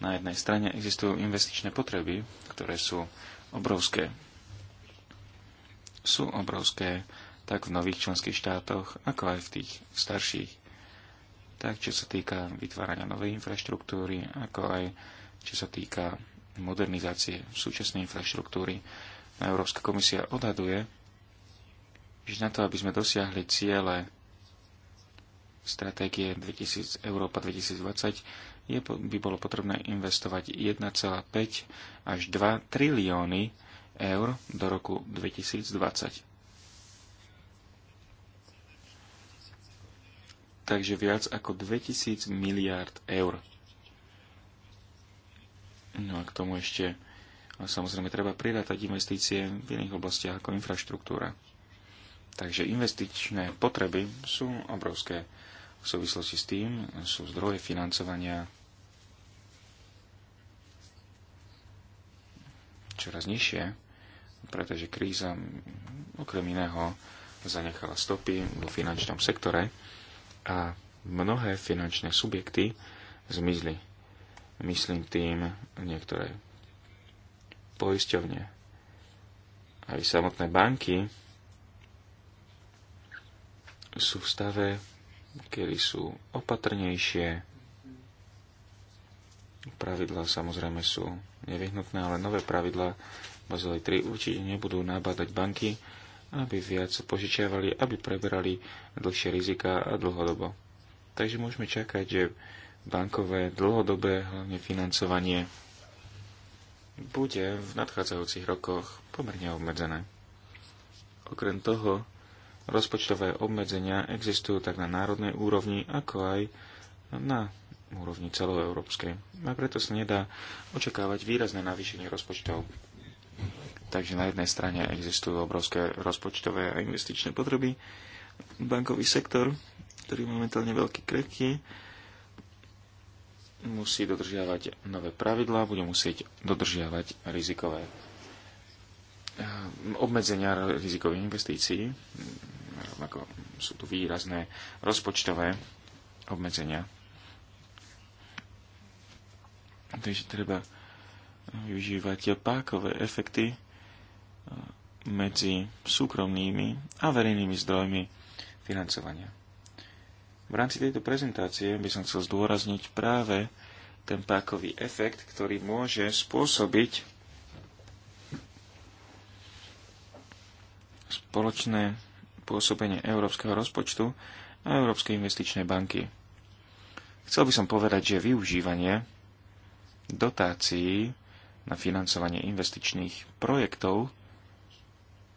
Na jednej strane existujú investičné potreby, ktoré sú obrovské sú obrovské, tak v nových členských štátoch, ako aj v tých starších. Tak čo sa týka vytvárania novej infraštruktúry, ako aj čo sa týka modernizácie súčasnej infraštruktúry. Európska komisia odhaduje, že na to, aby sme dosiahli ciele stratégie 2000, Európa 2020, je, by bolo potrebné investovať 1,5 až 2 trilióny eur do roku 2020. Takže viac ako 2000 miliárd eur. No a k tomu ešte samozrejme treba prirátať investície v iných oblastiach ako infraštruktúra. Takže investičné potreby sú obrovské. V súvislosti s tým sú zdroje financovania čoraz nižšie pretože kríza okrem iného zanechala stopy vo finančnom sektore a mnohé finančné subjekty zmizli. Myslím tým niektoré poisťovne. Aj samotné banky sú v stave, kedy sú opatrnejšie. Pravidlá samozrejme sú nevyhnutné, ale nové pravidlá Bazilej 3 určite nebudú nabádať banky, aby viac požičiavali, aby preberali dlhšie rizika a dlhodobo. Takže môžeme čakať, že bankové dlhodobé hlavne financovanie bude v nadchádzajúcich rokoch pomerne obmedzené. Okrem toho, rozpočtové obmedzenia existujú tak na národnej úrovni, ako aj na úrovni celoeurópskej. A preto sa nedá očakávať výrazné navýšenie rozpočtov Takže na jednej strane existujú obrovské rozpočtové a investičné potreby. Bankový sektor, ktorý je momentálne veľký krehký, musí dodržiavať nové pravidlá, bude musieť dodržiavať rizikové eh, obmedzenia rizikových investícií, Ako sú tu výrazné rozpočtové obmedzenia. Takže treba využívať pákové efekty medzi súkromnými a verejnými zdrojmi financovania. V rámci tejto prezentácie by som chcel zdôrazniť práve ten pákový efekt, ktorý môže spôsobiť spoločné pôsobenie európskeho rozpočtu a Európskej investičnej banky. Chcel by som povedať, že využívanie dotácií na financovanie investičných projektov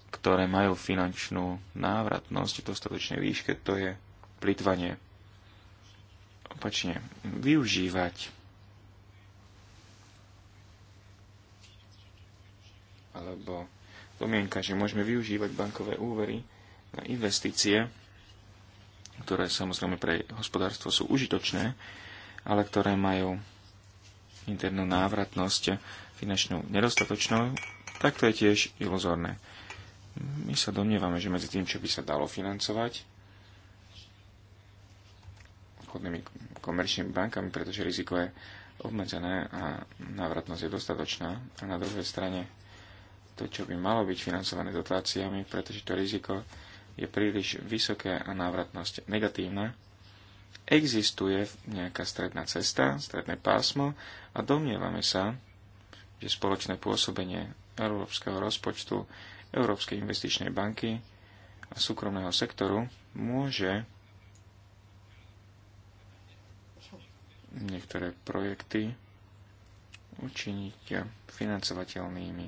ktoré majú finančnú návratnosť v dostatočnej výške, to je plitvanie. Opačne, využívať alebo pomienka, že môžeme využívať bankové úvery na investície, ktoré samozrejme pre hospodárstvo sú užitočné, ale ktoré majú internú návratnosť finančnú nedostatočnú, tak to je tiež iluzórne. My sa domnievame, že medzi tým, čo by sa dalo financovať obchodnými komerčnými bankami, pretože riziko je obmedzené a návratnosť je dostatočná. A na druhej strane to, čo by malo byť financované dotáciami, pretože to riziko je príliš vysoké a návratnosť negatívna, existuje nejaká stredná cesta, stredné pásmo a domnievame sa, že spoločné pôsobenie európskeho rozpočtu Európskej investičnej banky a súkromného sektoru môže niektoré projekty učiniť financovateľnými.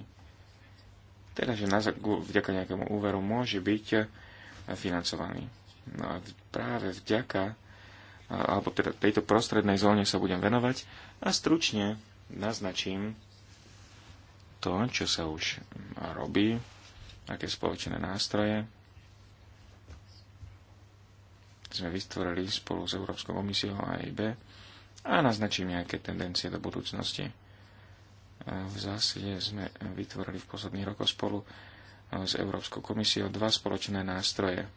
Teda, že na, vďaka nejakému úveru môže byť financovaný. No a práve vďaka, alebo teda tejto prostrednej zóne sa budem venovať a stručne naznačím to, čo sa už robí aké spoločné nástroje sme vytvorili spolu s Európskou komisiou a EIB a naznačím nejaké tendencie do budúcnosti. V zásade sme vytvorili v posledných rokoch spolu s Európskou komisiou dva spoločné nástroje.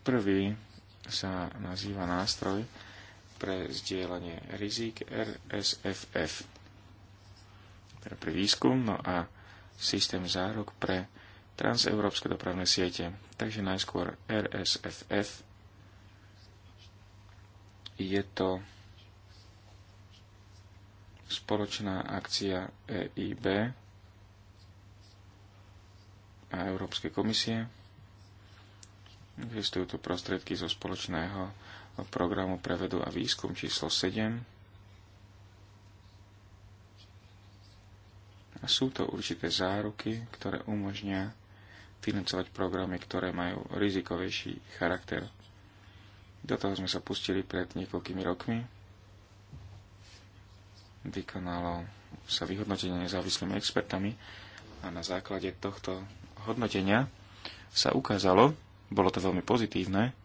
Prvý sa nazýva nástroj pre zdieľanie rizik RSFF, teda pre výskum, no a systém zárok pre transeurópske dopravné siete. Takže najskôr RSFF. Je to spoločná akcia EIB a Európskej komisie. Existujú tu prostriedky zo spoločného programu pre vedu a výskum číslo 7 sú to určité záruky, ktoré umožnia financovať programy, ktoré majú rizikovejší charakter. Do toho sme sa pustili pred niekoľkými rokmi. Vykonalo sa vyhodnotenie nezávislými expertami a na základe tohto hodnotenia sa ukázalo, bolo to veľmi pozitívne,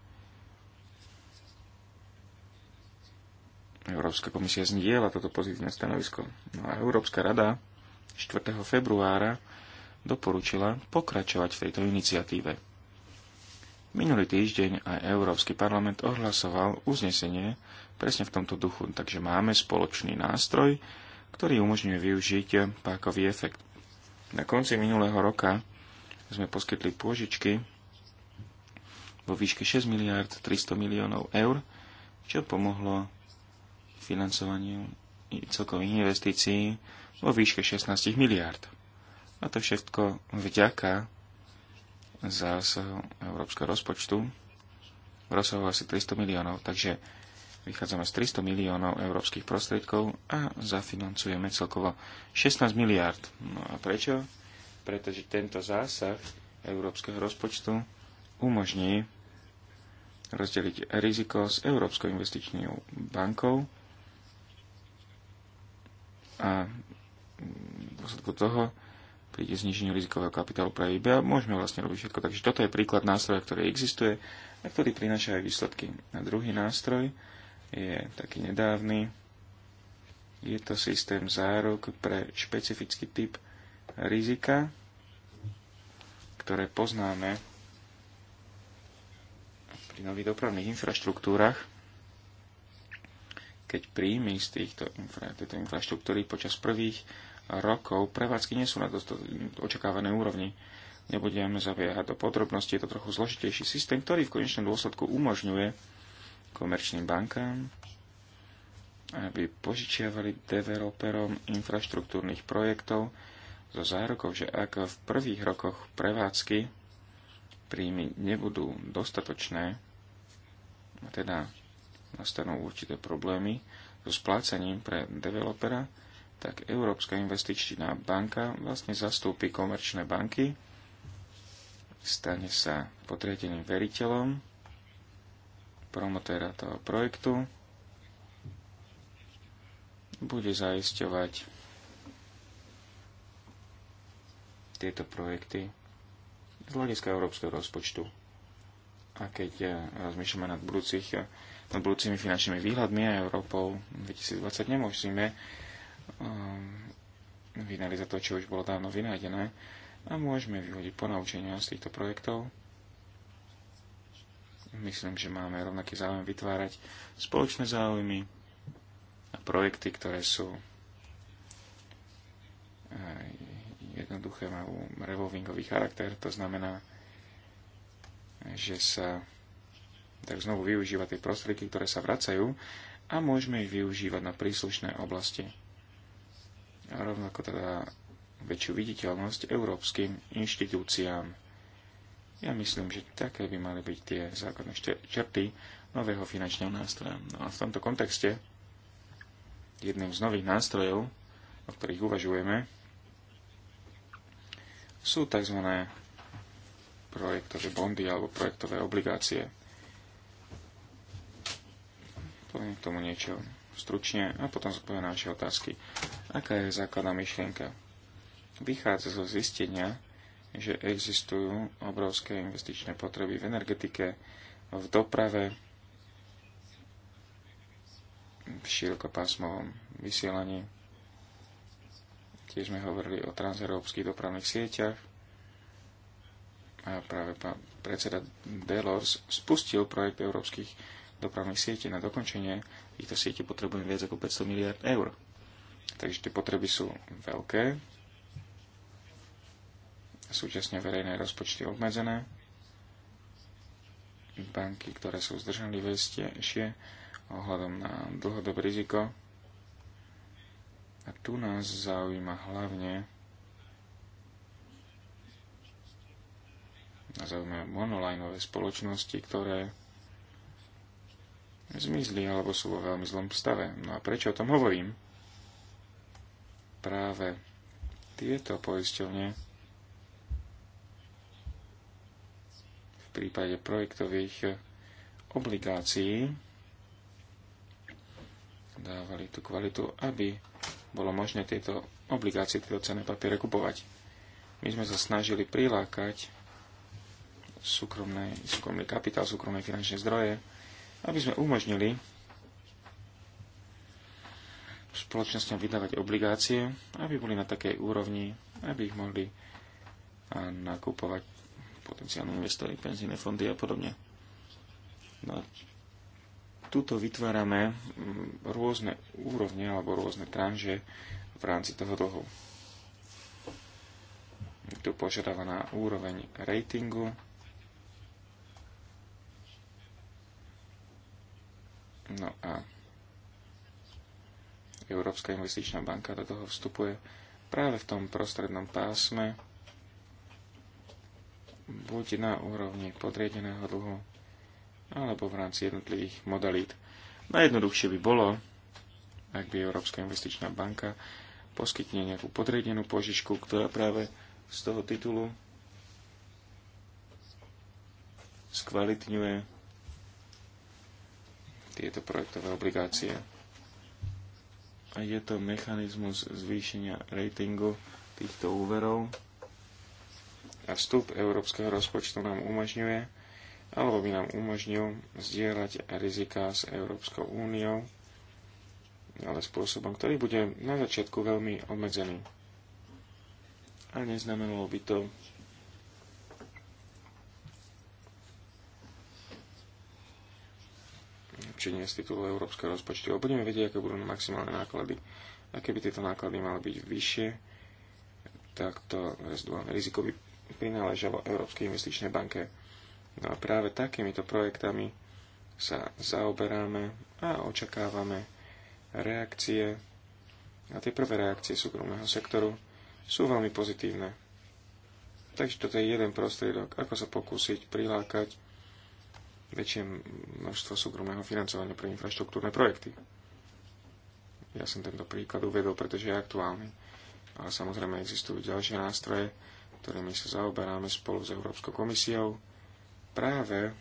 Európska komisia zniela toto pozitívne stanovisko. No a Európska rada 4. februára doporučila pokračovať v tejto iniciatíve. Minulý týždeň aj Európsky parlament ohlasoval uznesenie presne v tomto duchu, takže máme spoločný nástroj, ktorý umožňuje využiť pákový efekt. Na konci minulého roka sme poskytli pôžičky vo výške 6 miliard 300 miliónov eur, čo pomohlo financovaniu celkových investícií vo výške 16 miliárd. A to všetko vďaka zásahu európskeho rozpočtu v rozsahu asi 300 miliónov, takže vychádzame z 300 miliónov európskych prostriedkov a zafinancujeme celkovo 16 miliárd. No a prečo? Pretože tento zásah európskeho rozpočtu umožní rozdeliť riziko s Európskou investičnou bankou a v dôsledku toho príde zniženie rizikového kapitálu pre IB a môžeme vlastne robiť všetko. Takže toto je príklad nástroja, ktorý existuje a ktorý prináša aj výsledky. A druhý nástroj je taký nedávny. Je to systém záruk pre špecifický typ rizika, ktoré poznáme pri nových dopravných infraštruktúrach. Keď príjmy z týchto infra, tejto infraštruktúry počas prvých rokov prevádzky nie sú na očakávanej úrovni. Nebudeme zabiehať do podrobností, je to trochu zložitejší systém, ktorý v konečnom dôsledku umožňuje komerčným bankám, aby požičiavali developerom infraštruktúrnych projektov so zárokou, že ak v prvých rokoch prevádzky príjmy nebudú dostatočné, teda nastanú určité problémy so splácaním pre developera, tak Európska investičná banka vlastne zastúpi komerčné banky, stane sa potriedeným veriteľom, promotéra toho projektu, bude zaisťovať tieto projekty z hľadiska európskeho rozpočtu. A keď eh, rozmýšľame nad, nad budúcimi finančnými výhľadmi a Európou 2020, nemôžeme Um, vynali za to, čo už bolo dávno vynájdené a môžeme vyhodiť ponaučenia z týchto projektov. Myslím, že máme rovnaký záujem vytvárať spoločné záujmy a projekty, ktoré sú eh, jednoduché, majú revolvingový charakter, to znamená, že sa tak znovu využíva tie prostriedky, ktoré sa vracajú a môžeme ich využívať na príslušné oblasti a rovnako teda väčšiu viditeľnosť európskym inštitúciám. Ja myslím, že také by mali byť tie základné črty nového finančného nástroja. No a v tomto kontexte jedným z nových nástrojov, o ktorých uvažujeme, sú tzv. projektové bondy alebo projektové obligácie. Poviem k tomu niečo stručne a potom zodpovie naše otázky. Aká je základná myšlienka? Vychádza zo zistenia, že existujú obrovské investičné potreby v energetike, v doprave, v širokopásmovom vysielaní. Tiež sme hovorili o transeurópskych dopravných sieťach a práve pán predseda Delors spustil projekt európskych dopravných sietí na dokončenie týchto sietí potrebujeme viac ako 500 miliard eur. Takže tie potreby sú veľké. Súčasne verejné rozpočty obmedzené. Banky, ktoré sú zdržanlivejšie ohľadom na dlhodobé riziko. A tu nás zaujíma hlavne nás monolineové spoločnosti, ktoré zmizli alebo sú vo veľmi zlom stave. No a prečo o tom hovorím? Práve tieto poisťovne v prípade projektových obligácií dávali tú kvalitu, aby bolo možné tieto obligácie, tieto cenné papiere kupovať. My sme sa snažili prilákať súkromný kapitál, súkromné finančné zdroje, aby sme umožnili spoločnosťam vydávať obligácie, aby boli na takej úrovni, aby ich mohli nakupovať potenciálne investori, penzíne fondy a podobne. No, tuto vytvárame mm, rôzne úrovne alebo rôzne tranže v rámci toho dlhu. Tu požadovaná úroveň ratingu, No a Európska investičná banka do toho vstupuje práve v tom prostrednom pásme, buď na úrovni podriedeného dlhu, alebo v rámci jednotlivých modalít. Najjednoduchšie by bolo, ak by Európska investičná banka poskytne nejakú podriedenú požičku, ktorá práve z toho titulu skvalitňuje tieto projektové obligácie. A je to mechanizmus zvýšenia ratingu týchto úverov a vstup európskeho rozpočtu nám umožňuje, alebo by nám umožnil zdieľať riziká s Európskou úniou, ale spôsobom, ktorý bude na začiatku veľmi obmedzený. A neznamenalo by to určenie z titulu európskeho rozpočtu. Budeme vedieť, aké budú maximálne náklady. A keby tieto náklady mali byť vyššie, tak to rezduálne riziko by prináležalo Európskej investičnej banke. No a práve takýmito projektami sa zaoberáme a očakávame reakcie. A tie prvé reakcie súkromného sektoru sú veľmi pozitívne. Takže toto je jeden prostriedok, ako sa pokúsiť prilákať väčšie množstvo súkromného financovania pre infraštruktúrne projekty. Ja som tento príklad uvedol, pretože je aktuálny. Ale samozrejme existujú ďalšie nástroje, ktorými sa zaoberáme spolu s Európskou komisiou práve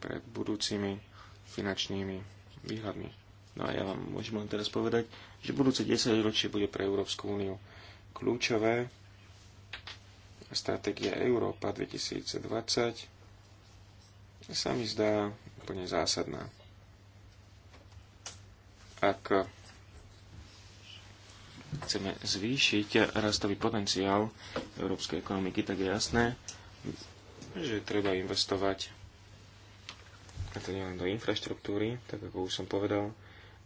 pred budúcimi finančnými výhľadmi. No a ja vám môžem len teraz povedať, že budúce 10 ročie bude pre Európsku úniu kľúčové stratégia Európa 2020 sa mi zdá úplne zásadná. Ak chceme zvýšiť rastový potenciál európskej ekonomiky, tak je jasné, že treba investovať a to nielen do infraštruktúry, tak ako už som povedal,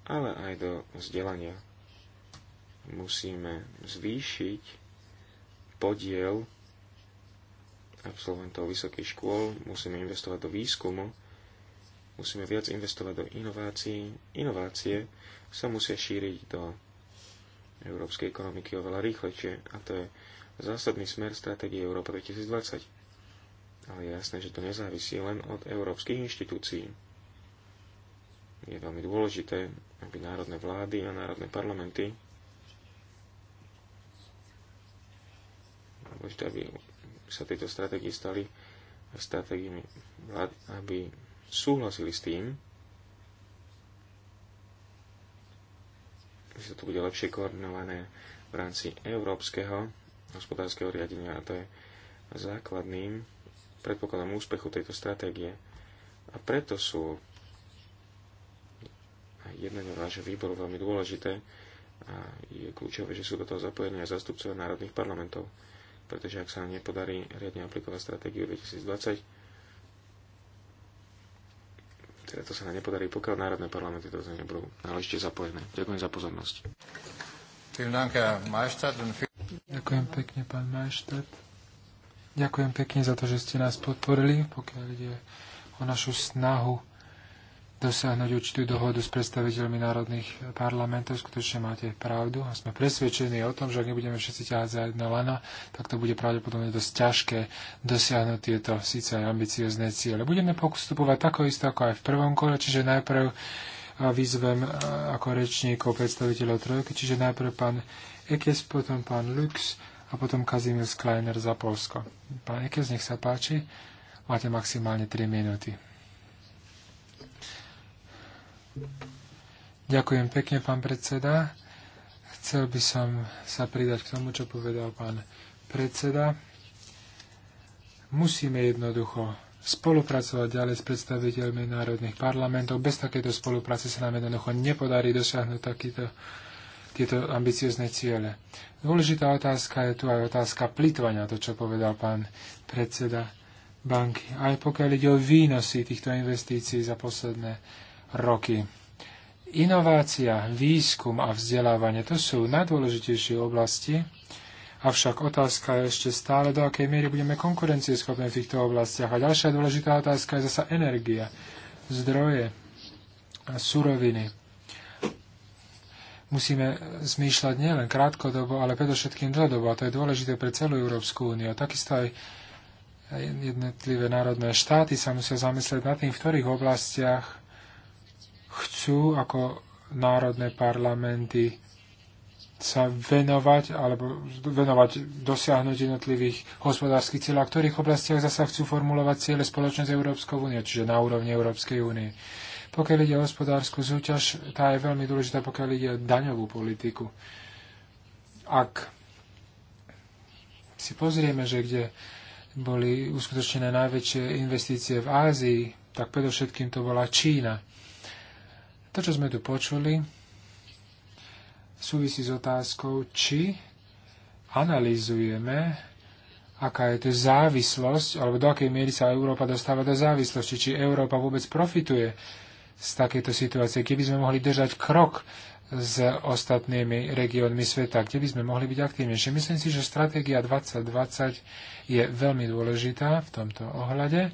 ale aj do vzdelania. Musíme zvýšiť podiel absolventov vysokých škôl, musíme investovať do výskumu, musíme viac investovať do inovácií. Inovácie sa musia šíriť do európskej ekonomiky oveľa rýchlejšie a to je zásadný smer stratégie Európa 2020. Ale je jasné, že to nezávisí len od európskych inštitúcií. Je veľmi dôležité, aby národné vlády a národné parlamenty dôležité, aby sa tieto stratégie stali stratégiami vlád, aby súhlasili s tým, že to bude lepšie koordinované v rámci európskeho hospodárskeho riadenia a to je základným predpokladom úspechu tejto stratégie. A preto sú aj jednania vášho výboru veľmi dôležité a je kľúčové, že sú do toho zapojení aj zastupcovia národných parlamentov pretože ak sa nám nepodarí riadne aplikovať stratégiu 2020, teda to sa nám nepodarí, pokiaľ národné parlamenty do toho nebudú náležite zapojené. Ďakujem za pozornosť. Ďakujem pekne, pán Majštad. Ďakujem pekne za to, že ste nás podporili, pokiaľ ide o našu snahu dosiahnuť určitú dohodu s predstaviteľmi národných parlamentov. Skutočne máte pravdu a sme presvedčení o tom, že ak nebudeme všetci ťahať za jedno lano, tak to bude pravdepodobne dosť ťažké dosiahnuť tieto síce aj ambiciozne ciele. Budeme postupovať tako isto ako aj v prvom kole, čiže najprv vyzvem ako rečníkov predstaviteľov trojky, čiže najprv pán Ekes, potom pán Lux a potom Kazimius Kleiner za Polsko. Pán Ekes, nech sa páči, máte maximálne 3 minúty. Ďakujem pekne, pán predseda. Chcel by som sa pridať k tomu, čo povedal pán predseda. Musíme jednoducho spolupracovať ďalej s predstaviteľmi národných parlamentov. Bez takéto spolupráce sa nám jednoducho nepodarí dosiahnuť takýto, tieto ambiciozne ciele. Dôležitá otázka je tu aj otázka plitvania, to čo povedal pán predseda banky. Aj pokiaľ ide o výnosy týchto investícií za posledné roky. Inovácia, výskum a vzdelávanie to sú najdôležitejšie oblasti, avšak otázka je ešte stále, do akej miery budeme konkurencieschopní v týchto oblastiach. A ďalšia dôležitá otázka je zasa energia, zdroje, suroviny musíme zmýšľať nielen krátkodobo, ale predovšetkým dlhodobo. A to je dôležité pre celú Európsku úniu. A takisto aj jednotlivé národné štáty sa musia zamyslieť nad tým, v ktorých oblastiach chcú ako národné parlamenty sa venovať alebo venovať dosiahnuť jednotlivých hospodárskych cieľov, a ktorých oblastiach zase chcú formulovať cieľe spoločnosť Európskou únie, čiže na úrovni Európskej únie. Pokiaľ ide o hospodárskú súťaž, tá je veľmi dôležitá, pokiaľ ide o daňovú politiku. Ak si pozrieme, že kde boli uskutočnené najväčšie investície v Ázii, tak predovšetkým to bola Čína to, čo sme tu počuli, súvisí s otázkou, či analizujeme, aká je to závislosť, alebo do akej miery sa Európa dostáva do závislosti, či Európa vôbec profituje z takejto situácie, keby sme mohli držať krok s ostatnými regiónmi sveta, kde by sme mohli byť aktívnejšie. Myslím si, že stratégia 2020 je veľmi dôležitá v tomto ohľade,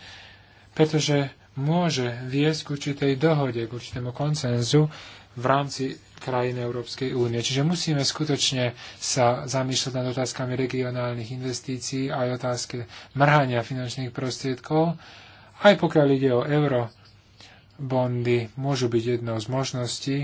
pretože môže viesť k určitej dohode, k určitému koncenzu v rámci krajín Európskej únie. Čiže musíme skutočne sa zamýšľať nad otázkami regionálnych investícií aj otázke mrhania finančných prostriedkov. Aj pokiaľ ide o euro, bondy môžu byť jednou z možností,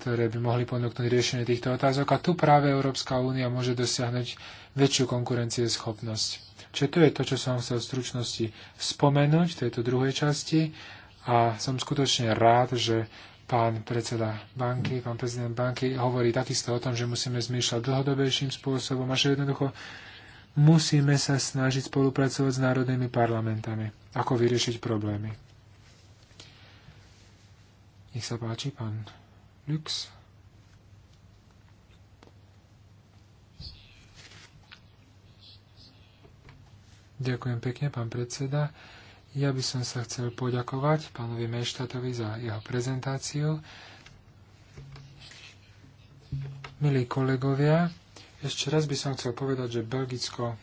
ktoré by mohli ponúknuť riešenie týchto otázok. A tu práve Európska únia môže dosiahnuť väčšiu konkurencieschopnosť. Čiže to je to, čo som chcel v stručnosti spomenúť v tejto druhej časti a som skutočne rád, že pán predseda banky, pán prezident banky hovorí takisto o tom, že musíme zmýšľať dlhodobejším spôsobom a že jednoducho musíme sa snažiť spolupracovať s národnými parlamentami, ako vyriešiť problémy. Nech sa páči, pán Lux. Ďakujem pekne, pán predseda. Ja by som sa chcel poďakovať pánovi Meštatovi za jeho prezentáciu. Milí kolegovia, ešte raz by som chcel povedať, že Belgicko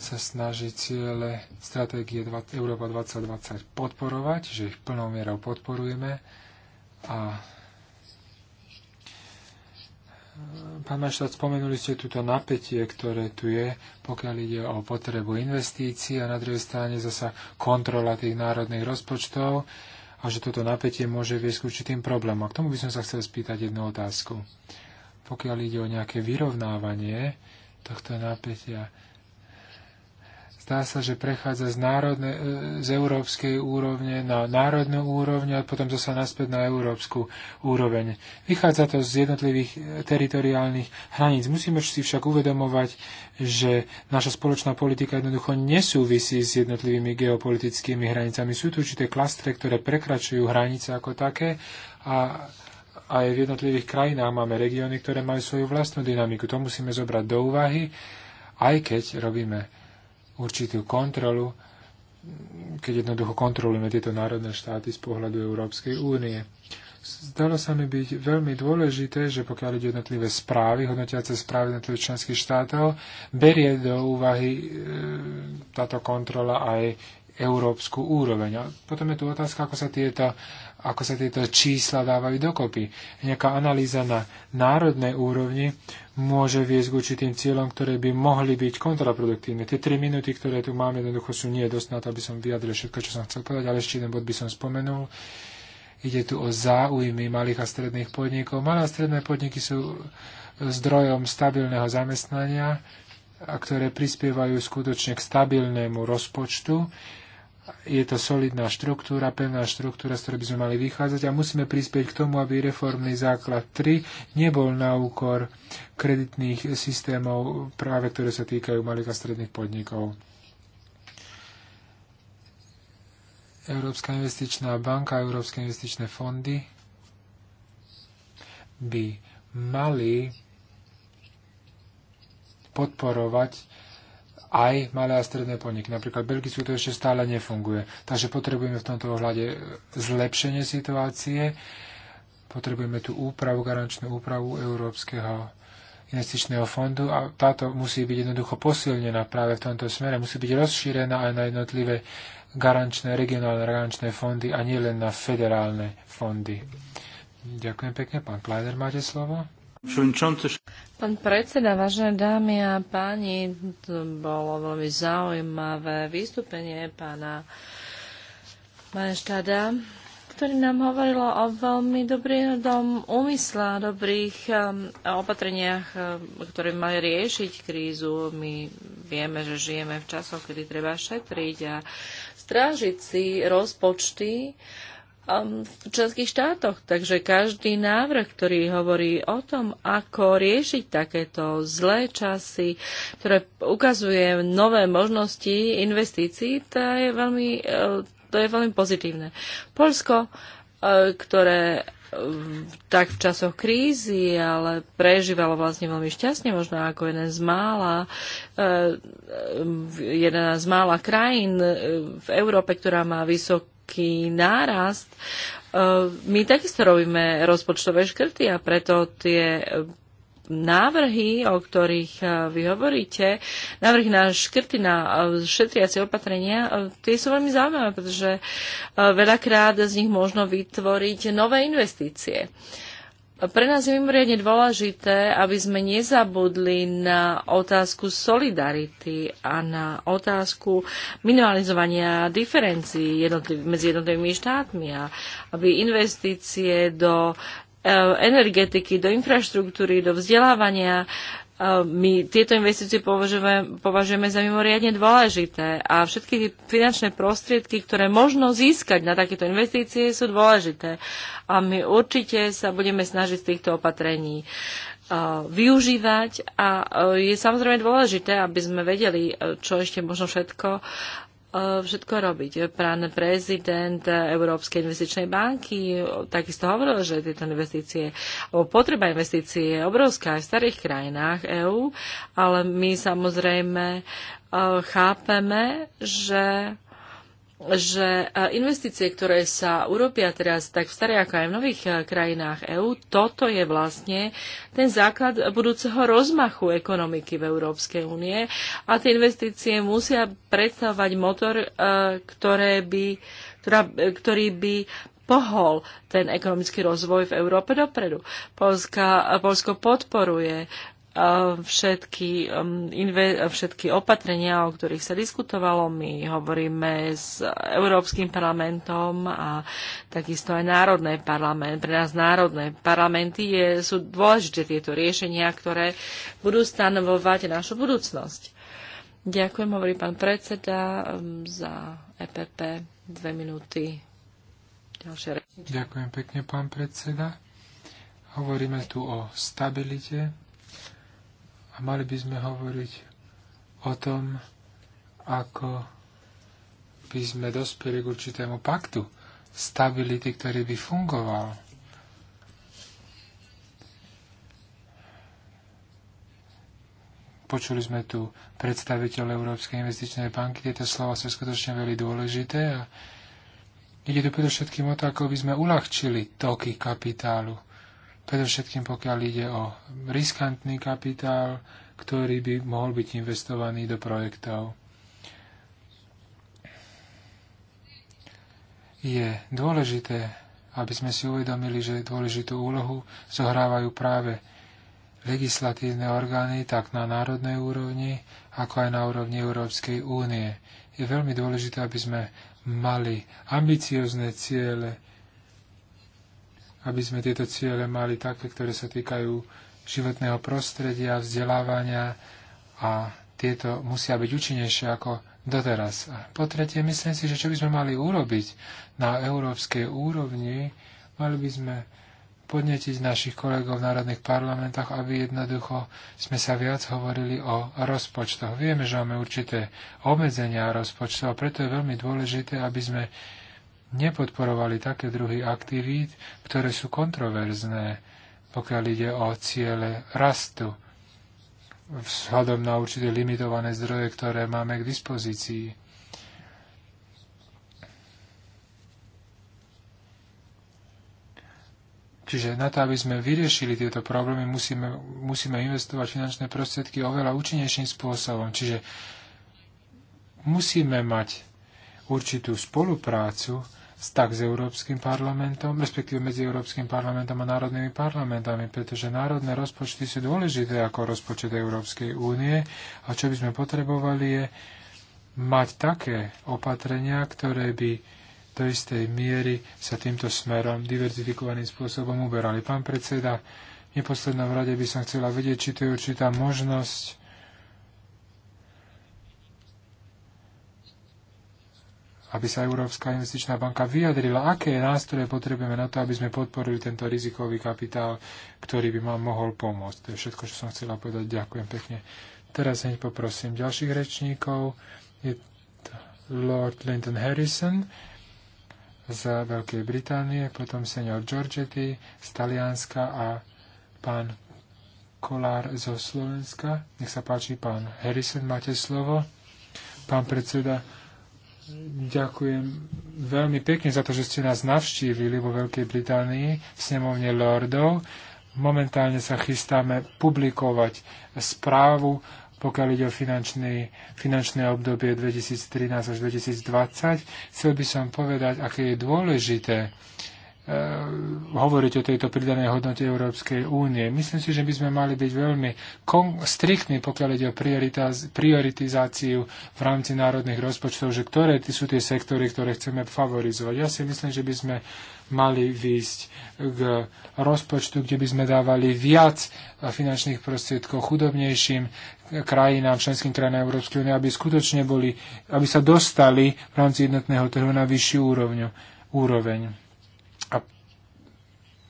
sa snaží ciele stratégie Európa 2020 podporovať, že ich plnou mierou podporujeme a Pán Maštát, spomenuli ste túto napätie, ktoré tu je, pokiaľ ide o potrebu investícií a na druhej strane zasa kontrola tých národných rozpočtov a že toto napätie môže viesť k určitým problémom. A k tomu by som sa chcel spýtať jednu otázku. Pokiaľ ide o nejaké vyrovnávanie tohto napätia, zdá sa, že prechádza z, národne, e, z európskej úrovne na národnú úroveň a potom zase naspäť na európsku úroveň. Vychádza to z jednotlivých e, teritoriálnych hraníc. Musíme si však uvedomovať, že naša spoločná politika jednoducho nesúvisí s jednotlivými geopolitickými hranicami. Sú tu určité klastre, ktoré prekračujú hranice ako také a aj v jednotlivých krajinách máme regióny, ktoré majú svoju vlastnú dynamiku. To musíme zobrať do úvahy, aj keď robíme určitú kontrolu, keď jednoducho kontrolujeme tieto národné štáty z pohľadu Európskej únie. Zdalo sa mi byť veľmi dôležité, že pokiaľ ide jednotlivé správy, hodnotiace správy jednotlivých členských štátov, berie do úvahy e, táto kontrola aj európsku úroveň. A potom je tu otázka, ako sa tieto, ako sa tieto čísla dávajú dokopy. Nejaká analýza na národnej úrovni môže viesť k určitým cieľom, ktoré by mohli byť kontraproduktívne. Tie tri minúty, ktoré tu máme, jednoducho sú nie dosť na to, aby som vyjadril všetko, čo som chcel povedať, ale ešte jeden bod by som spomenul. Ide tu o záujmy malých a stredných podnikov. Malé a stredné podniky sú zdrojom stabilného zamestnania, a ktoré prispievajú skutočne k stabilnému rozpočtu je to solidná štruktúra, pevná štruktúra, z ktorej by sme mali vychádzať a musíme prispieť k tomu, aby reformný základ 3 nebol na úkor kreditných systémov, práve ktoré sa týkajú malých a stredných podnikov. Európska investičná banka a Európske investičné fondy by mali podporovať aj malé a stredné podniky. Napríklad v Belgicku to ešte stále nefunguje. Takže potrebujeme v tomto ohľade zlepšenie situácie. Potrebujeme tú úpravu, garančnú úpravu Európskeho investičného fondu a táto musí byť jednoducho posilnená práve v tomto smere. Musí byť rozšírená aj na jednotlivé garančné, regionálne garančné fondy a nielen na federálne fondy. Ďakujem pekne. Pán Kleiner, máte slovo? Pán predseda, vážené dámy a páni, to bolo veľmi zaujímavé vystúpenie pána Majestáda, ktorý nám hovoril o veľmi dobrých úmysle, um, dobrých opatreniach, um, ktoré mali riešiť krízu. My vieme, že žijeme v časoch, kedy treba šetriť a strážiť si rozpočty. Um, v členských štátoch. Takže každý návrh, ktorý hovorí o tom, ako riešiť takéto zlé časy, ktoré ukazuje nové možnosti investícií, to je veľmi, eh, to je veľmi pozitívne. Polsko, eh, ktoré eh, tak v časoch krízy, ale prežívalo vlastne veľmi šťastne, možno ako jeden z mála, jeden z mála krajín v Európe, ktorá má vysok, veľký nárast. E, my takisto robíme rozpočtové škrty a preto tie návrhy, o ktorých e, vy hovoríte, návrhy na škrty, na e, šetriacie opatrenia, tie sú veľmi zaujímavé, pretože veľakrát z nich možno vytvoriť nové investície. Uh, pre nás je mimoriadne dôležité, aby sme nezabudli na otázku solidarity a na otázku minimalizovania diferencií jednotliv- medzi jednotlivými štátmi a aby investície do e, energetiky, do infraštruktúry, do vzdelávania my tieto investície považujeme, za mimoriadne dôležité a všetky finančné prostriedky, ktoré možno získať na takéto investície, sú dôležité. A my určite sa budeme snažiť z týchto opatrení využívať a je samozrejme dôležité, aby sme vedeli, čo ešte možno všetko E, všetko robiť. Pán prezident Európskej investičnej banky takisto hovoril, že tieto investície, potreba investície je obrovská aj v starých krajinách EÚ, ale my samozrejme e, chápeme, že že e, investície, ktoré sa urobia teraz tak v starej ako aj v nových e, krajinách EÚ, toto je vlastne ten základ budúceho rozmachu ekonomiky v Európskej únie a tie investície musia predstavovať motor, e, ktoré by, ktorá, ktorý by pohol ten ekonomický rozvoj v Európe dopredu. Polska, Polsko podporuje všetky, um, všetky opatrenia, o ktorých sa diskutovalo. My hovoríme s Európskym parlamentom a takisto aj národné parlament. Pre nás národné parlamenty je, sú dôležité tieto riešenia, ktoré budú stanovovať našu budúcnosť. Ďakujem, hovorí pán predseda um, za EPP. Dve minúty. Ďalšie Ďakujem pekne, pán predseda. Hovoríme tu o stabilite a mali by sme hovoriť o tom, ako by sme dospeli k určitému paktu stability, ktorý by fungoval. Počuli sme tu predstaviteľ Európskej investičnej banky. Tieto slova sú skutočne veľmi dôležité a ide tu predovšetkým o to, ako by sme uľahčili toky kapitálu Predovšetkým pokiaľ ide o riskantný kapitál, ktorý by mohol byť investovaný do projektov. Je dôležité, aby sme si uvedomili, že dôležitú úlohu zohrávajú práve legislatívne orgány tak na národnej úrovni, ako aj na úrovni Európskej únie. Je veľmi dôležité, aby sme mali ambiciozne ciele, aby sme tieto ciele mali také, ktoré sa týkajú životného prostredia, vzdelávania a tieto musia byť účinnejšie ako doteraz. A po tretie, myslím si, že čo by sme mali urobiť na európskej úrovni, mali by sme podnetiť našich kolegov v národných parlamentoch, aby jednoducho sme sa viac hovorili o rozpočtoch. Vieme, že máme určité obmedzenia rozpočtov a preto je veľmi dôležité, aby sme nepodporovali také druhy aktivít, ktoré sú kontroverzné, pokiaľ ide o ciele rastu, vzhľadom na určité limitované zdroje, ktoré máme k dispozícii. Čiže na to, aby sme vyriešili tieto problémy, musíme, musíme investovať finančné prostriedky oveľa účinnejším spôsobom. Čiže musíme mať určitú spoluprácu vztah s Európskym parlamentom, respektíve medzi Európskym parlamentom a národnými parlamentami, pretože národné rozpočty sú dôležité ako rozpočet Európskej únie a čo by sme potrebovali je mať také opatrenia, ktoré by do istej miery sa týmto smerom diverzifikovaným spôsobom uberali. Pán predseda, v neposlednom rade by som chcela vedieť, či to je určitá možnosť aby sa Európska investičná banka vyjadrila, aké nástroje potrebujeme na to, aby sme podporili tento rizikový kapitál, ktorý by vám mohol pomôcť. To je všetko, čo som chcela povedať. Ďakujem pekne. Teraz hneď poprosím ďalších rečníkov. Je to Lord Linton Harrison z Veľkej Británie, potom senior Giorgetti z Talianska a pán Kolár zo Slovenska. Nech sa páči, pán Harrison, máte slovo. Pán predseda, Ďakujem veľmi pekne za to, že ste nás navštívili vo Veľkej Británii v snemovne Lordov. Momentálne sa chystáme publikovať správu, pokiaľ ide o finančný, finančné obdobie 2013 až 2020. Chcel by som povedať, aké je dôležité, Eh, hovoriť o tejto pridanej hodnote Európskej únie. Myslím si, že by sme mali byť veľmi striktní, pokiaľ ide o prioritizáciu v rámci národných rozpočtov, že ktoré sú tie sektory, ktoré chceme favorizovať. Ja si myslím, že by sme mali výjsť k rozpočtu, kde by sme dávali viac finančných prostriedkov chudobnejším krajinám, členským krajinám Európskej únie, aby skutočne boli, aby sa dostali v rámci jednotného trhu na vyššiu úroveň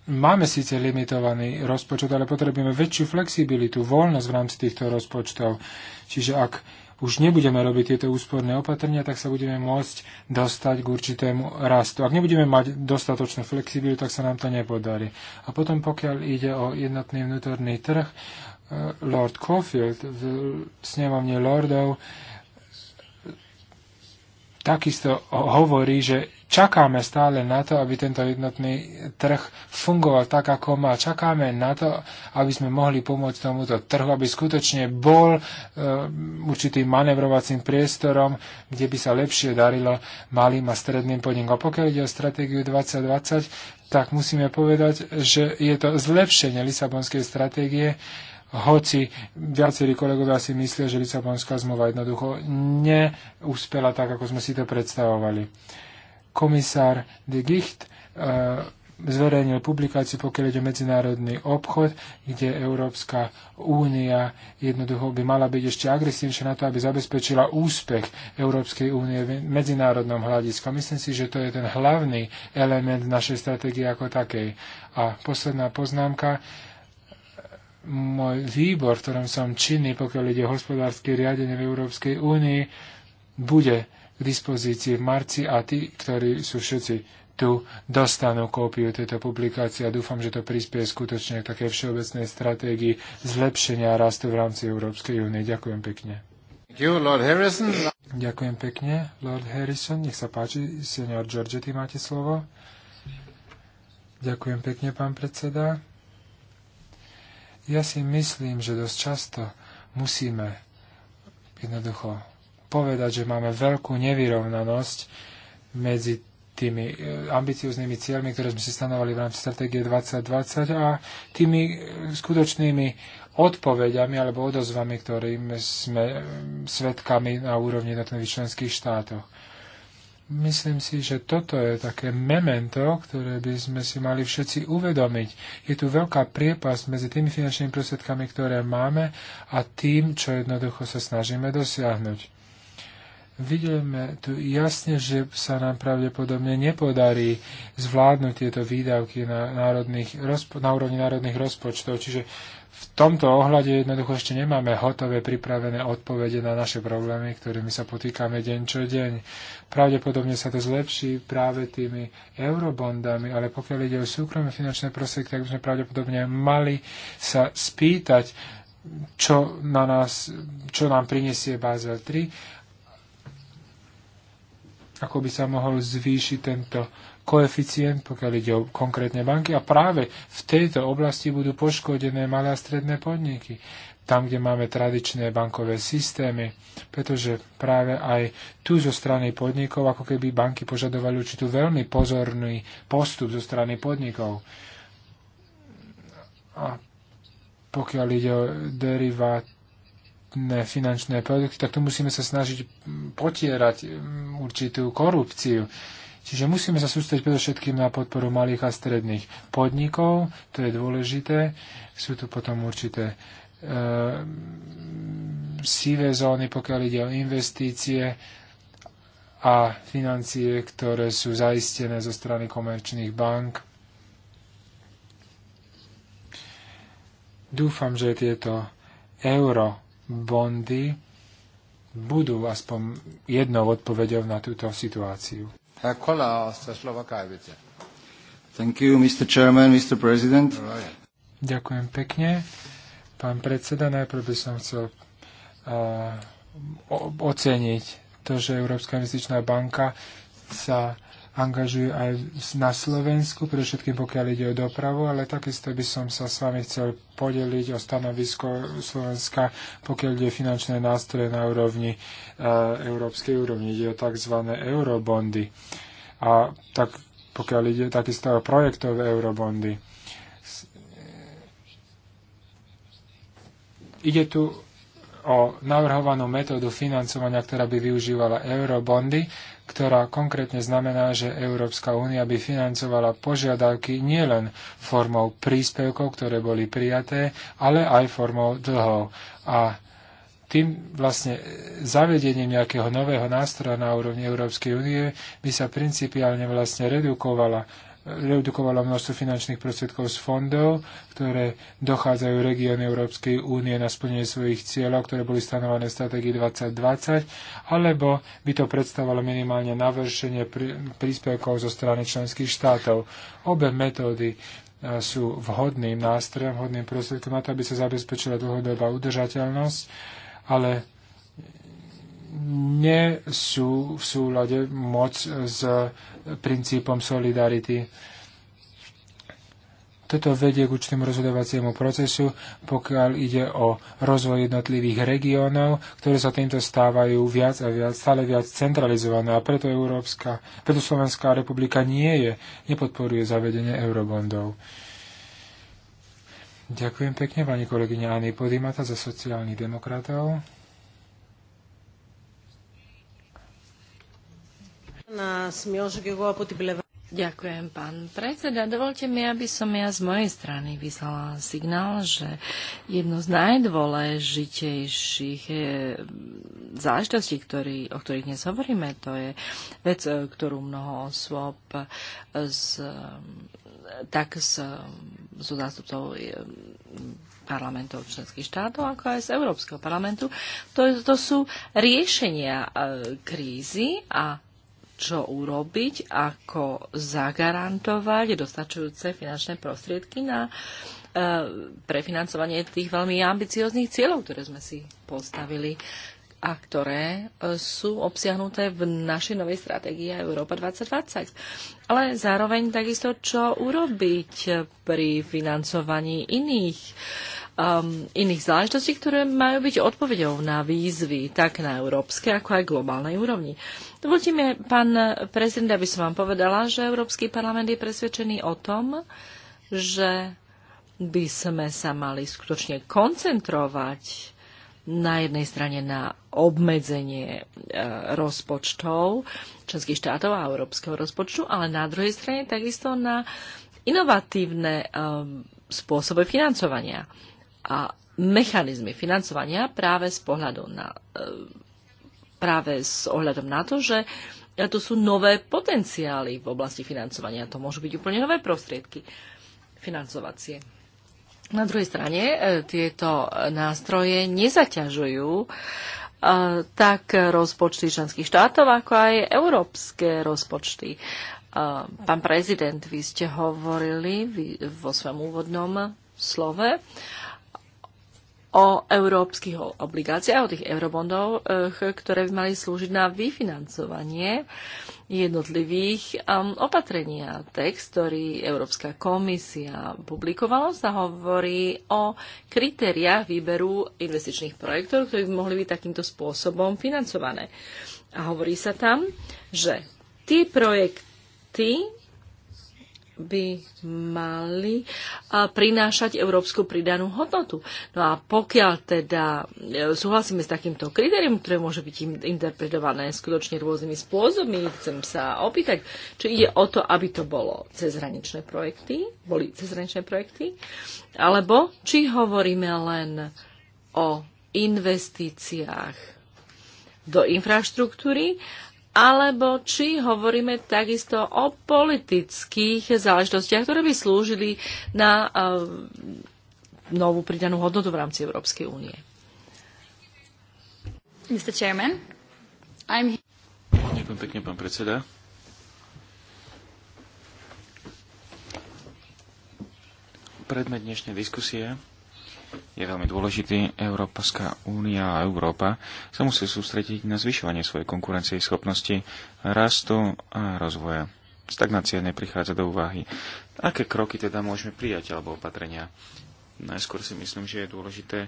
Máme síce limitovaný rozpočet, ale potrebujeme väčšiu flexibilitu, voľnosť v rámci týchto rozpočtov. Čiže ak už nebudeme robiť tieto úsporné opatrenia, tak sa budeme môcť dostať k určitému rastu. Ak nebudeme mať dostatočnú flexibilitu, tak sa nám to nepodarí. A potom pokiaľ ide o jednotný vnútorný trh, eh, Lord Caulfield v snemovne Lordov takisto hovorí, že čakáme stále na to, aby tento jednotný trh fungoval tak, ako má. Čakáme na to, aby sme mohli pomôcť tomuto trhu, aby skutočne bol e, určitým manevrovacím priestorom, kde by sa lepšie darilo malým a stredným podnikom. Pokiaľ ide o stratégiu 2020, tak musíme povedať, že je to zlepšenie Lisabonskej stratégie hoci viacerí kolegovia si myslia, že Lisabonská zmluva jednoducho neúspela tak, ako sme si to predstavovali. Komisár de Gicht eh, zverejnil publikáciu, pokiaľ ide o medzinárodný obchod, kde Európska únia jednoducho by mala byť ešte agresívnejšia na to, aby zabezpečila úspech Európskej únie v medzinárodnom hľadisku. Myslím si, že to je ten hlavný element našej stratégie ako takej. A posledná poznámka môj výbor, v ktorom som činný, pokiaľ ide o hospodárske riadenie v Európskej únii, bude k dispozícii v marci a tí, ktorí sú všetci tu, dostanú kópiu tejto publikácie a dúfam, že to prispieje skutočne k takej všeobecnej stratégii zlepšenia rastu v rámci Európskej únie. Ďakujem pekne. You, Ďakujem pekne, Lord Harrison. Nech sa páči, senior George, ty máte slovo. Ďakujem pekne, pán predseda. Ja si myslím, že dosť často musíme jednoducho povedať, že máme veľkú nevyrovnanosť medzi tými e, ambicioznými cieľmi, ktoré sme si stanovali v rámci stratégie 2020 a tými e, skutočnými odpovediami alebo odozvami, ktorými sme e, svedkami na úrovni jednotlivých členských štátoch. Myslím si, že toto je také memento, ktoré by sme si mali všetci uvedomiť. Je tu veľká priepasť medzi tými finančnými prostriedkami, ktoré máme a tým, čo jednoducho sa snažíme dosiahnuť. Vidíme tu jasne, že sa nám pravdepodobne nepodarí zvládnuť tieto výdavky na, národných, na úrovni národných rozpočtov. Čiže v tomto ohľade jednoducho ešte nemáme hotové pripravené odpovede na naše problémy, ktorými sa potýkame deň čo deň. Pravdepodobne sa to zlepší práve tými eurobondami, ale pokiaľ ide o súkromné finančné prostriedky, tak by sme pravdepodobne mali sa spýtať, čo, na nás, čo nám prinesie Basel 3 ako by sa mohol zvýšiť tento koeficient, pokiaľ ide o konkrétne banky. A práve v tejto oblasti budú poškodené malé a stredné podniky, tam, kde máme tradičné bankové systémy, pretože práve aj tu zo strany podnikov, ako keby banky požadovali určitú veľmi pozorný postup zo strany podnikov. A pokiaľ ide o derivát, kvalitné finančné produkty, tak tu musíme sa snažiť potierať mm, určitú korupciu. Čiže musíme sa sústrediť predovšetkým na podporu malých a stredných podnikov, to je dôležité. Sú tu potom určité e, sivé zóny, pokiaľ ide o investície a financie, ktoré sú zaistené zo strany komerčných bank. Dúfam, že tieto euro bondy budú aspoň jednou odpovedou na túto situáciu. Thank you, Mr. Chairman, Mr. President. Ďakujem pekne. Pán predseda, najprv by som chcel uh, oceniť to, že Európska investičná banka sa angažujú aj na Slovensku, pre všetkým pokiaľ ide o dopravu, ale takisto by som sa s vami chcel podeliť o stanovisko Slovenska, pokiaľ ide o finančné nástroje na úrovni e, európskej úrovni, ide o tzv. eurobondy. A tak pokiaľ ide takisto o projektové eurobondy. Ide tu o navrhovanú metódu financovania, ktorá by využívala eurobondy ktorá konkrétne znamená, že Európska únia by financovala požiadavky nielen formou príspevkov, ktoré boli prijaté, ale aj formou dlhov. A tým vlastne zavedením nejakého nového nástroja na úrovni Európskej únie by sa principiálne vlastne redukovala redukovalo množstvo finančných prostriedkov z fondov, ktoré dochádzajú regióny Európskej únie na splnenie svojich cieľov, ktoré boli stanovené v stratégii 2020, alebo by to predstavovalo minimálne navršenie príspevkov zo strany členských štátov. Obe metódy e, sú vhodným nástrojom, vhodným prostriedkom na to, aby sa zabezpečila dlhodobá udržateľnosť, ale nie sú v súlade moc s princípom solidarity. Toto vedie k určitému rozhodovaciemu procesu, pokiaľ ide o rozvoj jednotlivých regiónov, ktoré sa týmto stávajú viac a viac, stále viac centralizované. A preto, Európska, preto Slovenská republika nie je, nepodporuje zavedenie eurobondov. Ďakujem pekne pani kolegyňa Anny Podimata za sociálnych demokratov. Ďakujem, pán predseda. Dovolte mi, aby som ja z mojej strany vyslala signál, že jedno z najdôležitejších eh, záležitostí, ktorý, o ktorých dnes hovoríme, to je vec, eh, ktorú mnoho osôb eh, z, tak z, z zástupcov parlamentov členských štátov, ako aj z Európskeho parlamentu. To, to sú riešenia krízy a čo urobiť, ako zagarantovať dostačujúce finančné prostriedky na e, prefinancovanie tých veľmi ambicióznych cieľov, ktoré sme si postavili a ktoré e, sú obsiahnuté v našej novej stratégii Európa 2020. Ale zároveň takisto, čo urobiť pri financovaní iných um, iných záležitostí, ktoré majú byť odpovedou na výzvy tak na európskej, ako aj globálnej úrovni. Dovolte mi, pán prezident, aby som vám povedala, že Európsky parlament je presvedčený o tom, že by sme sa mali skutočne koncentrovať na jednej strane na obmedzenie e, rozpočtov členských štátov a európskeho rozpočtu, ale na druhej strane takisto na inovatívne e, spôsoby financovania a mechanizmy financovania práve s, na, e, práve s ohľadom na to, že to sú nové potenciály v oblasti financovania. To môžu byť úplne nové prostriedky financovacie. Na druhej strane e, tieto nástroje nezaťažujú e, tak rozpočty členských štátov, ako aj európske rozpočty. Pán prezident, vy ste hovorili vo svojom úvodnom slove o európskych obligáciách, o tých eurobondov, eh, ktoré by mali slúžiť na vyfinancovanie jednotlivých ehm, opatrení. A text, ktorý Európska komisia publikovala, sa hovorí o kritériách výberu investičných projektov, ktoré by mohli byť takýmto spôsobom financované. A hovorí sa tam, že tie projekty, by mali prinášať európsku pridanú hodnotu. No a pokiaľ teda e, súhlasíme s takýmto kritérium, ktoré môže byť interpretované skutočne rôznymi spôsobmi, chcem sa opýtať, či ide o to, aby to bolo cezhraničné projekty, boli cezhraničné projekty, alebo či hovoríme len o investíciách do infraštruktúry, alebo či hovoríme takisto o politických záležitostiach, ktoré by slúžili na eh, novú pridanú hodnotu v rámci Európskej únie. Mr. Chairman, I'm... Ďakujem pekne, pán predseda. Predmet dnešnej diskusie je veľmi dôležitý. Európska únia a Európa sa musí sústrediť na zvyšovanie svojej konkurencie schopnosti rastu a rozvoja. Stagnácia neprichádza do úvahy. Aké kroky teda môžeme prijať alebo opatrenia? Najskôr si myslím, že je dôležité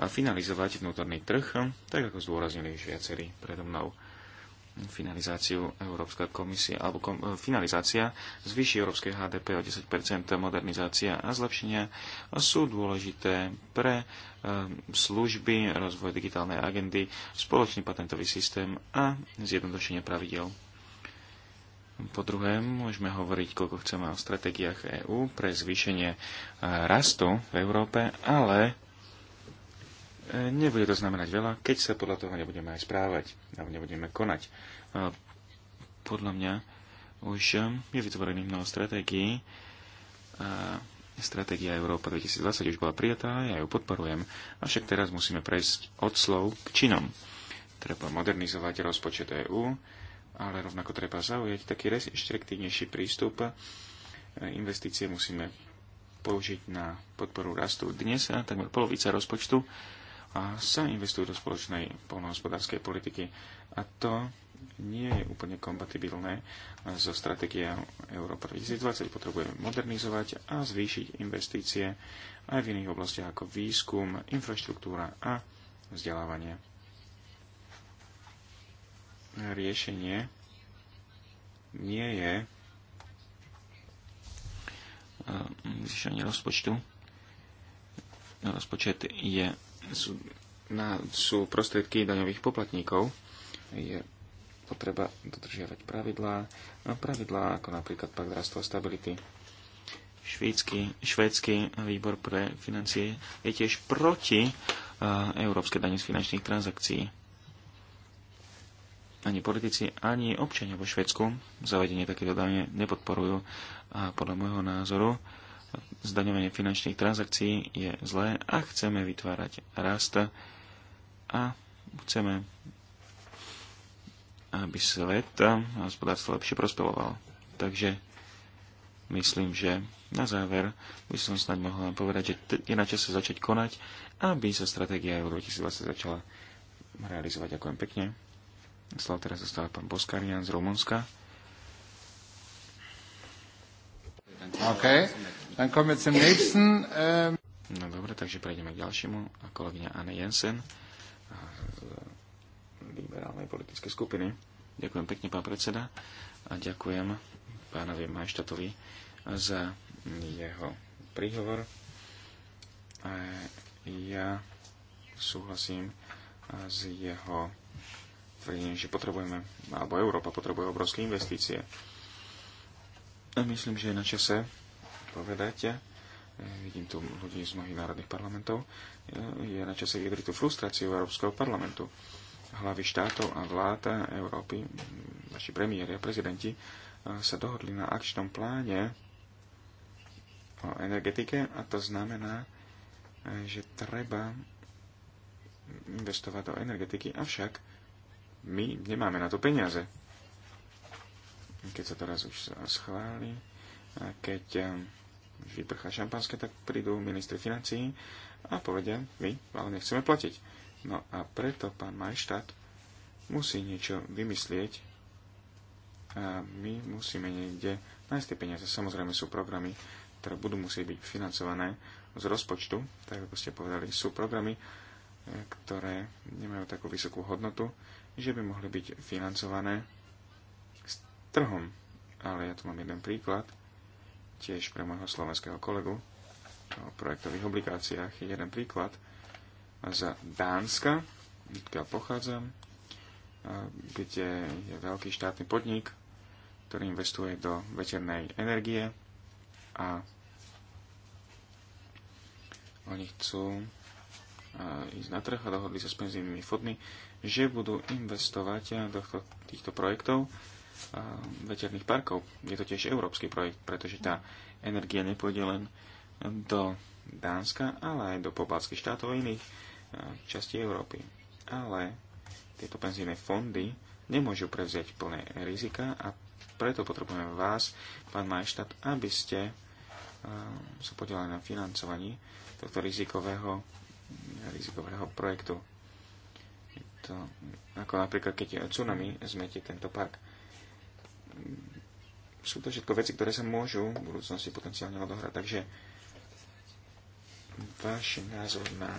finalizovať vnútorný trh, tak ako zdôraznili už viacerí predo mnou finalizáciu Európska komisia, alebo kom, e, finalizácia zvýši európske HDP o 10 modernizácia a zlepšenia sú dôležité pre e, služby, rozvoj digitálnej agendy, spoločný patentový systém a zjednodušenie pravidel. Po druhé, môžeme hovoriť, koľko chceme o stratégiách EÚ pre zvýšenie e, rastu v Európe, ale E, nebude to znamenať veľa, keď sa podľa toho nebudeme aj správať alebo nebudeme konať. E, podľa mňa už e, je vytvorený mnoho stratégií. Stratégia Európa 2020 už bola prijatá, ja ju podporujem, avšak teraz musíme prejsť od slov k činom. Treba modernizovať rozpočet EÚ, ale rovnako treba zaujať taký reštriktívnejší prístup. Investície musíme použiť na podporu rastu. Dnes takmer polovica rozpočtu sa investujú do spoločnej polnohospodárskej politiky. A to nie je úplne kompatibilné so stratégiou Európa 2020. Potrebujeme modernizovať a zvýšiť investície aj v iných oblastiach ako výskum, infraštruktúra a vzdelávanie. Riešenie nie je eh, zvýšenie rozpočtu. Rozpočet je sú, na, sú prostriedky daňových poplatníkov. Je potreba dodržiavať pravidlá, pravidlá ako napríklad Pakt rastu a stability. Švédsky, švédsky výbor pre financie je tiež proti uh, európskej dani z finančných transakcií. Ani politici, ani občania vo Švedsku zavedenie takéto dane nepodporujú a podľa môjho názoru uh, zdaňovanie finančných transakcií je zlé a chceme vytvárať rast a chceme, aby svet a hospodárstvo lepšie prosperovalo. Takže myslím, že na záver by som snáď mohol len povedať, že je na čase začať konať, aby sa stratégia Euro 2020 začala realizovať. Ďakujem pekne. Slav teraz zostáva pán Boskarian z Rumunska. Okay. Ähm, no dobre, takže prejdeme k ďalšiemu. A kolegyňa Anne Jensen z liberálnej politickej skupiny. Ďakujem pekne, pán predseda. A ďakujem pánovi Majštatovi za jeho príhovor. A ja súhlasím s jeho tvrdením, že potrebujeme, alebo Európa potrebuje obrovské investície. A myslím, že je na čase povedať, vidím tu ľudí z mnohých národných parlamentov, je na čase vyjadriť tú frustráciu Európskeho parlamentu. Hlavy štátov a vláda Európy, naši premiéri a prezidenti, e, sa dohodli na akčnom pláne o energetike a to znamená, e, že treba investovať do energetiky, avšak my nemáme na to peniaze. Keď sa teraz už schváli, keď e, vyprchá šampanské, tak prídu ministri financií a povedia, my ale nechceme platiť. No a preto pán Majštát musí niečo vymyslieť a my musíme niekde nájsť tie peniaze. Samozrejme sú programy, ktoré budú musieť byť financované z rozpočtu, tak ako ste povedali, sú programy, e, ktoré nemajú takú vysokú hodnotu, že by mohli byť financované s trhom. Ale ja tu mám jeden príklad tiež pre môjho slovenského kolegu o projektových obligáciách. Je jeden príklad z Dánska, odkiaľ pochádzam, kde je veľký štátny podnik, ktorý investuje do veternej energie a oni chcú ísť na trh a dohodli sa s penzijnými fondmi, že budú investovať do týchto projektov Eh, veterných parkov. Je to tiež európsky projekt, pretože tá energia nepôjde len do Dánska, ale aj do pobalských štátov a iných eh, častí Európy. Ale tieto penzíne fondy nemôžu prevziať plné rizika a preto potrebujeme vás, pán Majštát, aby ste eh, sa podielali na financovaní tohto rizikového, rizikového projektu. to, ako napríklad, keď je tsunami zmetí tento park sú to všetko veci, ktoré sa môžu v budúcnosti potenciálne odohrať. Takže váš názor na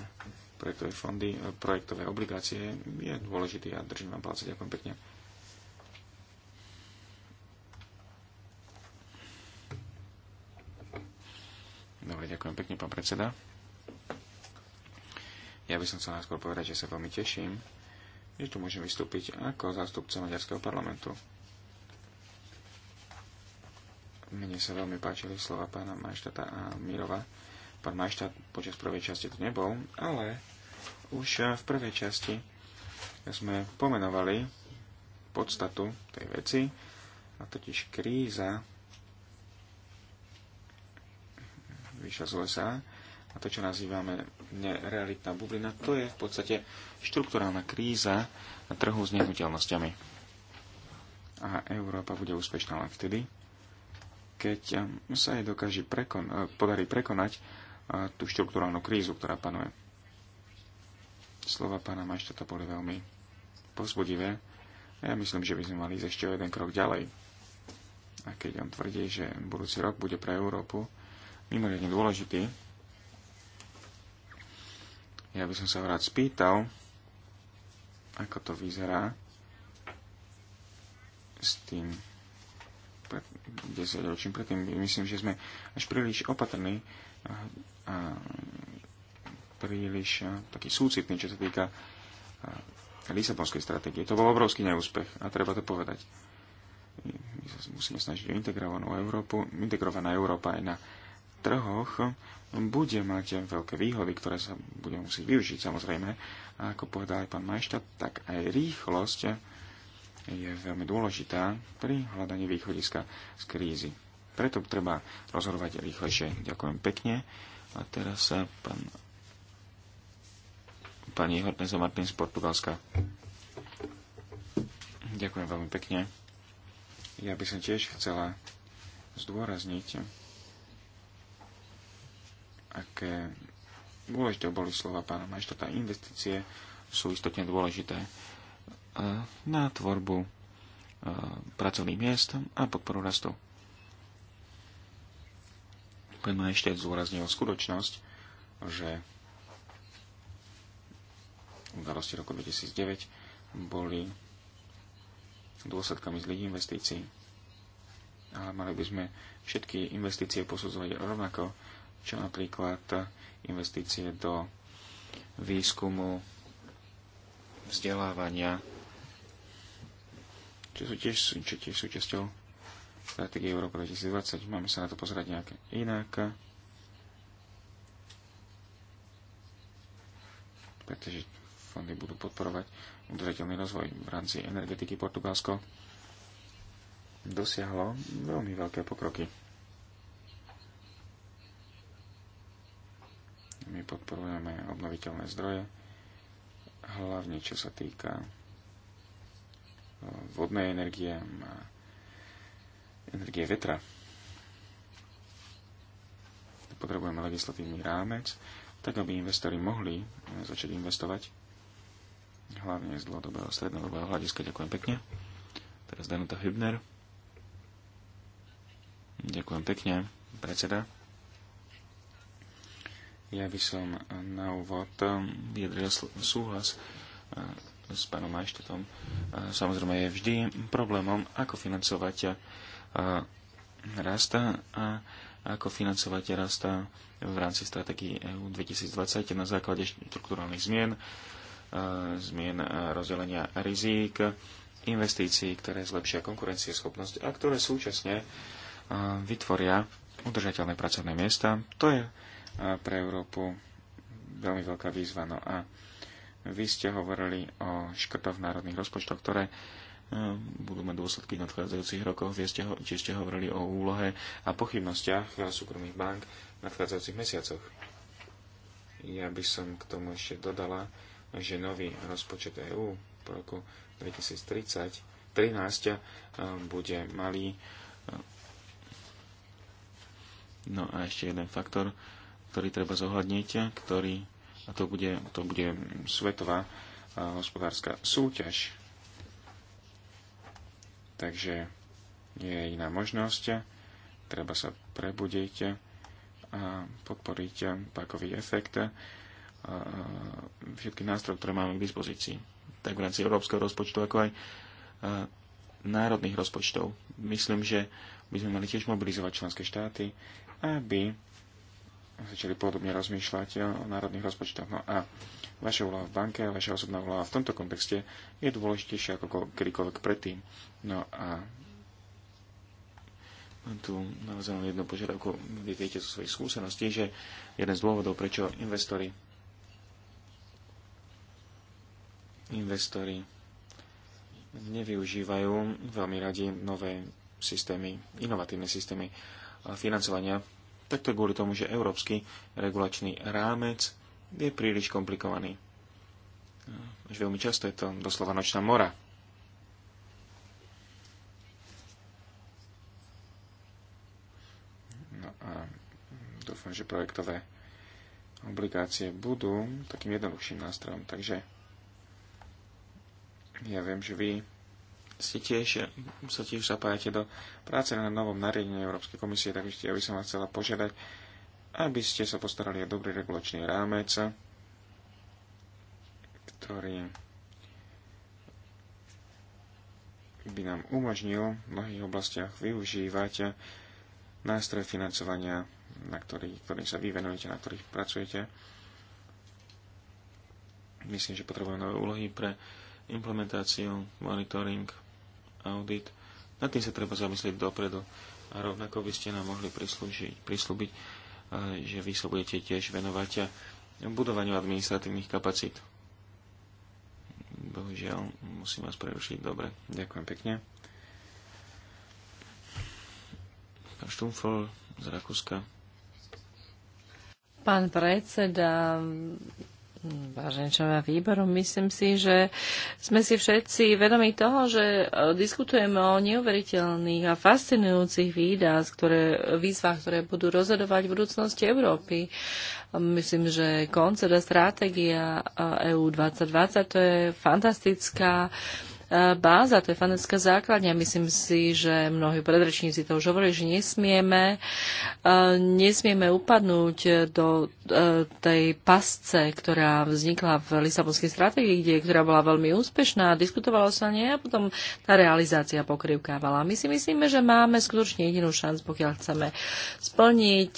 projektové fondy, e, projektové obligácie je dôležitý a ja držím vám palce. Ďakujem pekne. Dobre, ďakujem pekne, pán predseda. Ja by som chcel najskôr povedať, že sa veľmi teším, že tu môžem vystúpiť ako zástupca Maďarského parlamentu. Mne sa veľmi páčili slova pána Majštata a Mirova. Pán Majštat počas prvej časti to nebol, ale už eh, v prvej časti sme pomenovali podstatu tej veci, a totiž kríza vyšla z USA a to, čo nazývame nerealitná bublina, to je v podstate štruktúrálna kríza na trhu s nehnuteľnosťami. A Európa bude úspešná len vtedy, keď eh, sa jej dokáže prekon, eh, podarí prekonať eh, tú štruktúrálnu krízu, ktorá panuje. Slova pána Mašta to boli veľmi pozbudivé. Ja myslím, že by sme mali ísť ešte o jeden krok ďalej. A keď on tvrdí, že budúci rok bude pre Európu mimoriadne dôležitý, ja by som sa rád spýtal, ako to vyzerá s tým 10 ročím predtým. Myslím, že sme až príliš opatrní a príliš taký súcitný, čo sa týka Lisabonskej stratégie. To bol obrovský neúspech a treba to povedať. My sa musíme snažiť o integrovanú Európu. Integrovaná Európa aj na trhoch bude mať veľké výhody, ktoré sa budeme musieť využiť samozrejme. A ako povedal aj pán Majšta, tak aj rýchlosť je veľmi dôležitá pri hľadaní východiska z krízy. Preto treba rozhodovať rýchlejšie. Ďakujem pekne. A teraz sa pán, pani Hortenza Martin z Portugalska. Ďakujem veľmi pekne. Ja by som tiež chcela zdôrazniť, aké dôležité boli slova pána majštota. Investície sú istotne dôležité na tvorbu e, pracovných miest a podporu rastu. Poďme ešte zúraznil skutočnosť, že udalosti roku 2009 boli dôsledkami zlých investícií. Ale mali by sme všetky investície posudzovať rovnako, čo napríklad investície do výskumu, vzdelávania, čo sú tiež, čo tiež súčasťou stratégie Európa 2020. Máme sa na to pozerať nejak inak. Pretože fondy budú podporovať udržateľný rozvoj v rámci energetiky Portugalsko dosiahlo veľmi veľké pokroky. My podporujeme obnoviteľné zdroje, hlavne čo sa týka vodnej energie a energie vetra. Potrebujeme legislatívny rámec, tak aby investori mohli eh, začať investovať, hlavne z dlhodobého, strednodobého hľadiska. Ďakujem pekne. Teraz Danuta Hübner. Ďakujem pekne, predseda. Ja by som na úvod vyjadril súhlas eh, s pánom Majštetom, e, samozrejme je vždy problémom, ako financovať e, rasta a ako financovať rasta v rámci stratégie EU 2020 na základe štruktúrálnych zmien, e, zmien rozdelenia rizík, investícií, ktoré zlepšia konkurencieschopnosť a ktoré súčasne vytvoria udržateľné pracovné miesta. To je pre Európu veľmi veľká výzva. No a vy ste hovorili o škrtoch v národných rozpočtoch, ktoré e, budú mať dôsledky v nadchádzajúcich rokoch. Vy ste, tiež ste hovorili o úlohe a pochybnostiach súkromných bank v nadchádzajúcich mesiacoch. Ja by som k tomu ešte dodala, že nový rozpočet EÚ po roku 2030 13 e, bude malý. E, no a ešte jeden faktor, ktorý treba zohľadniť, ktorý a to bude, to bude svetová hospodárska súťaž. Takže je iná možnosť, treba sa prebudiť a podporiť pakový efekt všetky nástroje, ktoré máme k dispozícii. Tak v rámci európskeho rozpočtu, ako aj národných rozpočtov. Myslím, že by sme mali tiež mobilizovať členské štáty, aby začali podobne rozmýšľať eh, o národných rozpočtoch. No a vaša úloha v banke, vaša osobná úloha v tomto kontexte je dôležitejšia ako kedykoľvek predtým. No a mám tu naozaj len jednu požiadavku, vy viete zo svojich skúseností, že jeden z dôvodov, prečo investori investori nevyužívajú veľmi radi nové systémy, inovatívne systémy eh, financovania tak to kvôli tomu, že európsky regulačný rámec je príliš komplikovaný. Až veľmi často je to doslova nočná mora. No a dúfam, že projektové obligácie budú takým jednoduchším nástrojom. Takže ja viem, že vy ste tiež, sa tiež zapájate do práce na novom nariadení Európskej komisie, tak ešte ja by som vás chcela požiadať, aby ste sa postarali o dobrý regulačný rámec, ktorý by nám umožnil v mnohých oblastiach využívať nástroje financovania, na ktorých, ktorým sa vyvenujete, na ktorých pracujete. Myslím, že potrebujeme nové úlohy pre implementáciu, monitoring, audit. Na tým sa treba zamyslieť dopredu. A rovnako by ste nám mohli prislúbiť, e, že vy sa budete tiež venovať a budovaniu administratívnych kapacít. Bohužiaľ, musím vás prerušiť. Dobre, ďakujem pekne. Pán Štumfol z Rakúska. Pán predseda, Vážení členovia výboru, myslím si, že sme si všetci vedomi toho, že e, diskutujeme o neuveriteľných a fascinujúcich výdaz, ktoré, výzvach, ktoré budú rozhodovať v budúcnosti Európy. Myslím, že koncert a stratégia EU e 2020 to je fantastická E, báza, to je fanecká základňa. Myslím si, že mnohí predrečníci to už hovorili, že nesmieme, e, nesmieme upadnúť do e, tej pasce, ktorá vznikla v Lisabonskej stratégii, kde, ktorá bola veľmi úspešná, diskutovalo sa nie a potom tá realizácia pokrivkávala. My si myslíme, že máme skutočne jedinú šancu, pokiaľ chceme splniť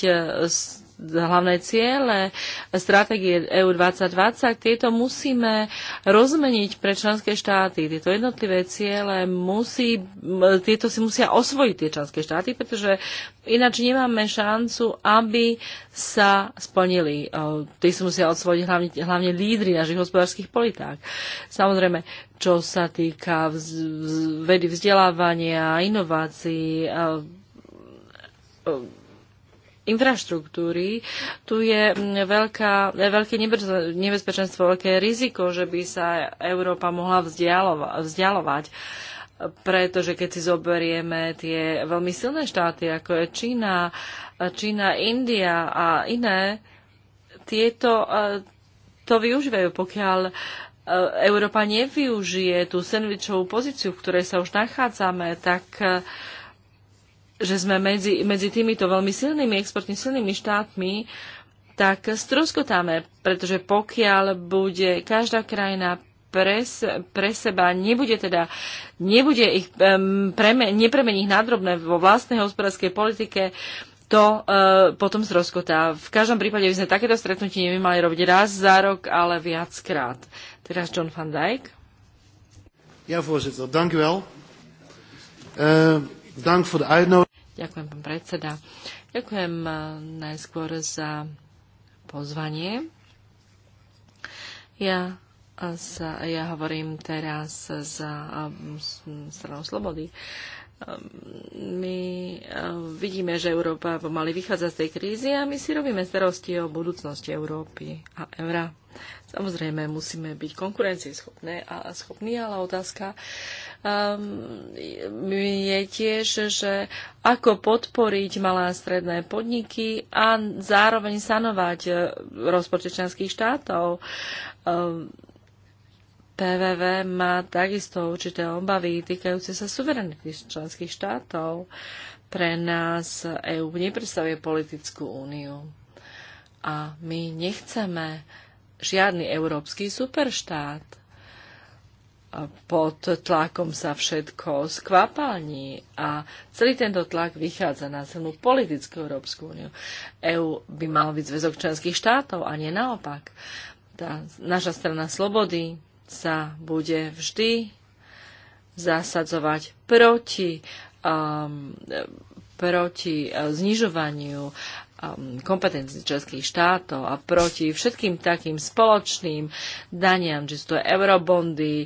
hlavné ciele stratégie EU 2020, tieto musíme rozmeniť pre členské štáty. Tieto jednotlivé ciele musí, tieto si musia osvojiť tie členské štáty, pretože ináč nemáme šancu, aby sa splnili. Tie si musia osvojiť hlavne, hlavne lídry našich hospodárskych politák. Samozrejme, čo sa týka vz, vz, vedy vzdelávania, inovácií, infraštruktúry, tu je mm, veľká, e, veľké nebezpečenstvo, veľké riziko, že by sa Európa mohla vzdialovať pretože keď si zoberieme tie veľmi silné štáty, ako je Čína, Čína, India a iné, tieto e, to využívajú, pokiaľ e, Európa nevyužije tú sandwichovú pozíciu, v ktorej sa už nachádzame, tak že sme medzi, medzi týmito veľmi silnými, exportne silnými štátmi, tak stroskotáme, pretože pokiaľ bude každá krajina pre, pre seba, nebude teda, nebude ich, um, preme, nepremení ich nadrobné vo vlastnej hospodárskej politike, to uh, potom zrozkotá. V každom prípade by sme takéto stretnutie nemali robiť raz za rok, ale viackrát. Teraz John van Dijk. Ja, voorzitter, dank u wel. Uh, dank voor de uitnodiging. Ďakujem, pán predseda. Ďakujem eh, najskôr za pozvanie. Ja, eh, sa, ja hovorím teraz za eh, stranou slobody. My vidíme, že Európa pomaly vychádza z tej krízy a my si robíme starosti o budúcnosti Európy a eura. Samozrejme, musíme byť konkurencieschopné a schopní, ale otázka um, je tiež, že ako podporiť malé a stredné podniky a zároveň sanovať e, rozpočet členských štátov. Um, PVV má takisto určité obavy týkajúce sa suverenity členských štátov. Pre nás EÚ nepredstavuje politickú úniu. A my nechceme žiadny európsky superštát. Pod tlakom sa všetko skvapalní a celý tento tlak vychádza na celú politickú Európsku úniu. EÚ EU by mal byť zväzok členských štátov a nie naopak. Tá naša strana slobody sa bude vždy zasadzovať proti, um, proti e, znižovaniu Um, kompetencií českých štátov a proti všetkým takým spoločným daniam, či sú to eurobondy,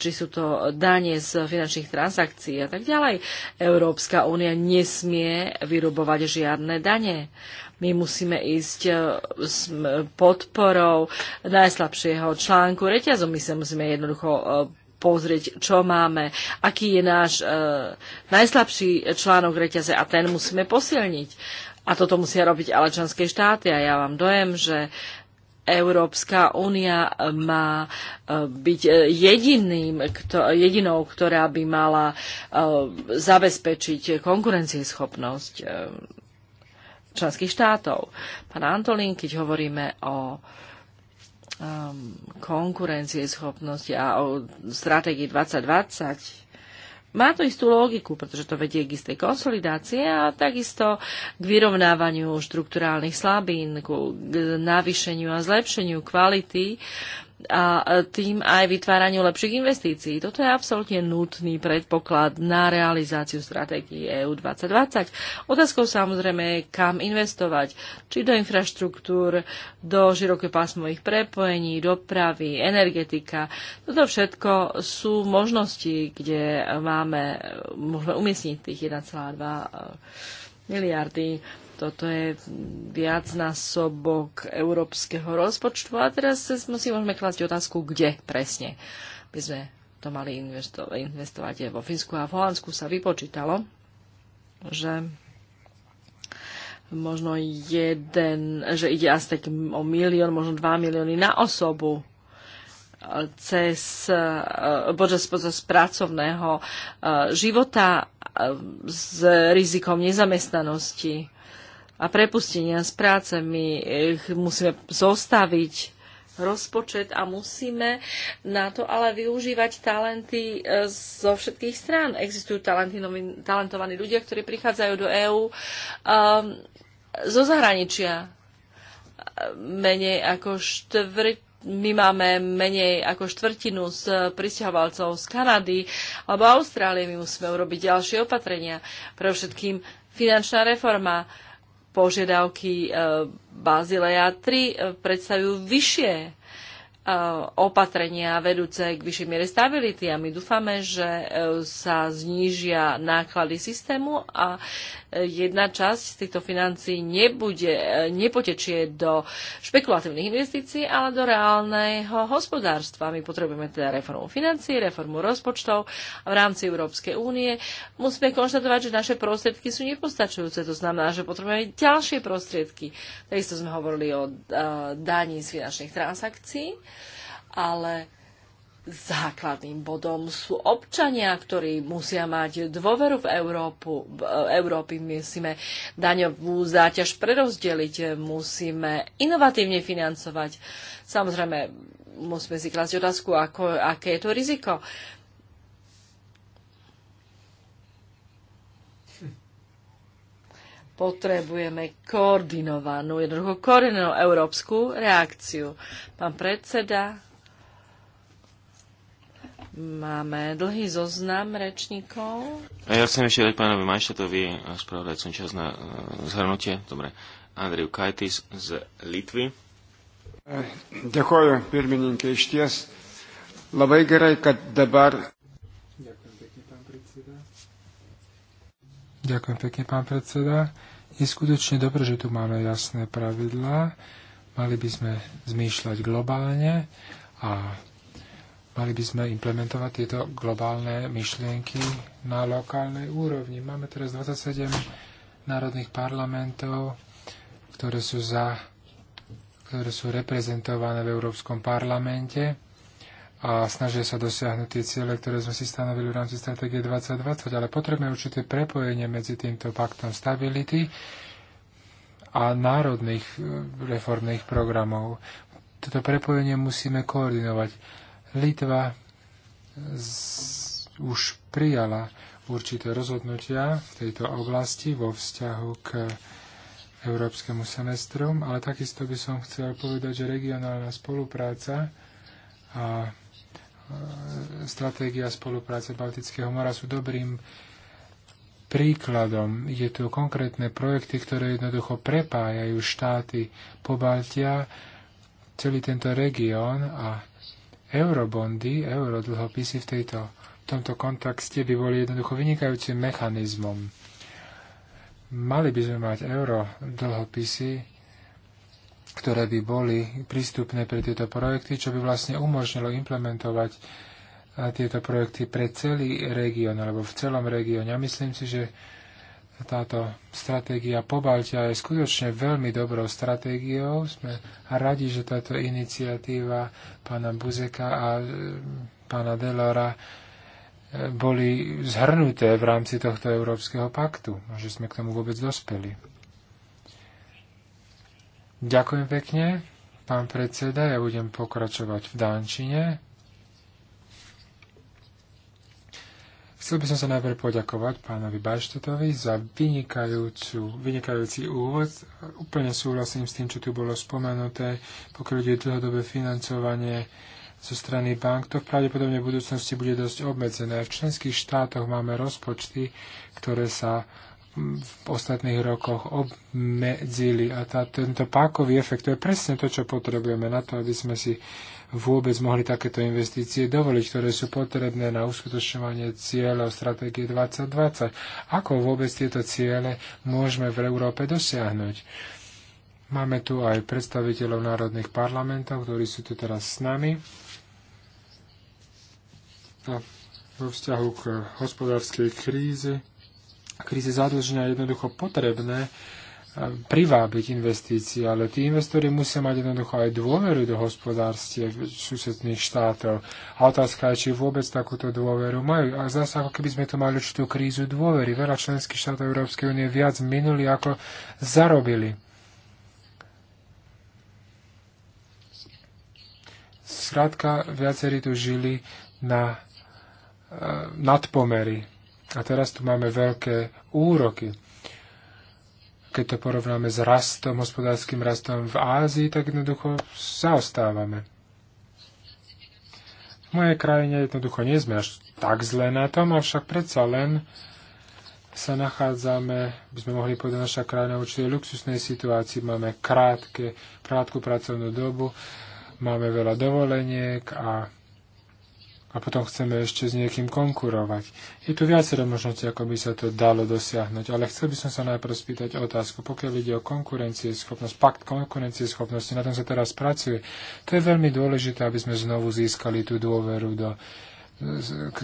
či sú to danie z finančných transakcií a tak ďalej. Európska únia nesmie vyrubovať žiadne dane. My musíme ísť e, s podporou najslabšieho článku reťazu. My sa musíme jednoducho e, pozrieť, čo máme, aký je náš e, najslabší článok reťaze a ten musíme posilniť. A toto musia robiť ale členské štáty a ja vám dojem, že Európska únia e, má e, byť e, jediným, jedinou, ktorá by mala zabezpečiť konkurencieschopnosť členských štátov. Pán Antolín, keď hovoríme o konkurencieschopnosti a o stratégii 2020, má to istú logiku, pretože to vedie k istej konsolidácie a takisto k vyrovnávaniu štruktúrálnych slabín, k navýšeniu a zlepšeniu kvality a tým aj vytváraniu lepších investícií. Toto je absolútne nutný predpoklad na realizáciu stratégie EU 2020. Otázkou samozrejme je, kam investovať. Či do infraštruktúr, do širokopásmových prepojení, dopravy, energetika. Toto všetko sú možnosti, kde máme, môžeme umiestniť tých 1,2 eh, miliardy toto je viacnásobok európskeho rozpočtu a teraz si môžeme klásť otázku, kde presne by sme to mali investovať. Je vo Fínsku a v Holandsku sa vypočítalo, že možno jeden, že ide asi tak o milión, možno dva milióny na osobu eh, cez, eh, počas, počas pracovného eh, života s rizikom nezamestnanosti a prepustenia z práce. My ich eh, musíme zostaviť rozpočet a musíme na to ale využívať talenty eh, zo všetkých strán. Existujú talenty, talentovaní ľudia, ktorí prichádzajú do EÚ um, ehm, zo zahraničia. Menej ako štvrt my máme menej ako štvrtinu z pristahovalcov z Kanady alebo Austrálie. My musíme urobiť ďalšie opatrenia. Pre všetkým finančná reforma. Uh, požiadavky eh, Bazileja 3 eh, predstavujú vyššie Eh, opatrenia vedúce k vyššej miere stability a my dúfame, že eh, sa znížia náklady systému a eh, jedna časť z týchto financí nebude, nepotečie do špekulatívnych investícií, ale do reálneho hospodárstva. My potrebujeme teda reformu financií, reformu rozpočtov a v rámci Európskej únie. Musíme konštatovať, že naše prostriedky sú nepostačujúce. To znamená, že potrebujeme ďalšie prostriedky. Takisto sme hovorili o daní z finančných transakcií ale základným bodom sú občania, ktorí musia mať dôveru v Európu. V Európy musíme daňovú záťaž prerozdeliť, musíme inovatívne financovať. Samozrejme, musíme si klasť otázku, ako, aké je to riziko. potrebujeme koordinovanú, jednoducho koordinovanú európsku reakciu. Pán predseda, Máme dlhý zoznam rečníkov. A ja chcem ešte dať pánovi Majštatovi eh, spravodať som čas na eh, zhrnutie. Dobre. Andriu Kajtis z Litvy. Eh, ďakujem, pirmininke, ešte ties. Labai gerai, kad dabar... Ďakujem pekne, pán predseda. Ďakujem pekne, pán predseda. Je skutočne dobré, že tu máme jasné pravidlá. Mali by sme zmýšľať globálne a Mali by sme implementovať tieto globálne myšlienky na lokálnej úrovni. Máme teraz 27 národných parlamentov, ktoré sú, za, ktoré sú reprezentované v Európskom parlamente a snažia sa dosiahnuť tie ciele, ktoré sme si stanovili v rámci stratégie 2020, ale potrebujeme určité prepojenie medzi týmto paktom stability a národných eh, reformných programov. Toto prepojenie musíme koordinovať Litva z, už prijala určité rozhodnutia v tejto oblasti vo vzťahu k európskemu semestru, ale takisto by som chcel povedať, že regionálna spolupráca a e, stratégia spolupráce Baltického mora sú dobrým príkladom. Je tu konkrétne projekty, ktoré jednoducho prepájajú štáty po Baltia, celý tento región a Eurobondy, eurodlhopisy v, tejto, v tomto kontexte by boli jednoducho vynikajúcim mechanizmom. Mali by sme mať eurodlhopisy, ktoré by boli prístupné pre tieto projekty, čo by vlastne umožnilo implementovať eh, tieto projekty pre celý región alebo v celom regióne. A myslím si, že táto stratégia Pobaltia je skutočne veľmi dobrou stratégiou. Sme radi, že táto iniciatíva pána Buzeka a e, pána Delora e, boli zhrnuté v rámci tohto Európskeho paktu a že sme k tomu vôbec dospeli. Ďakujem pekne, pán predseda. Ja budem pokračovať v Dánčine. Chcel by som sa najprv poďakovať pánovi Bajštetovi za vynikajúcu, vynikajúci úvod. Úplne súhlasím s tým, čo tu bolo spomenuté, pokiaľ ide dlhodobé financovanie zo strany bank, to pravdepodobne v budúcnosti bude dosť obmedzené. V členských štátoch máme rozpočty, ktoré sa v ostatných rokoch obmedzili. A tá, tento pákový efekt, to je presne to, čo potrebujeme na to, aby sme si vôbec mohli takéto investície dovoliť, ktoré sú potrebné na uskutočňovanie cieľov stratégie 2020. Ako vôbec tieto ciele môžeme v Európe dosiahnuť? Máme tu aj predstaviteľov národných parlamentov, ktorí sú tu teraz s nami. A vo vzťahu k hospodárskej kríze, kríze zadlženia je jednoducho potrebné, privábiť investície, ale tí investori musia mať jednoducho aj dôveru do hospodárstiev susedných štátov. A otázka je, či vôbec takúto dôveru majú. A zase ako keby sme tu mali určitú krízu dôvery. Veľa členských štátov Európskej únie viac minuli, ako zarobili. Zkrátka, viacerí tu žili na e, nadpomery. A teraz tu máme veľké úroky keď to porovnáme s rastom, hospodárským rastom v Ázii, tak jednoducho zaostávame. V mojej krajine jednoducho nie sme až tak zle na tom, avšak predsa len sa nachádzame, by sme mohli povedať, naša krajina v určitej luxusnej situácii. Máme krátke, krátku pracovnú dobu, máme veľa dovoleniek a a potom chceme ešte s niekým konkurovať. Je tu viacero možností, ako by sa to dalo dosiahnuť, ale chcel by som sa najprv spýtať otázku, pokiaľ ide o konkurencieschopnosť, pakt konkurencieschopnosti, na tom sa teraz pracuje. To je veľmi dôležité, aby sme znovu získali tú dôveru do k,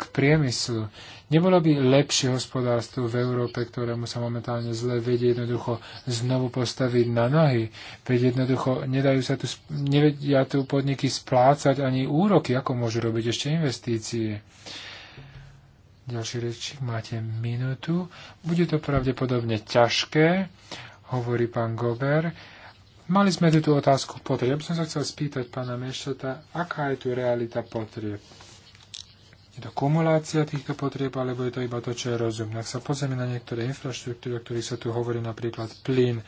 k priemyslu. Nebolo by lepšie hospodárstvo v Európe, ktorému sa momentálne zle vedie jednoducho znovu postaviť na nohy, veď jednoducho nedajú sa tu, nevedia tu podniky splácať ani úroky, ako môžu robiť ešte investície. Ďalší rečník máte minútu. Bude to pravdepodobne ťažké, hovorí pán Gober. Mali sme tu tú otázku potrieb. Som sa chcel spýtať pána Mešota, aká je tu realita potrieb je to kumulácia týchto potrieb, alebo je to iba to, čo je rozumné. Ak sa pozrieme na niektoré infraštruktúry, o ktorých sa tu hovorí, napríklad plyn,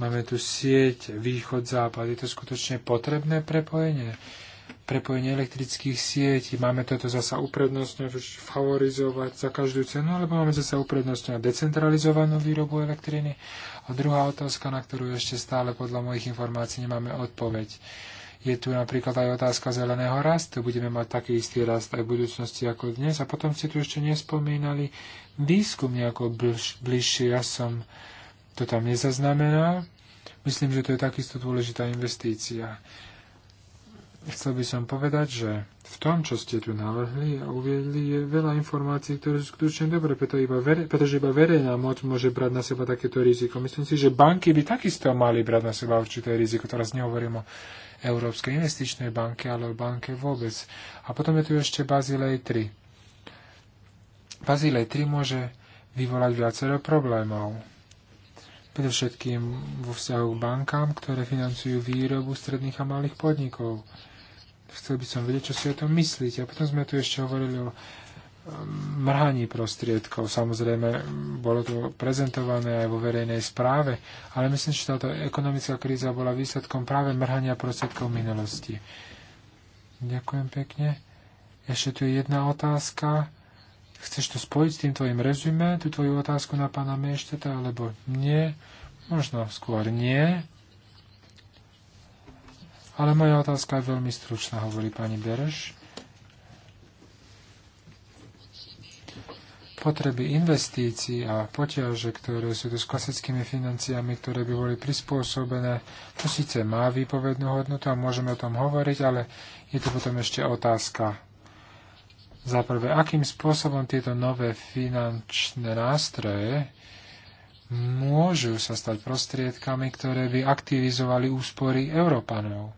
máme tu sieť východ-západ, je to skutočne potrebné prepojenie? prepojenie elektrických sietí, máme toto zasa uprednostňovať, favorizovať za každú cenu, alebo máme zasa uprednostňovať decentralizovanú výrobu elektriny? A druhá otázka, na ktorú ešte stále podľa mojich informácií nemáme odpoveď. Je tu napríklad aj otázka zeleného rastu. Budeme mať taký istý rast aj v budúcnosti ako dnes. A potom ste tu ešte nespomínali výskum nejako bliž, bližšie. Ja som to tam nezaznamenal. Myslím, že to je takisto dôležitá investícia. Chcel by som povedať, že v tom, čo ste tu navrhli a uviedli, je veľa informácií, ktoré sú skutočne dobré, pretože iba, verej, pretože iba verejná moc môže brať na seba takéto riziko. Myslím si, že banky by takisto mali brať na seba určité riziko. Teraz nehovorím o Európskej investičnej banke alebo banke vôbec. A potom je tu ešte Bazilej 3. Bazilej 3 môže vyvolať viacero problémov. Predovšetkým vo vzťahu k bankám, ktoré financujú výrobu stredných a malých podnikov. Chcel by som vedieť, čo si o tom myslíte. A potom sme tu ešte hovorili o mrhaní prostriedkov. Samozrejme, bolo to prezentované aj vo verejnej správe, ale myslím, že táto ekonomická kríza bola výsledkom práve mrhania prostriedkov minulosti. Ďakujem pekne. Ešte tu je jedna otázka. Chceš to spojiť s tým tvojim rezume, tú tvoju otázku na pána Miešteta, alebo nie? Možno skôr nie. Ale moja otázka je veľmi stručná, hovorí pani Bereš. potreby investícií a poťaže, ktoré sú tu s klasickými financiami, ktoré by boli prispôsobené, to síce má výpovednú hodnotu a môžeme o tom hovoriť, ale je to potom ešte otázka. Za prvé, akým spôsobom tieto nové finančné nástroje môžu sa stať prostriedkami, ktoré by aktivizovali úspory Európanov?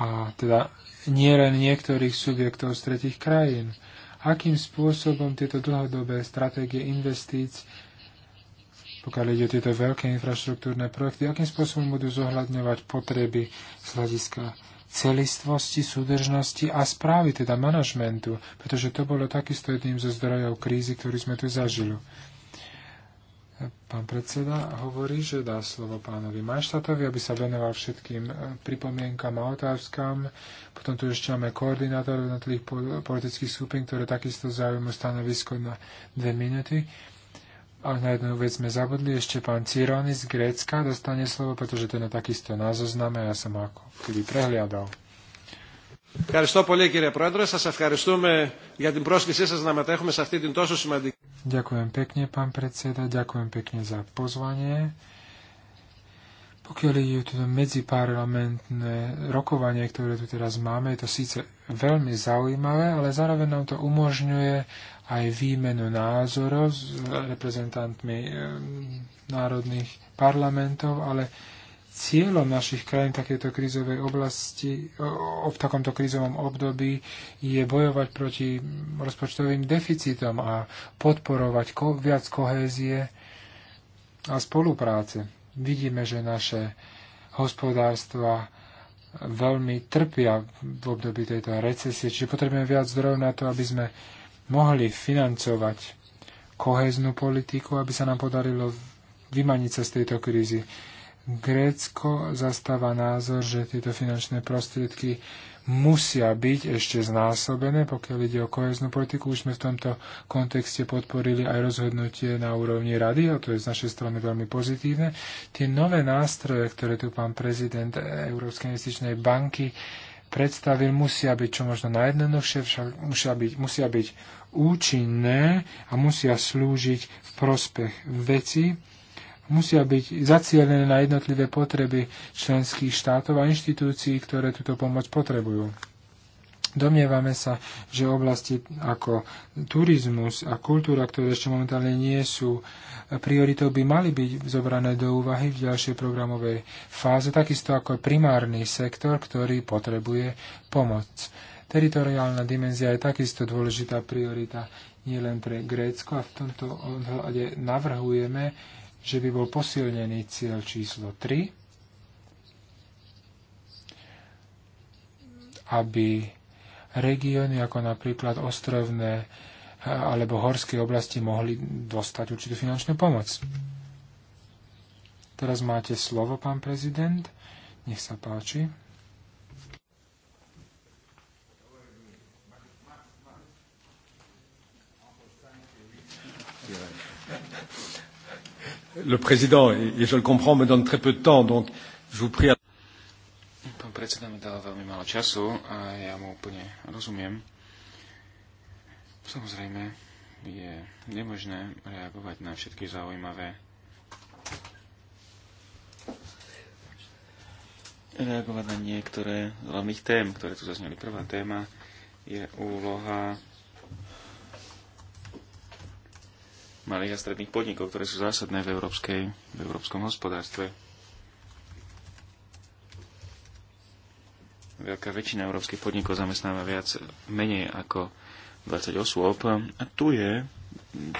A teda nielen niektorých subjektov z tretich krajín. Akým spôsobom tieto dlhodobé stratégie investíc, pokiaľ ide o tieto veľké infraštruktúrne projekty, akým spôsobom budú zohľadňovať potreby z hľadiska celistvosti, súdržnosti a správy, teda manažmentu, pretože to bolo takisto jedným zo zdrojov krízy, ktorú sme tu zažili. Pán predseda hovorí, že dá slovo pánovi Majštatovi, aby sa venoval všetkým e, pripomienkam a otázkam. Potom tu ešte máme koordinátorov jednotlivých politických skupín, ktoré takisto zaujímajú stanovisko na dve minúty. A na jednu vec sme zabudli, ešte pán Cironis z Grécka dostane slovo, pretože ten je takisto na zozname a ja som ho ako kedy prehliadal. Ευχαριστώ πολύ κύριε Πρόεδρε. Σας ευχαριστούμε για την πρόσκλησή σας να μετέχουμε σε αυτή την τόσο σημαντική... Ďakujem pekne, pán predseda, ďakujem pekne za pozvanie. Pokiaľ ide o toto medziparlamentné rokovanie, ktoré tu teraz máme, je to síce veľmi zaujímavé, ale zároveň nám to umožňuje aj výmenu názorov s reprezentantmi eh, národných parlamentov, ale Cieľom našich krajín takéto krízovej oblasti, v takomto krízovom období je bojovať proti rozpočtovým deficitom a podporovať ko- viac kohézie a spolupráce. Vidíme, že naše hospodárstva veľmi trpia v období tejto recesie, čiže potrebujeme viac zdrojov na to, aby sme mohli financovať koheznú politiku, aby sa nám podarilo vymaniť sa z tejto krízy. Grécko zastáva názor, že tieto finančné prostriedky musia byť ešte znásobené, pokiaľ ide o koheznú politiku. Už sme v tomto kontexte podporili aj rozhodnutie na úrovni rady, a to je z našej strany veľmi pozitívne. Tie nové nástroje, ktoré tu pán prezident Európskej investičnej banky predstavil, musia byť čo možno najjednoduchšie, však musia byť, musia byť účinné a musia slúžiť v prospech veci, musia byť zacielené na jednotlivé potreby členských štátov a inštitúcií, ktoré túto pomoc potrebujú. Domnievame sa, že oblasti ako turizmus a kultúra, ktoré ešte momentálne nie sú prioritou, by mali byť zobrané do úvahy v ďalšej programovej fáze, takisto ako primárny sektor, ktorý potrebuje pomoc. Teritoriálna dimenzia je takisto dôležitá priorita nielen pre Grécko a v tomto ohľade navrhujeme že by bol posilnený cieľ číslo 3, aby regióny ako napríklad ostrovné eh, alebo horské oblasti mohli dostať určitú finančnú pomoc. Teraz máte slovo, pán prezident. Nech sa páči. Yeah. Le président, et je le comprends, me donne très peu de temps, donc je vous prie... Pán predseda mi dal veľmi malo času a ja mu úplne rozumiem. Samozrejme, je nemožné reagovať na všetky zaujímavé reagovať na niektoré z hlavných tém, ktoré tu zazneli. Prvá téma je úloha malých a stredných podnikov, ktoré sú zásadné v, európskej, v európskom hospodárstve. Veľká väčšina európskych podnikov zamestnáva viac, menej ako 20 osôb. A tu je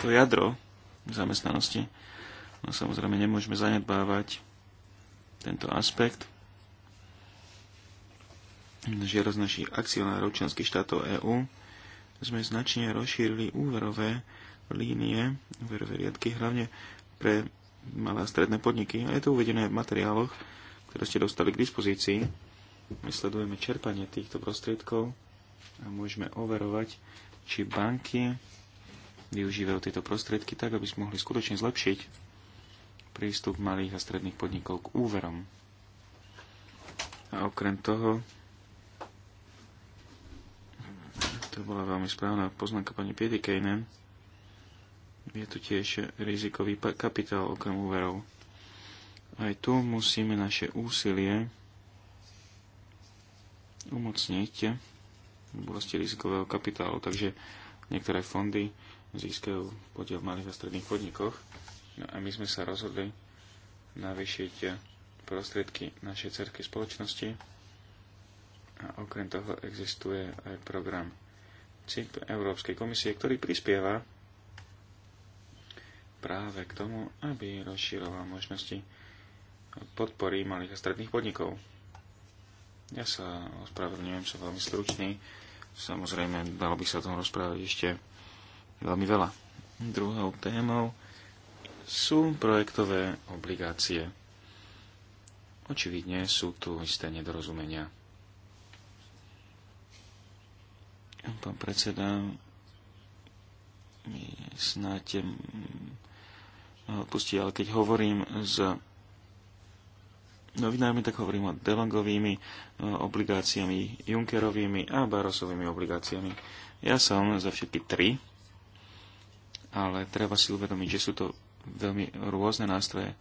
to jadro zamestnanosti. No samozrejme nemôžeme zanedbávať tento aspekt. roz našich akcionárov členských štátov EÚ sme značne rozšírili úverové línie, úverové riadky, hlavne pre malé a stredné podniky. A je to uvedené v materiáloch, ktoré ste dostali k dispozícii. My sledujeme čerpanie týchto prostriedkov a môžeme overovať, či banky využívajú tieto prostriedky tak, aby sme mohli skutočne zlepšiť prístup malých a stredných podnikov k úverom. A okrem toho, to bola veľmi správna poznámka pani Piedikejnen, je tu tiež rizikový kapitál okrem úverov. Aj tu musíme naše úsilie umocniť v oblasti rizikového kapitálu, takže niektoré fondy získajú podiel v malých a stredných podnikoch. No a my sme sa rozhodli navýšiť prostriedky našej cerky spoločnosti a okrem toho existuje aj program CIP Európskej komisie, ktorý prispieva práve k tomu, aby rozširoval možnosti podpory malých a stredných podnikov. Ja sa ospravedlňujem, som veľmi stručný. Samozrejme, dalo by sa o tom rozprávať ešte veľmi veľa. Druhou témou sú projektové obligácie. Očividne sú tu isté nedorozumenia. Pán predseda, snáď pustiť, ale keď hovorím s novinármi, tak hovorím o Delongovými e, obligáciami, Junckerovými a Barosovými obligáciami. Ja som za všetky tri, ale treba si uvedomiť, že sú to veľmi rôzne nástroje.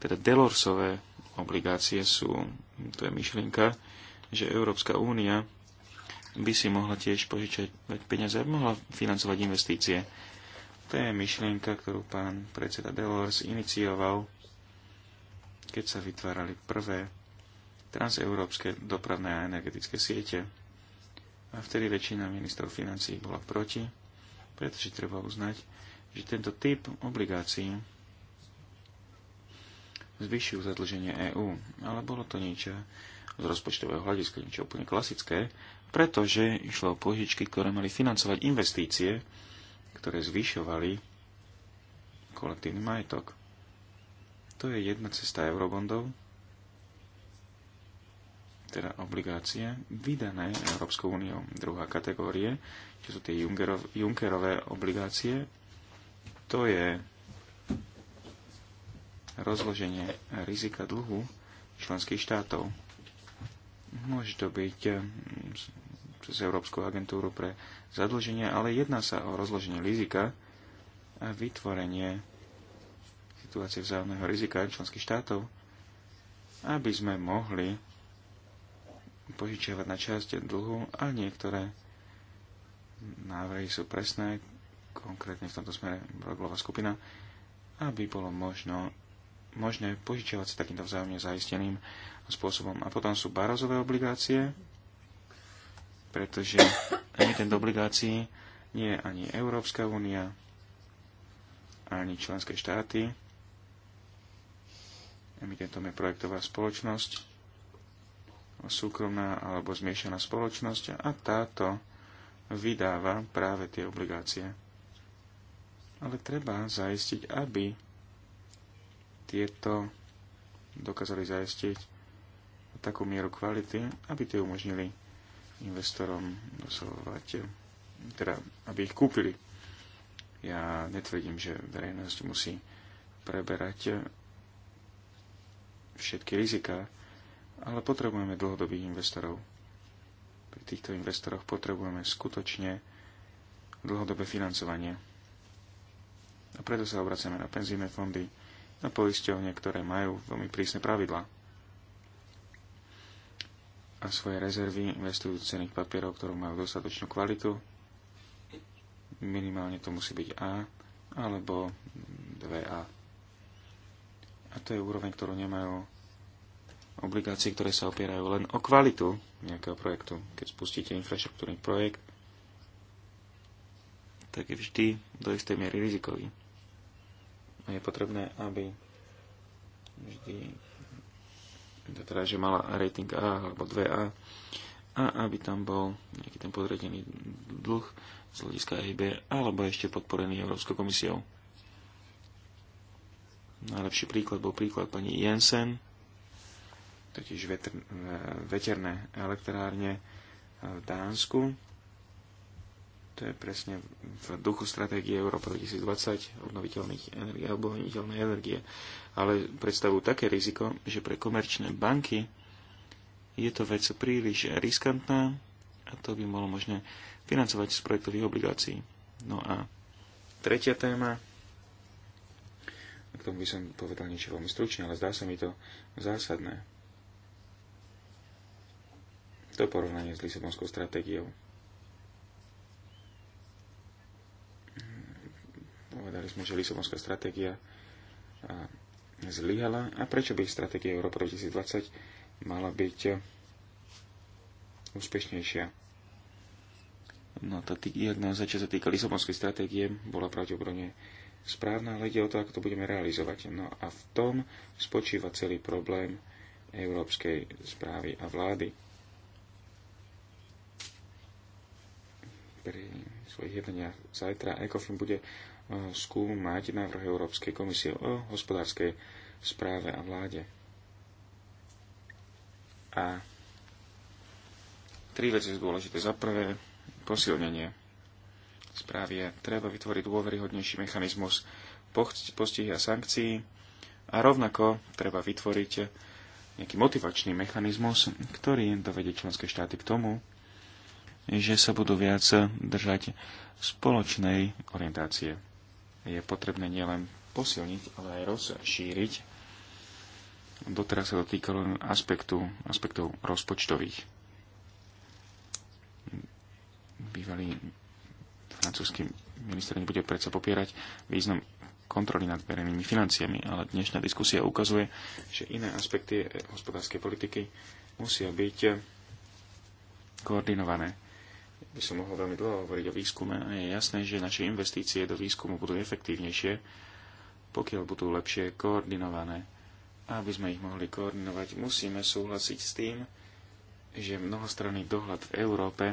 Teda Delorsové obligácie sú, to je myšlienka, že Európska únia by si mohla tiež požičať peniaze, aby mohla financovať investície. To je myšlienka, ktorú pán predseda Delors inicioval, keď sa vytvárali prvé transeurópske dopravné a energetické siete. A vtedy väčšina ministrov financí bola proti, pretože treba uznať, že tento typ obligácií zvyšujú zadlženie EÚ. Ale bolo to niečo z rozpočtového hľadiska, niečo úplne klasické, pretože išlo o požičky, ktoré mali financovať investície, ktoré zvyšovali kolektívny majetok. To je jedna cesta eurobondov, teda obligácie vydané Európskou úniou. Druhá kategórie, čo sú tie Junckerov, Junckerové obligácie, to je rozloženie rizika dlhu členských štátov. Môže to byť cez Európsku agentúru pre zadlženie, ale jedná sa o rozloženie rizika a vytvorenie situácie vzájomného rizika členských štátov, aby sme mohli požičiavať na časť dlhu a niektoré návrhy sú presné, konkrétne v tomto smere Broglová skupina, aby bolo možno možné požičiavať sa takýmto vzájomne zaisteným spôsobom. A potom sú barozové obligácie, pretože emiten do obligácií nie je ani Európska únia, ani členské štáty. Emitentom je projektová spoločnosť, súkromná alebo zmiešaná spoločnosť a táto vydáva práve tie obligácie. Ale treba zaistiť, aby tieto dokázali zaistiť takú mieru kvality, aby tie umožnili investorom doslovať, teda aby ich kúpili. Ja netvrdím, že verejnosť musí preberať všetky rizika, ale potrebujeme dlhodobých investorov. Pri týchto investoroch potrebujeme skutočne dlhodobé financovanie. A preto sa obraceme na penzíne fondy, na poisťovne, ktoré majú veľmi prísne pravidlá a svoje rezervy investujú do cených papierov, ktorú majú dostatočnú kvalitu. Minimálne to musí byť A alebo 2A. A to je úroveň, ktorú nemajú obligácie, ktoré sa opierajú len o kvalitu nejakého projektu. Keď spustíte infraštruktúrny projekt, tak je vždy do istej miery rizikový. A je potrebné, aby vždy teda, že mala rating A alebo 2A a aby tam bol nejaký ten podredený dlh z hľadiska EIB alebo ešte podporený Európskou komisiou. Najlepší príklad bol príklad pani Jensen, totiž e, veterné elektrárne v Dánsku, to je presne v duchu stratégie Európa 2020 obnoviteľných energie, obnoviteľnej energie. Ale predstavujú také riziko, že pre komerčné banky je to vec príliš riskantná a to by mohlo možné financovať z projektových obligácií. No a tretia téma, k tomu by som povedal niečo veľmi stručne, ale zdá sa mi to zásadné. To porovnanie s Lisabonskou stratégiou. Povedali sme, že Lisabonská stratégia zlyhala a prečo by stratégia Európa 2020 mala byť e, úspešnejšia. No tá diagnóza, čo sa týka Lisabonskej stratégie, bola pravdepodobne správna, ale ide o to, ako to budeme realizovať. No a v tom spočíva celý problém európskej správy a vlády. Pri svojich jednaniach zajtra ECOFIN bude E, skúmať návrh Európskej komisie o hospodárskej správe a vláde. A tri veci sú dôležité. Za prvé, posilnenie správy je treba vytvoriť dôveryhodnejší mechanizmus postihy a sankcií a rovnako treba vytvoriť nejaký motivačný mechanizmus, ktorý dovedie členské štáty k tomu, že sa budú viac držať spoločnej orientácie je potrebné nielen posilniť, ale aj rozšíriť. Doteraz sa dotýkalo len aspektu, aspektov rozpočtových. Bývalý francúzsky minister nebude predsa popierať význam kontroly nad verejnými financiami, ale dnešná diskusia ukazuje, že iné aspekty hospodárskej politiky musia byť koordinované by som mohol veľmi dlho hovoriť o výskume a je jasné, že naše investície do výskumu budú efektívnejšie, pokiaľ budú lepšie koordinované. A aby sme ich mohli koordinovať, musíme súhlasiť s tým, že mnohostranný dohľad v Európe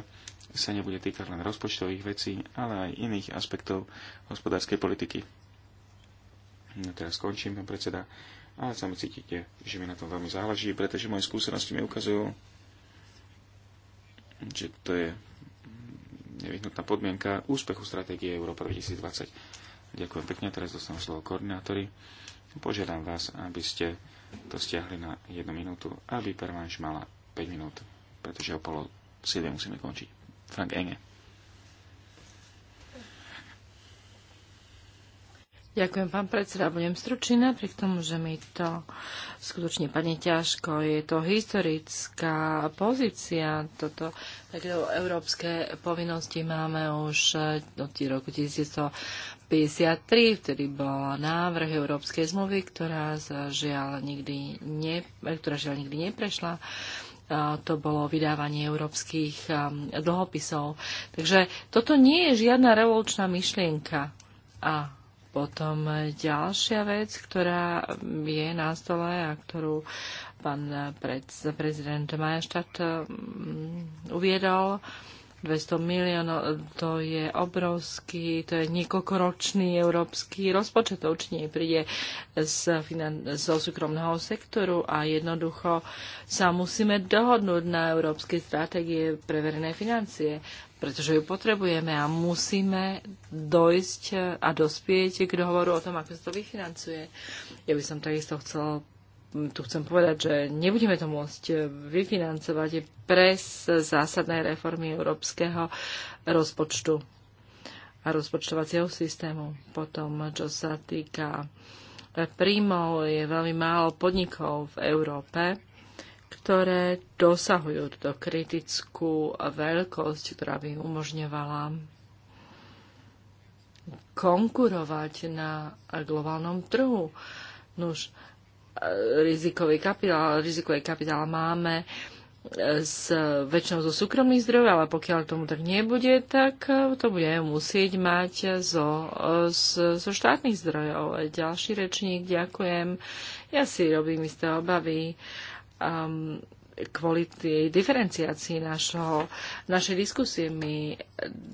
sa nebude týkať len rozpočtových vecí, ale aj iných aspektov hospodárskej politiky. No teraz skončím, pán predseda, ale sami cítite, že mi na tom veľmi záleží, pretože moje skúsenosti mi ukazujú, že to je nevyhnutná podmienka úspechu stratégie Európa 2020. Ďakujem pekne, teraz dostanú slovo koordinátori. Požiadam vás, aby ste to stiahli na jednu minútu, aby Pervanš mala 5 minút, pretože o polo 7 musíme končiť. Frank Enge. Ďakujem, pán predseda. Budem stručná, pri tomu, že mi to skutočne padne ťažko. Je to historická pozícia. Toto, takéto európske povinnosti máme už eh, od roku 1953, vtedy bol návrh Európskej zmluvy, ktorá žiaľ nikdy, ne, ktorá žiaľ nikdy neprešla eh, to bolo vydávanie európskych eh, dlhopisov. Takže toto nie je žiadna revolučná myšlienka. A potom e, ďalšia vec, ktorá je na stole a ktorú pán prez, prezident Majštát mm, uviedol, um, 200 miliónov, to je obrovský, to je niekoľkoročný európsky rozpočet, to určite príde z, finan- súkromného sektoru a jednoducho sa musíme dohodnúť na európskej stratégie pre verejné financie, pretože ju potrebujeme a musíme dojsť a dospieť k dohovoru o tom, ako sa to vyfinancuje. Ja by som takisto chcel tu chcem povedať, že nebudeme to môcť eh, vyfinancovať bez zásadné reformy európskeho rozpočtu a rozpočtovacieho systému. Potom, čo sa týka eh, príjmov, je veľmi málo podnikov v Európe, ktoré dosahujú túto kritickú veľkosť, ktorá by umožňovala konkurovať na globálnom trhu. Nuž, no rizikový kapitál, rizikový kapitál máme e, s, väčšinou zo súkromných zdrojov, ale pokiaľ tomu tak nebude, tak e, to budeme musieť mať zo, zo, e, zo štátnych zdrojov. Ďalší rečník, ďakujem. Ja si robím isté obavy. Um, kvôli tej diferenciácii našho, našej diskusie my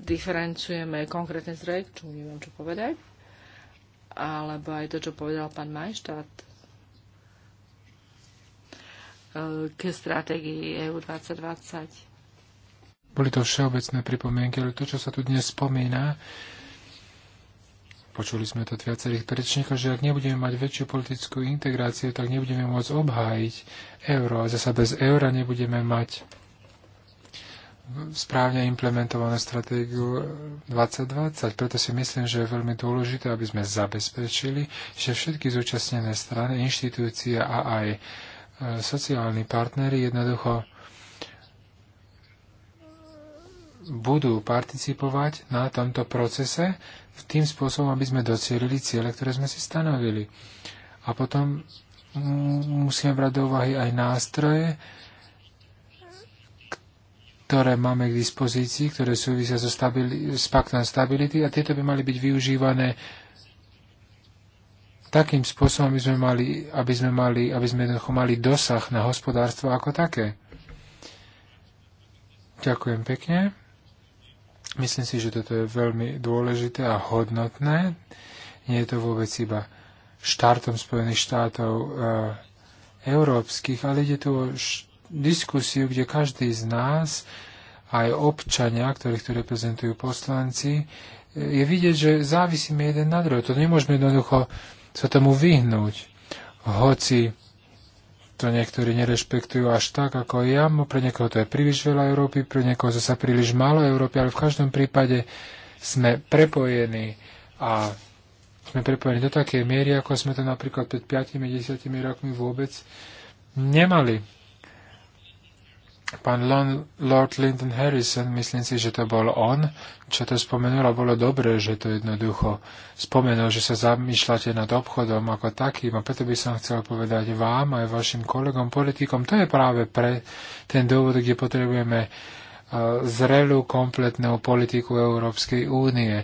diferencujeme konkrétne zdroje, čo neviem, čo povedať, alebo aj to, čo povedal pán Majštát k stratégii EU 2020. Boli to všeobecné pripomienky, ale to, čo sa tu dnes spomína, počuli sme to od viacerých prečníkov, že ak nebudeme mať väčšiu politickú integráciu, tak nebudeme môcť obhájiť euro a zasa bez eura nebudeme mať správne implementovanú stratégiu 2020. Preto si myslím, že je veľmi dôležité, aby sme zabezpečili, že všetky zúčastnené strany, inštitúcie a aj sociálni partnery jednoducho budú participovať na tomto procese v tým spôsobom, aby sme docielili ciele, ktoré sme si stanovili. A potom musíme brať do úvahy aj nástroje, ktoré máme k dispozícii, ktoré súvisia so stabili- s paktom stability a tieto by mali byť využívané takým spôsobom, aby sme mali, aby sme, mali, aby sme jednoducho mali dosah na hospodárstvo ako také. Ďakujem pekne. Myslím si, že toto je veľmi dôležité a hodnotné. Nie je to vôbec iba štartom Spojených štátov e, európskych, ale ide tu o diskusiu, kde každý z nás, aj občania, ktorých tu reprezentujú poslanci, e, je vidieť, že závisíme jeden na druhého. To nemôžeme jednoducho sa tomu vyhnúť. Hoci to niektorí nerešpektujú až tak ako ja, no pre niekoho to je príliš veľa Európy, pre niekoho zase príliš málo Európy, ale v každom prípade sme prepojení a sme prepojení do takej miery, ako sme to napríklad pred 5-10 rokmi vôbec nemali pán Lon, Lord Lyndon Harrison, myslím si, že to bol on, čo to spomenul a bolo dobré, že to jednoducho spomenul, že sa zamýšľate nad obchodom ako takým a preto by som chcel povedať vám aj vašim kolegom, politikom, to je práve pre ten dôvod, kde potrebujeme e, zrelú, kompletnú politiku Európskej únie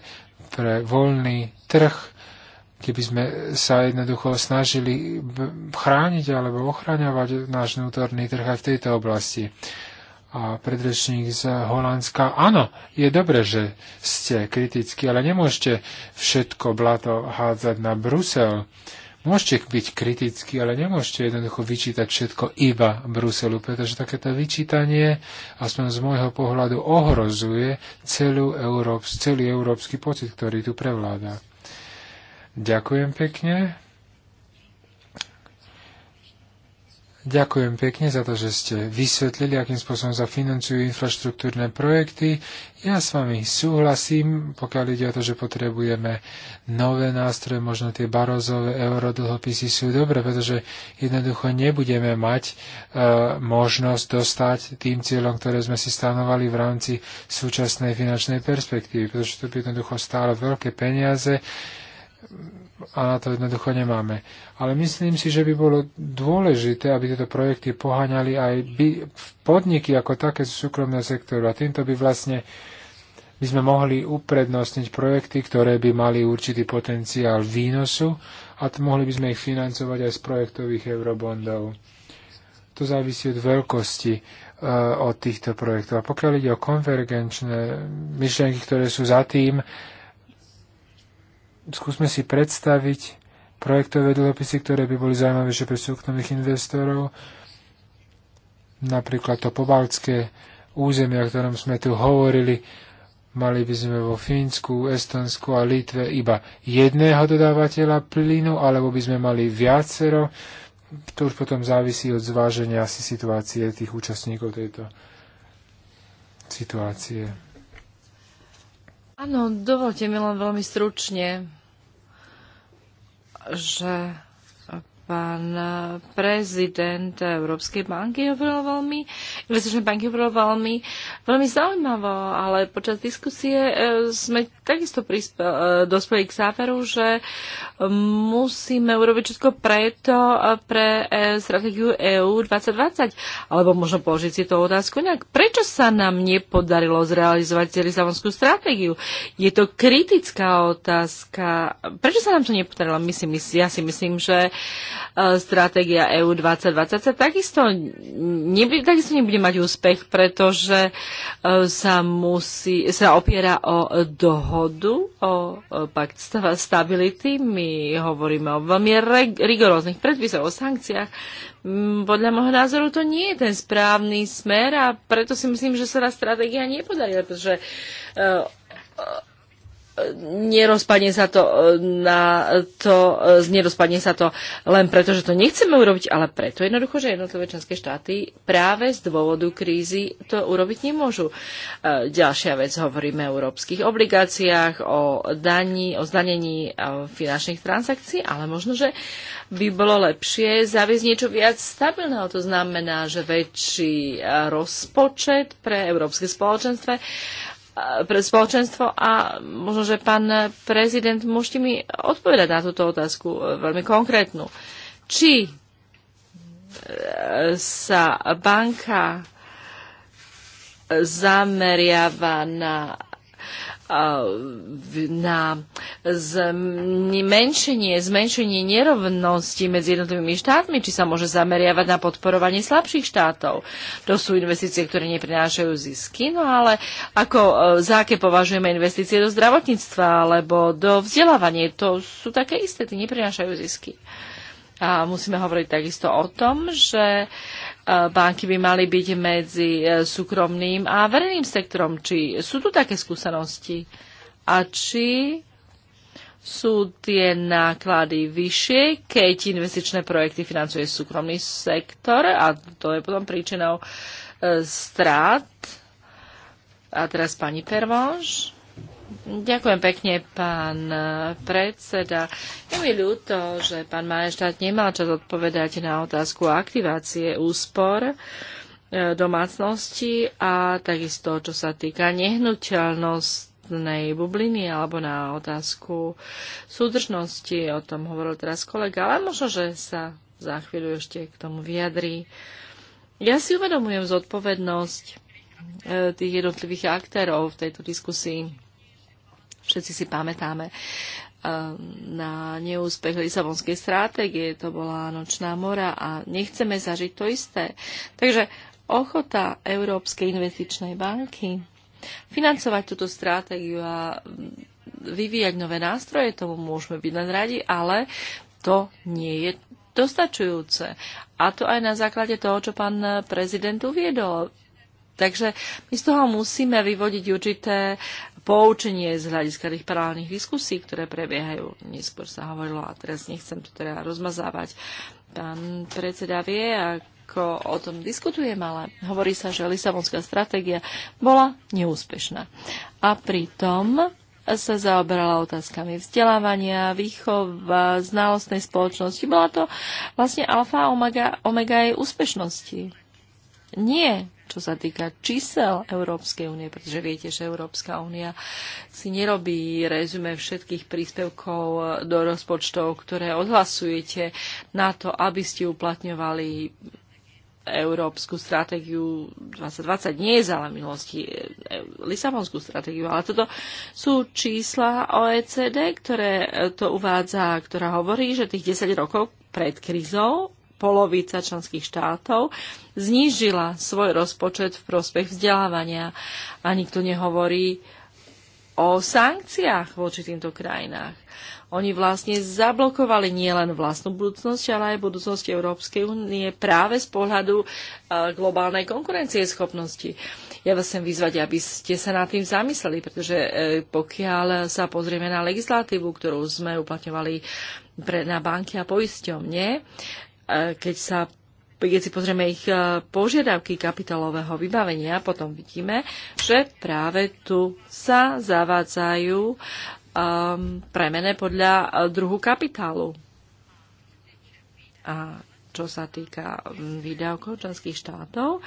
pre voľný trh, keby sme sa jednoducho snažili chrániť alebo ochraňovať náš vnútorný trh aj v tejto oblasti. A predrečník z Holandska, áno, je dobre, že ste kritickí, ale nemôžete všetko blato hádzať na Brusel. Môžete byť kritickí, ale nemôžete jednoducho vyčítať všetko iba Bruselu, pretože takéto vyčítanie, aspoň z môjho pohľadu, ohrozuje celú Európs- celý európsky pocit, ktorý tu prevláda. Ďakujem pekne. Ďakujem pekne za to, že ste vysvetlili, akým spôsobom sa financujú infraštruktúrne projekty. Ja s vami súhlasím, pokiaľ ide o to, že potrebujeme nové nástroje, možno tie barozové eurodlhopisy sú dobre, pretože jednoducho nebudeme mať e, možnosť dostať tým cieľom, ktoré sme si stanovali v rámci súčasnej finančnej perspektívy, pretože to by jednoducho stálo veľké peniaze a na to jednoducho nemáme. Ale myslím si, že by bolo dôležité, aby tieto projekty poháňali aj by, podniky ako také z súkromného sektoru. A týmto by vlastne by sme mohli uprednostniť projekty, ktoré by mali určitý potenciál výnosu a mohli by sme ich financovať aj z projektových eurobondov. To závisí od veľkosti e, od týchto projektov. A pokiaľ ide o konvergenčné myšlienky, ktoré sú za tým, skúsme si predstaviť projektové dlhopisy, ktoré by boli zaujímavejšie pre súkromných investorov, napríklad to pobaltské územie, o ktorom sme tu hovorili, mali by sme vo Fínsku, Estonsku a Litve iba jedného dodávateľa plynu, alebo by sme mali viacero, to už potom závisí od zváženia asi situácie tých účastníkov tejto situácie. Áno, dovolte mi len veľmi stručne, že pán prezident Európskej banky hovoril veľmi, investičnej banky hovoril veľmi, veľmi zaujímavo, ale počas diskusie e, sme takisto e, dospeli k záveru, že musíme urobiť všetko preto e, pre stratégiu EU 2020. Alebo možno položiť si to otázku nejak. Prečo sa nám nepodarilo zrealizovať Lisabonskú stratégiu? Je to kritická otázka. Prečo sa nám to nepodarilo? My si, mysl- ja si myslím, že E, stratégia EU 2020 sa takisto, nebude, takisto nebude mať úspech, pretože e, sa, musí, sa opiera o dohodu, o e, pakt stability. My hovoríme o veľmi rigoróznych predpisoch, o sankciách. Mm, podľa môjho názoru to nie je ten správny smer a preto si myslím, že sa tá stratégia nepodarila, pretože nerozpadne sa to e, na to, e, nerozpadne sa to len preto, že to nechceme urobiť, ale preto jednoducho, že jednotlivé členské štáty práve z dôvodu krízy to urobiť nemôžu. E, ďalšia vec, hovoríme o európskych obligáciách, o daní, o zdanení finančných transakcií, ale možno, že by bolo lepšie zaviesť niečo viac stabilného. To znamená, že väčší rozpočet pre európske spoločenstve E, pre spoločenstvo a možno, že pán prezident, môžete mi odpovedať na túto otázku e, veľmi konkrétnu. Či e, sa banka zameriava na na zmenšenie, zmenšenie nerovnosti medzi jednotlivými štátmi, či sa môže zameriavať na podporovanie slabších štátov. To sú investície, ktoré neprinášajú zisky, no ale ako e, za aké považujeme investície do zdravotníctva alebo do vzdelávania, to sú také isté, tie neprinášajú zisky. A musíme hovoriť takisto o tom, že E, banky by mali byť medzi e, súkromným a verejným sektorom. Či sú tu také skúsenosti? A či sú tie náklady vyššie, keď investičné projekty financuje súkromný sektor a to je potom príčinou e, strát. A teraz pani Pervonš. Ďakujem pekne, pán e, predseda. Je mi ľúto, že pán majestát nemal čas odpovedať na otázku aktivácie úspor e, domácnosti a takisto, čo sa týka nehnuteľnostnej bubliny alebo na otázku súdržnosti. O tom hovoril teraz kolega, ale možno, že sa za chvíľu ešte k tomu vyjadrí. Ja si uvedomujem zodpovednosť e, tých jednotlivých aktérov v tejto diskusii. Všetci si pamätáme um, na neúspech Lisabonskej stratégie, to bola nočná mora a nechceme zažiť to isté. Takže ochota Európskej investičnej banky financovať túto stratégiu a vyvíjať nové nástroje, tomu môžeme byť len radi, ale to nie je dostačujúce. A to aj na základe toho, čo pán prezident uviedol. Takže my z toho musíme vyvodiť určité poučenie z hľadiska tých paralelných diskusí, ktoré prebiehajú. Neskôr sa hovorilo, a teraz nechcem to teda rozmazávať, pán predseda vie, ako o tom diskutujem, ale hovorí sa, že Lisabonská stratégia bola neúspešná. A pritom sa zaoberala otázkami vzdelávania, výchova, znalostnej spoločnosti. Bola to vlastne alfa a omega, omega jej úspešnosti. Nie čo sa týka čísel Európskej únie, pretože viete, že Európska únia si nerobí rezume všetkých príspevkov do rozpočtov, ktoré odhlasujete na to, aby ste uplatňovali európsku stratégiu 2020 nie je za minulosti e, e, Lisabonskú stratégiu, ale toto sú čísla OECD, ktoré e, to uvádza, ktorá hovorí, že tých 10 rokov pred krizou polovica členských štátov znížila svoj rozpočet v prospech vzdelávania. A nikto nehovorí o sankciách voči týmto krajinách. Oni vlastne zablokovali nielen vlastnú budúcnosť, ale aj budúcnosť Európskej únie práve z pohľadu e, globálnej konkurencieschopnosti. Ja vás chcem vyzvať, aby ste sa nad tým zamysleli, pretože e, pokiaľ sa pozrieme na legislatívu, ktorú sme uplatňovali pre, na banky a poisťovne, E, keď sa keď si pozrieme ich e, požiadavky kapitálového vybavenia, potom vidíme, že práve tu sa zavádzajú um, premene podľa e, druhu kapitálu. A čo sa týka výdavkov členských štátov,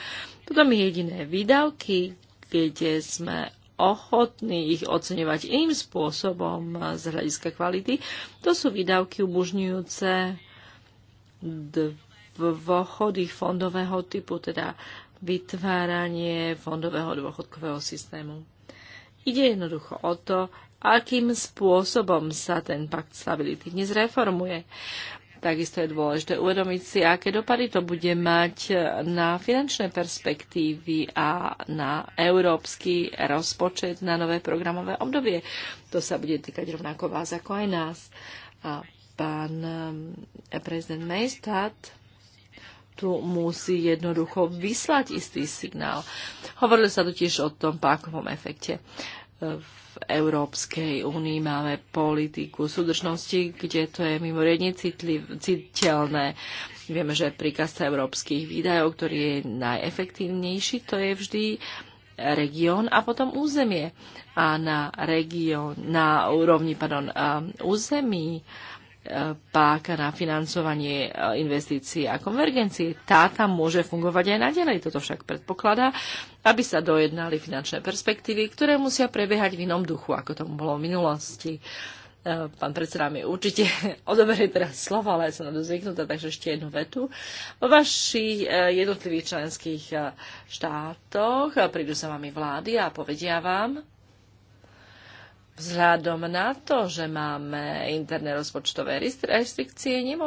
potom je jediné výdavky, kde sme ochotní ich oceňovať iným spôsobom z hľadiska kvality. To sú výdavky umožňujúce dôchody fondového typu, teda vytváranie fondového dôchodkového systému. Ide jednoducho o to, akým spôsobom sa ten pakt stability dnes reformuje. Takisto je dôležité uvedomiť si, aké dopady to bude mať na finančné perspektívy a na európsky rozpočet na nové programové obdobie. To sa bude týkať rovnako vás ako aj nás. A pán prezident Maystadt tu musí jednoducho vyslať istý signál. Hovorilo sa totiž o tom pákovom efekte. V Európskej únii máme politiku súdržnosti, kde to je mimoriadne citeľné. Vieme, že príkaz európskych výdajov, ktorý je najefektívnejší, to je vždy región a potom územie. A na, region, na úrovni pardon, území páka na financovanie e, investícií a konvergencií. Tá tam môže fungovať aj naďalej. Toto však predpokladá, aby sa dojednali finančné perspektívy, ktoré musia prebiehať v inom duchu, ako tomu bolo v minulosti. E, pán predseda mi určite [laughs] odoberie teraz slovo, ale ja som na to zvyknutá, takže ešte jednu vetu. Vo vašich e, jednotlivých členských štátoch prídu sa vami vlády a povedia vám, Vzhľadom na to, že máme interné rozpočtové restrikcie, nemôžeme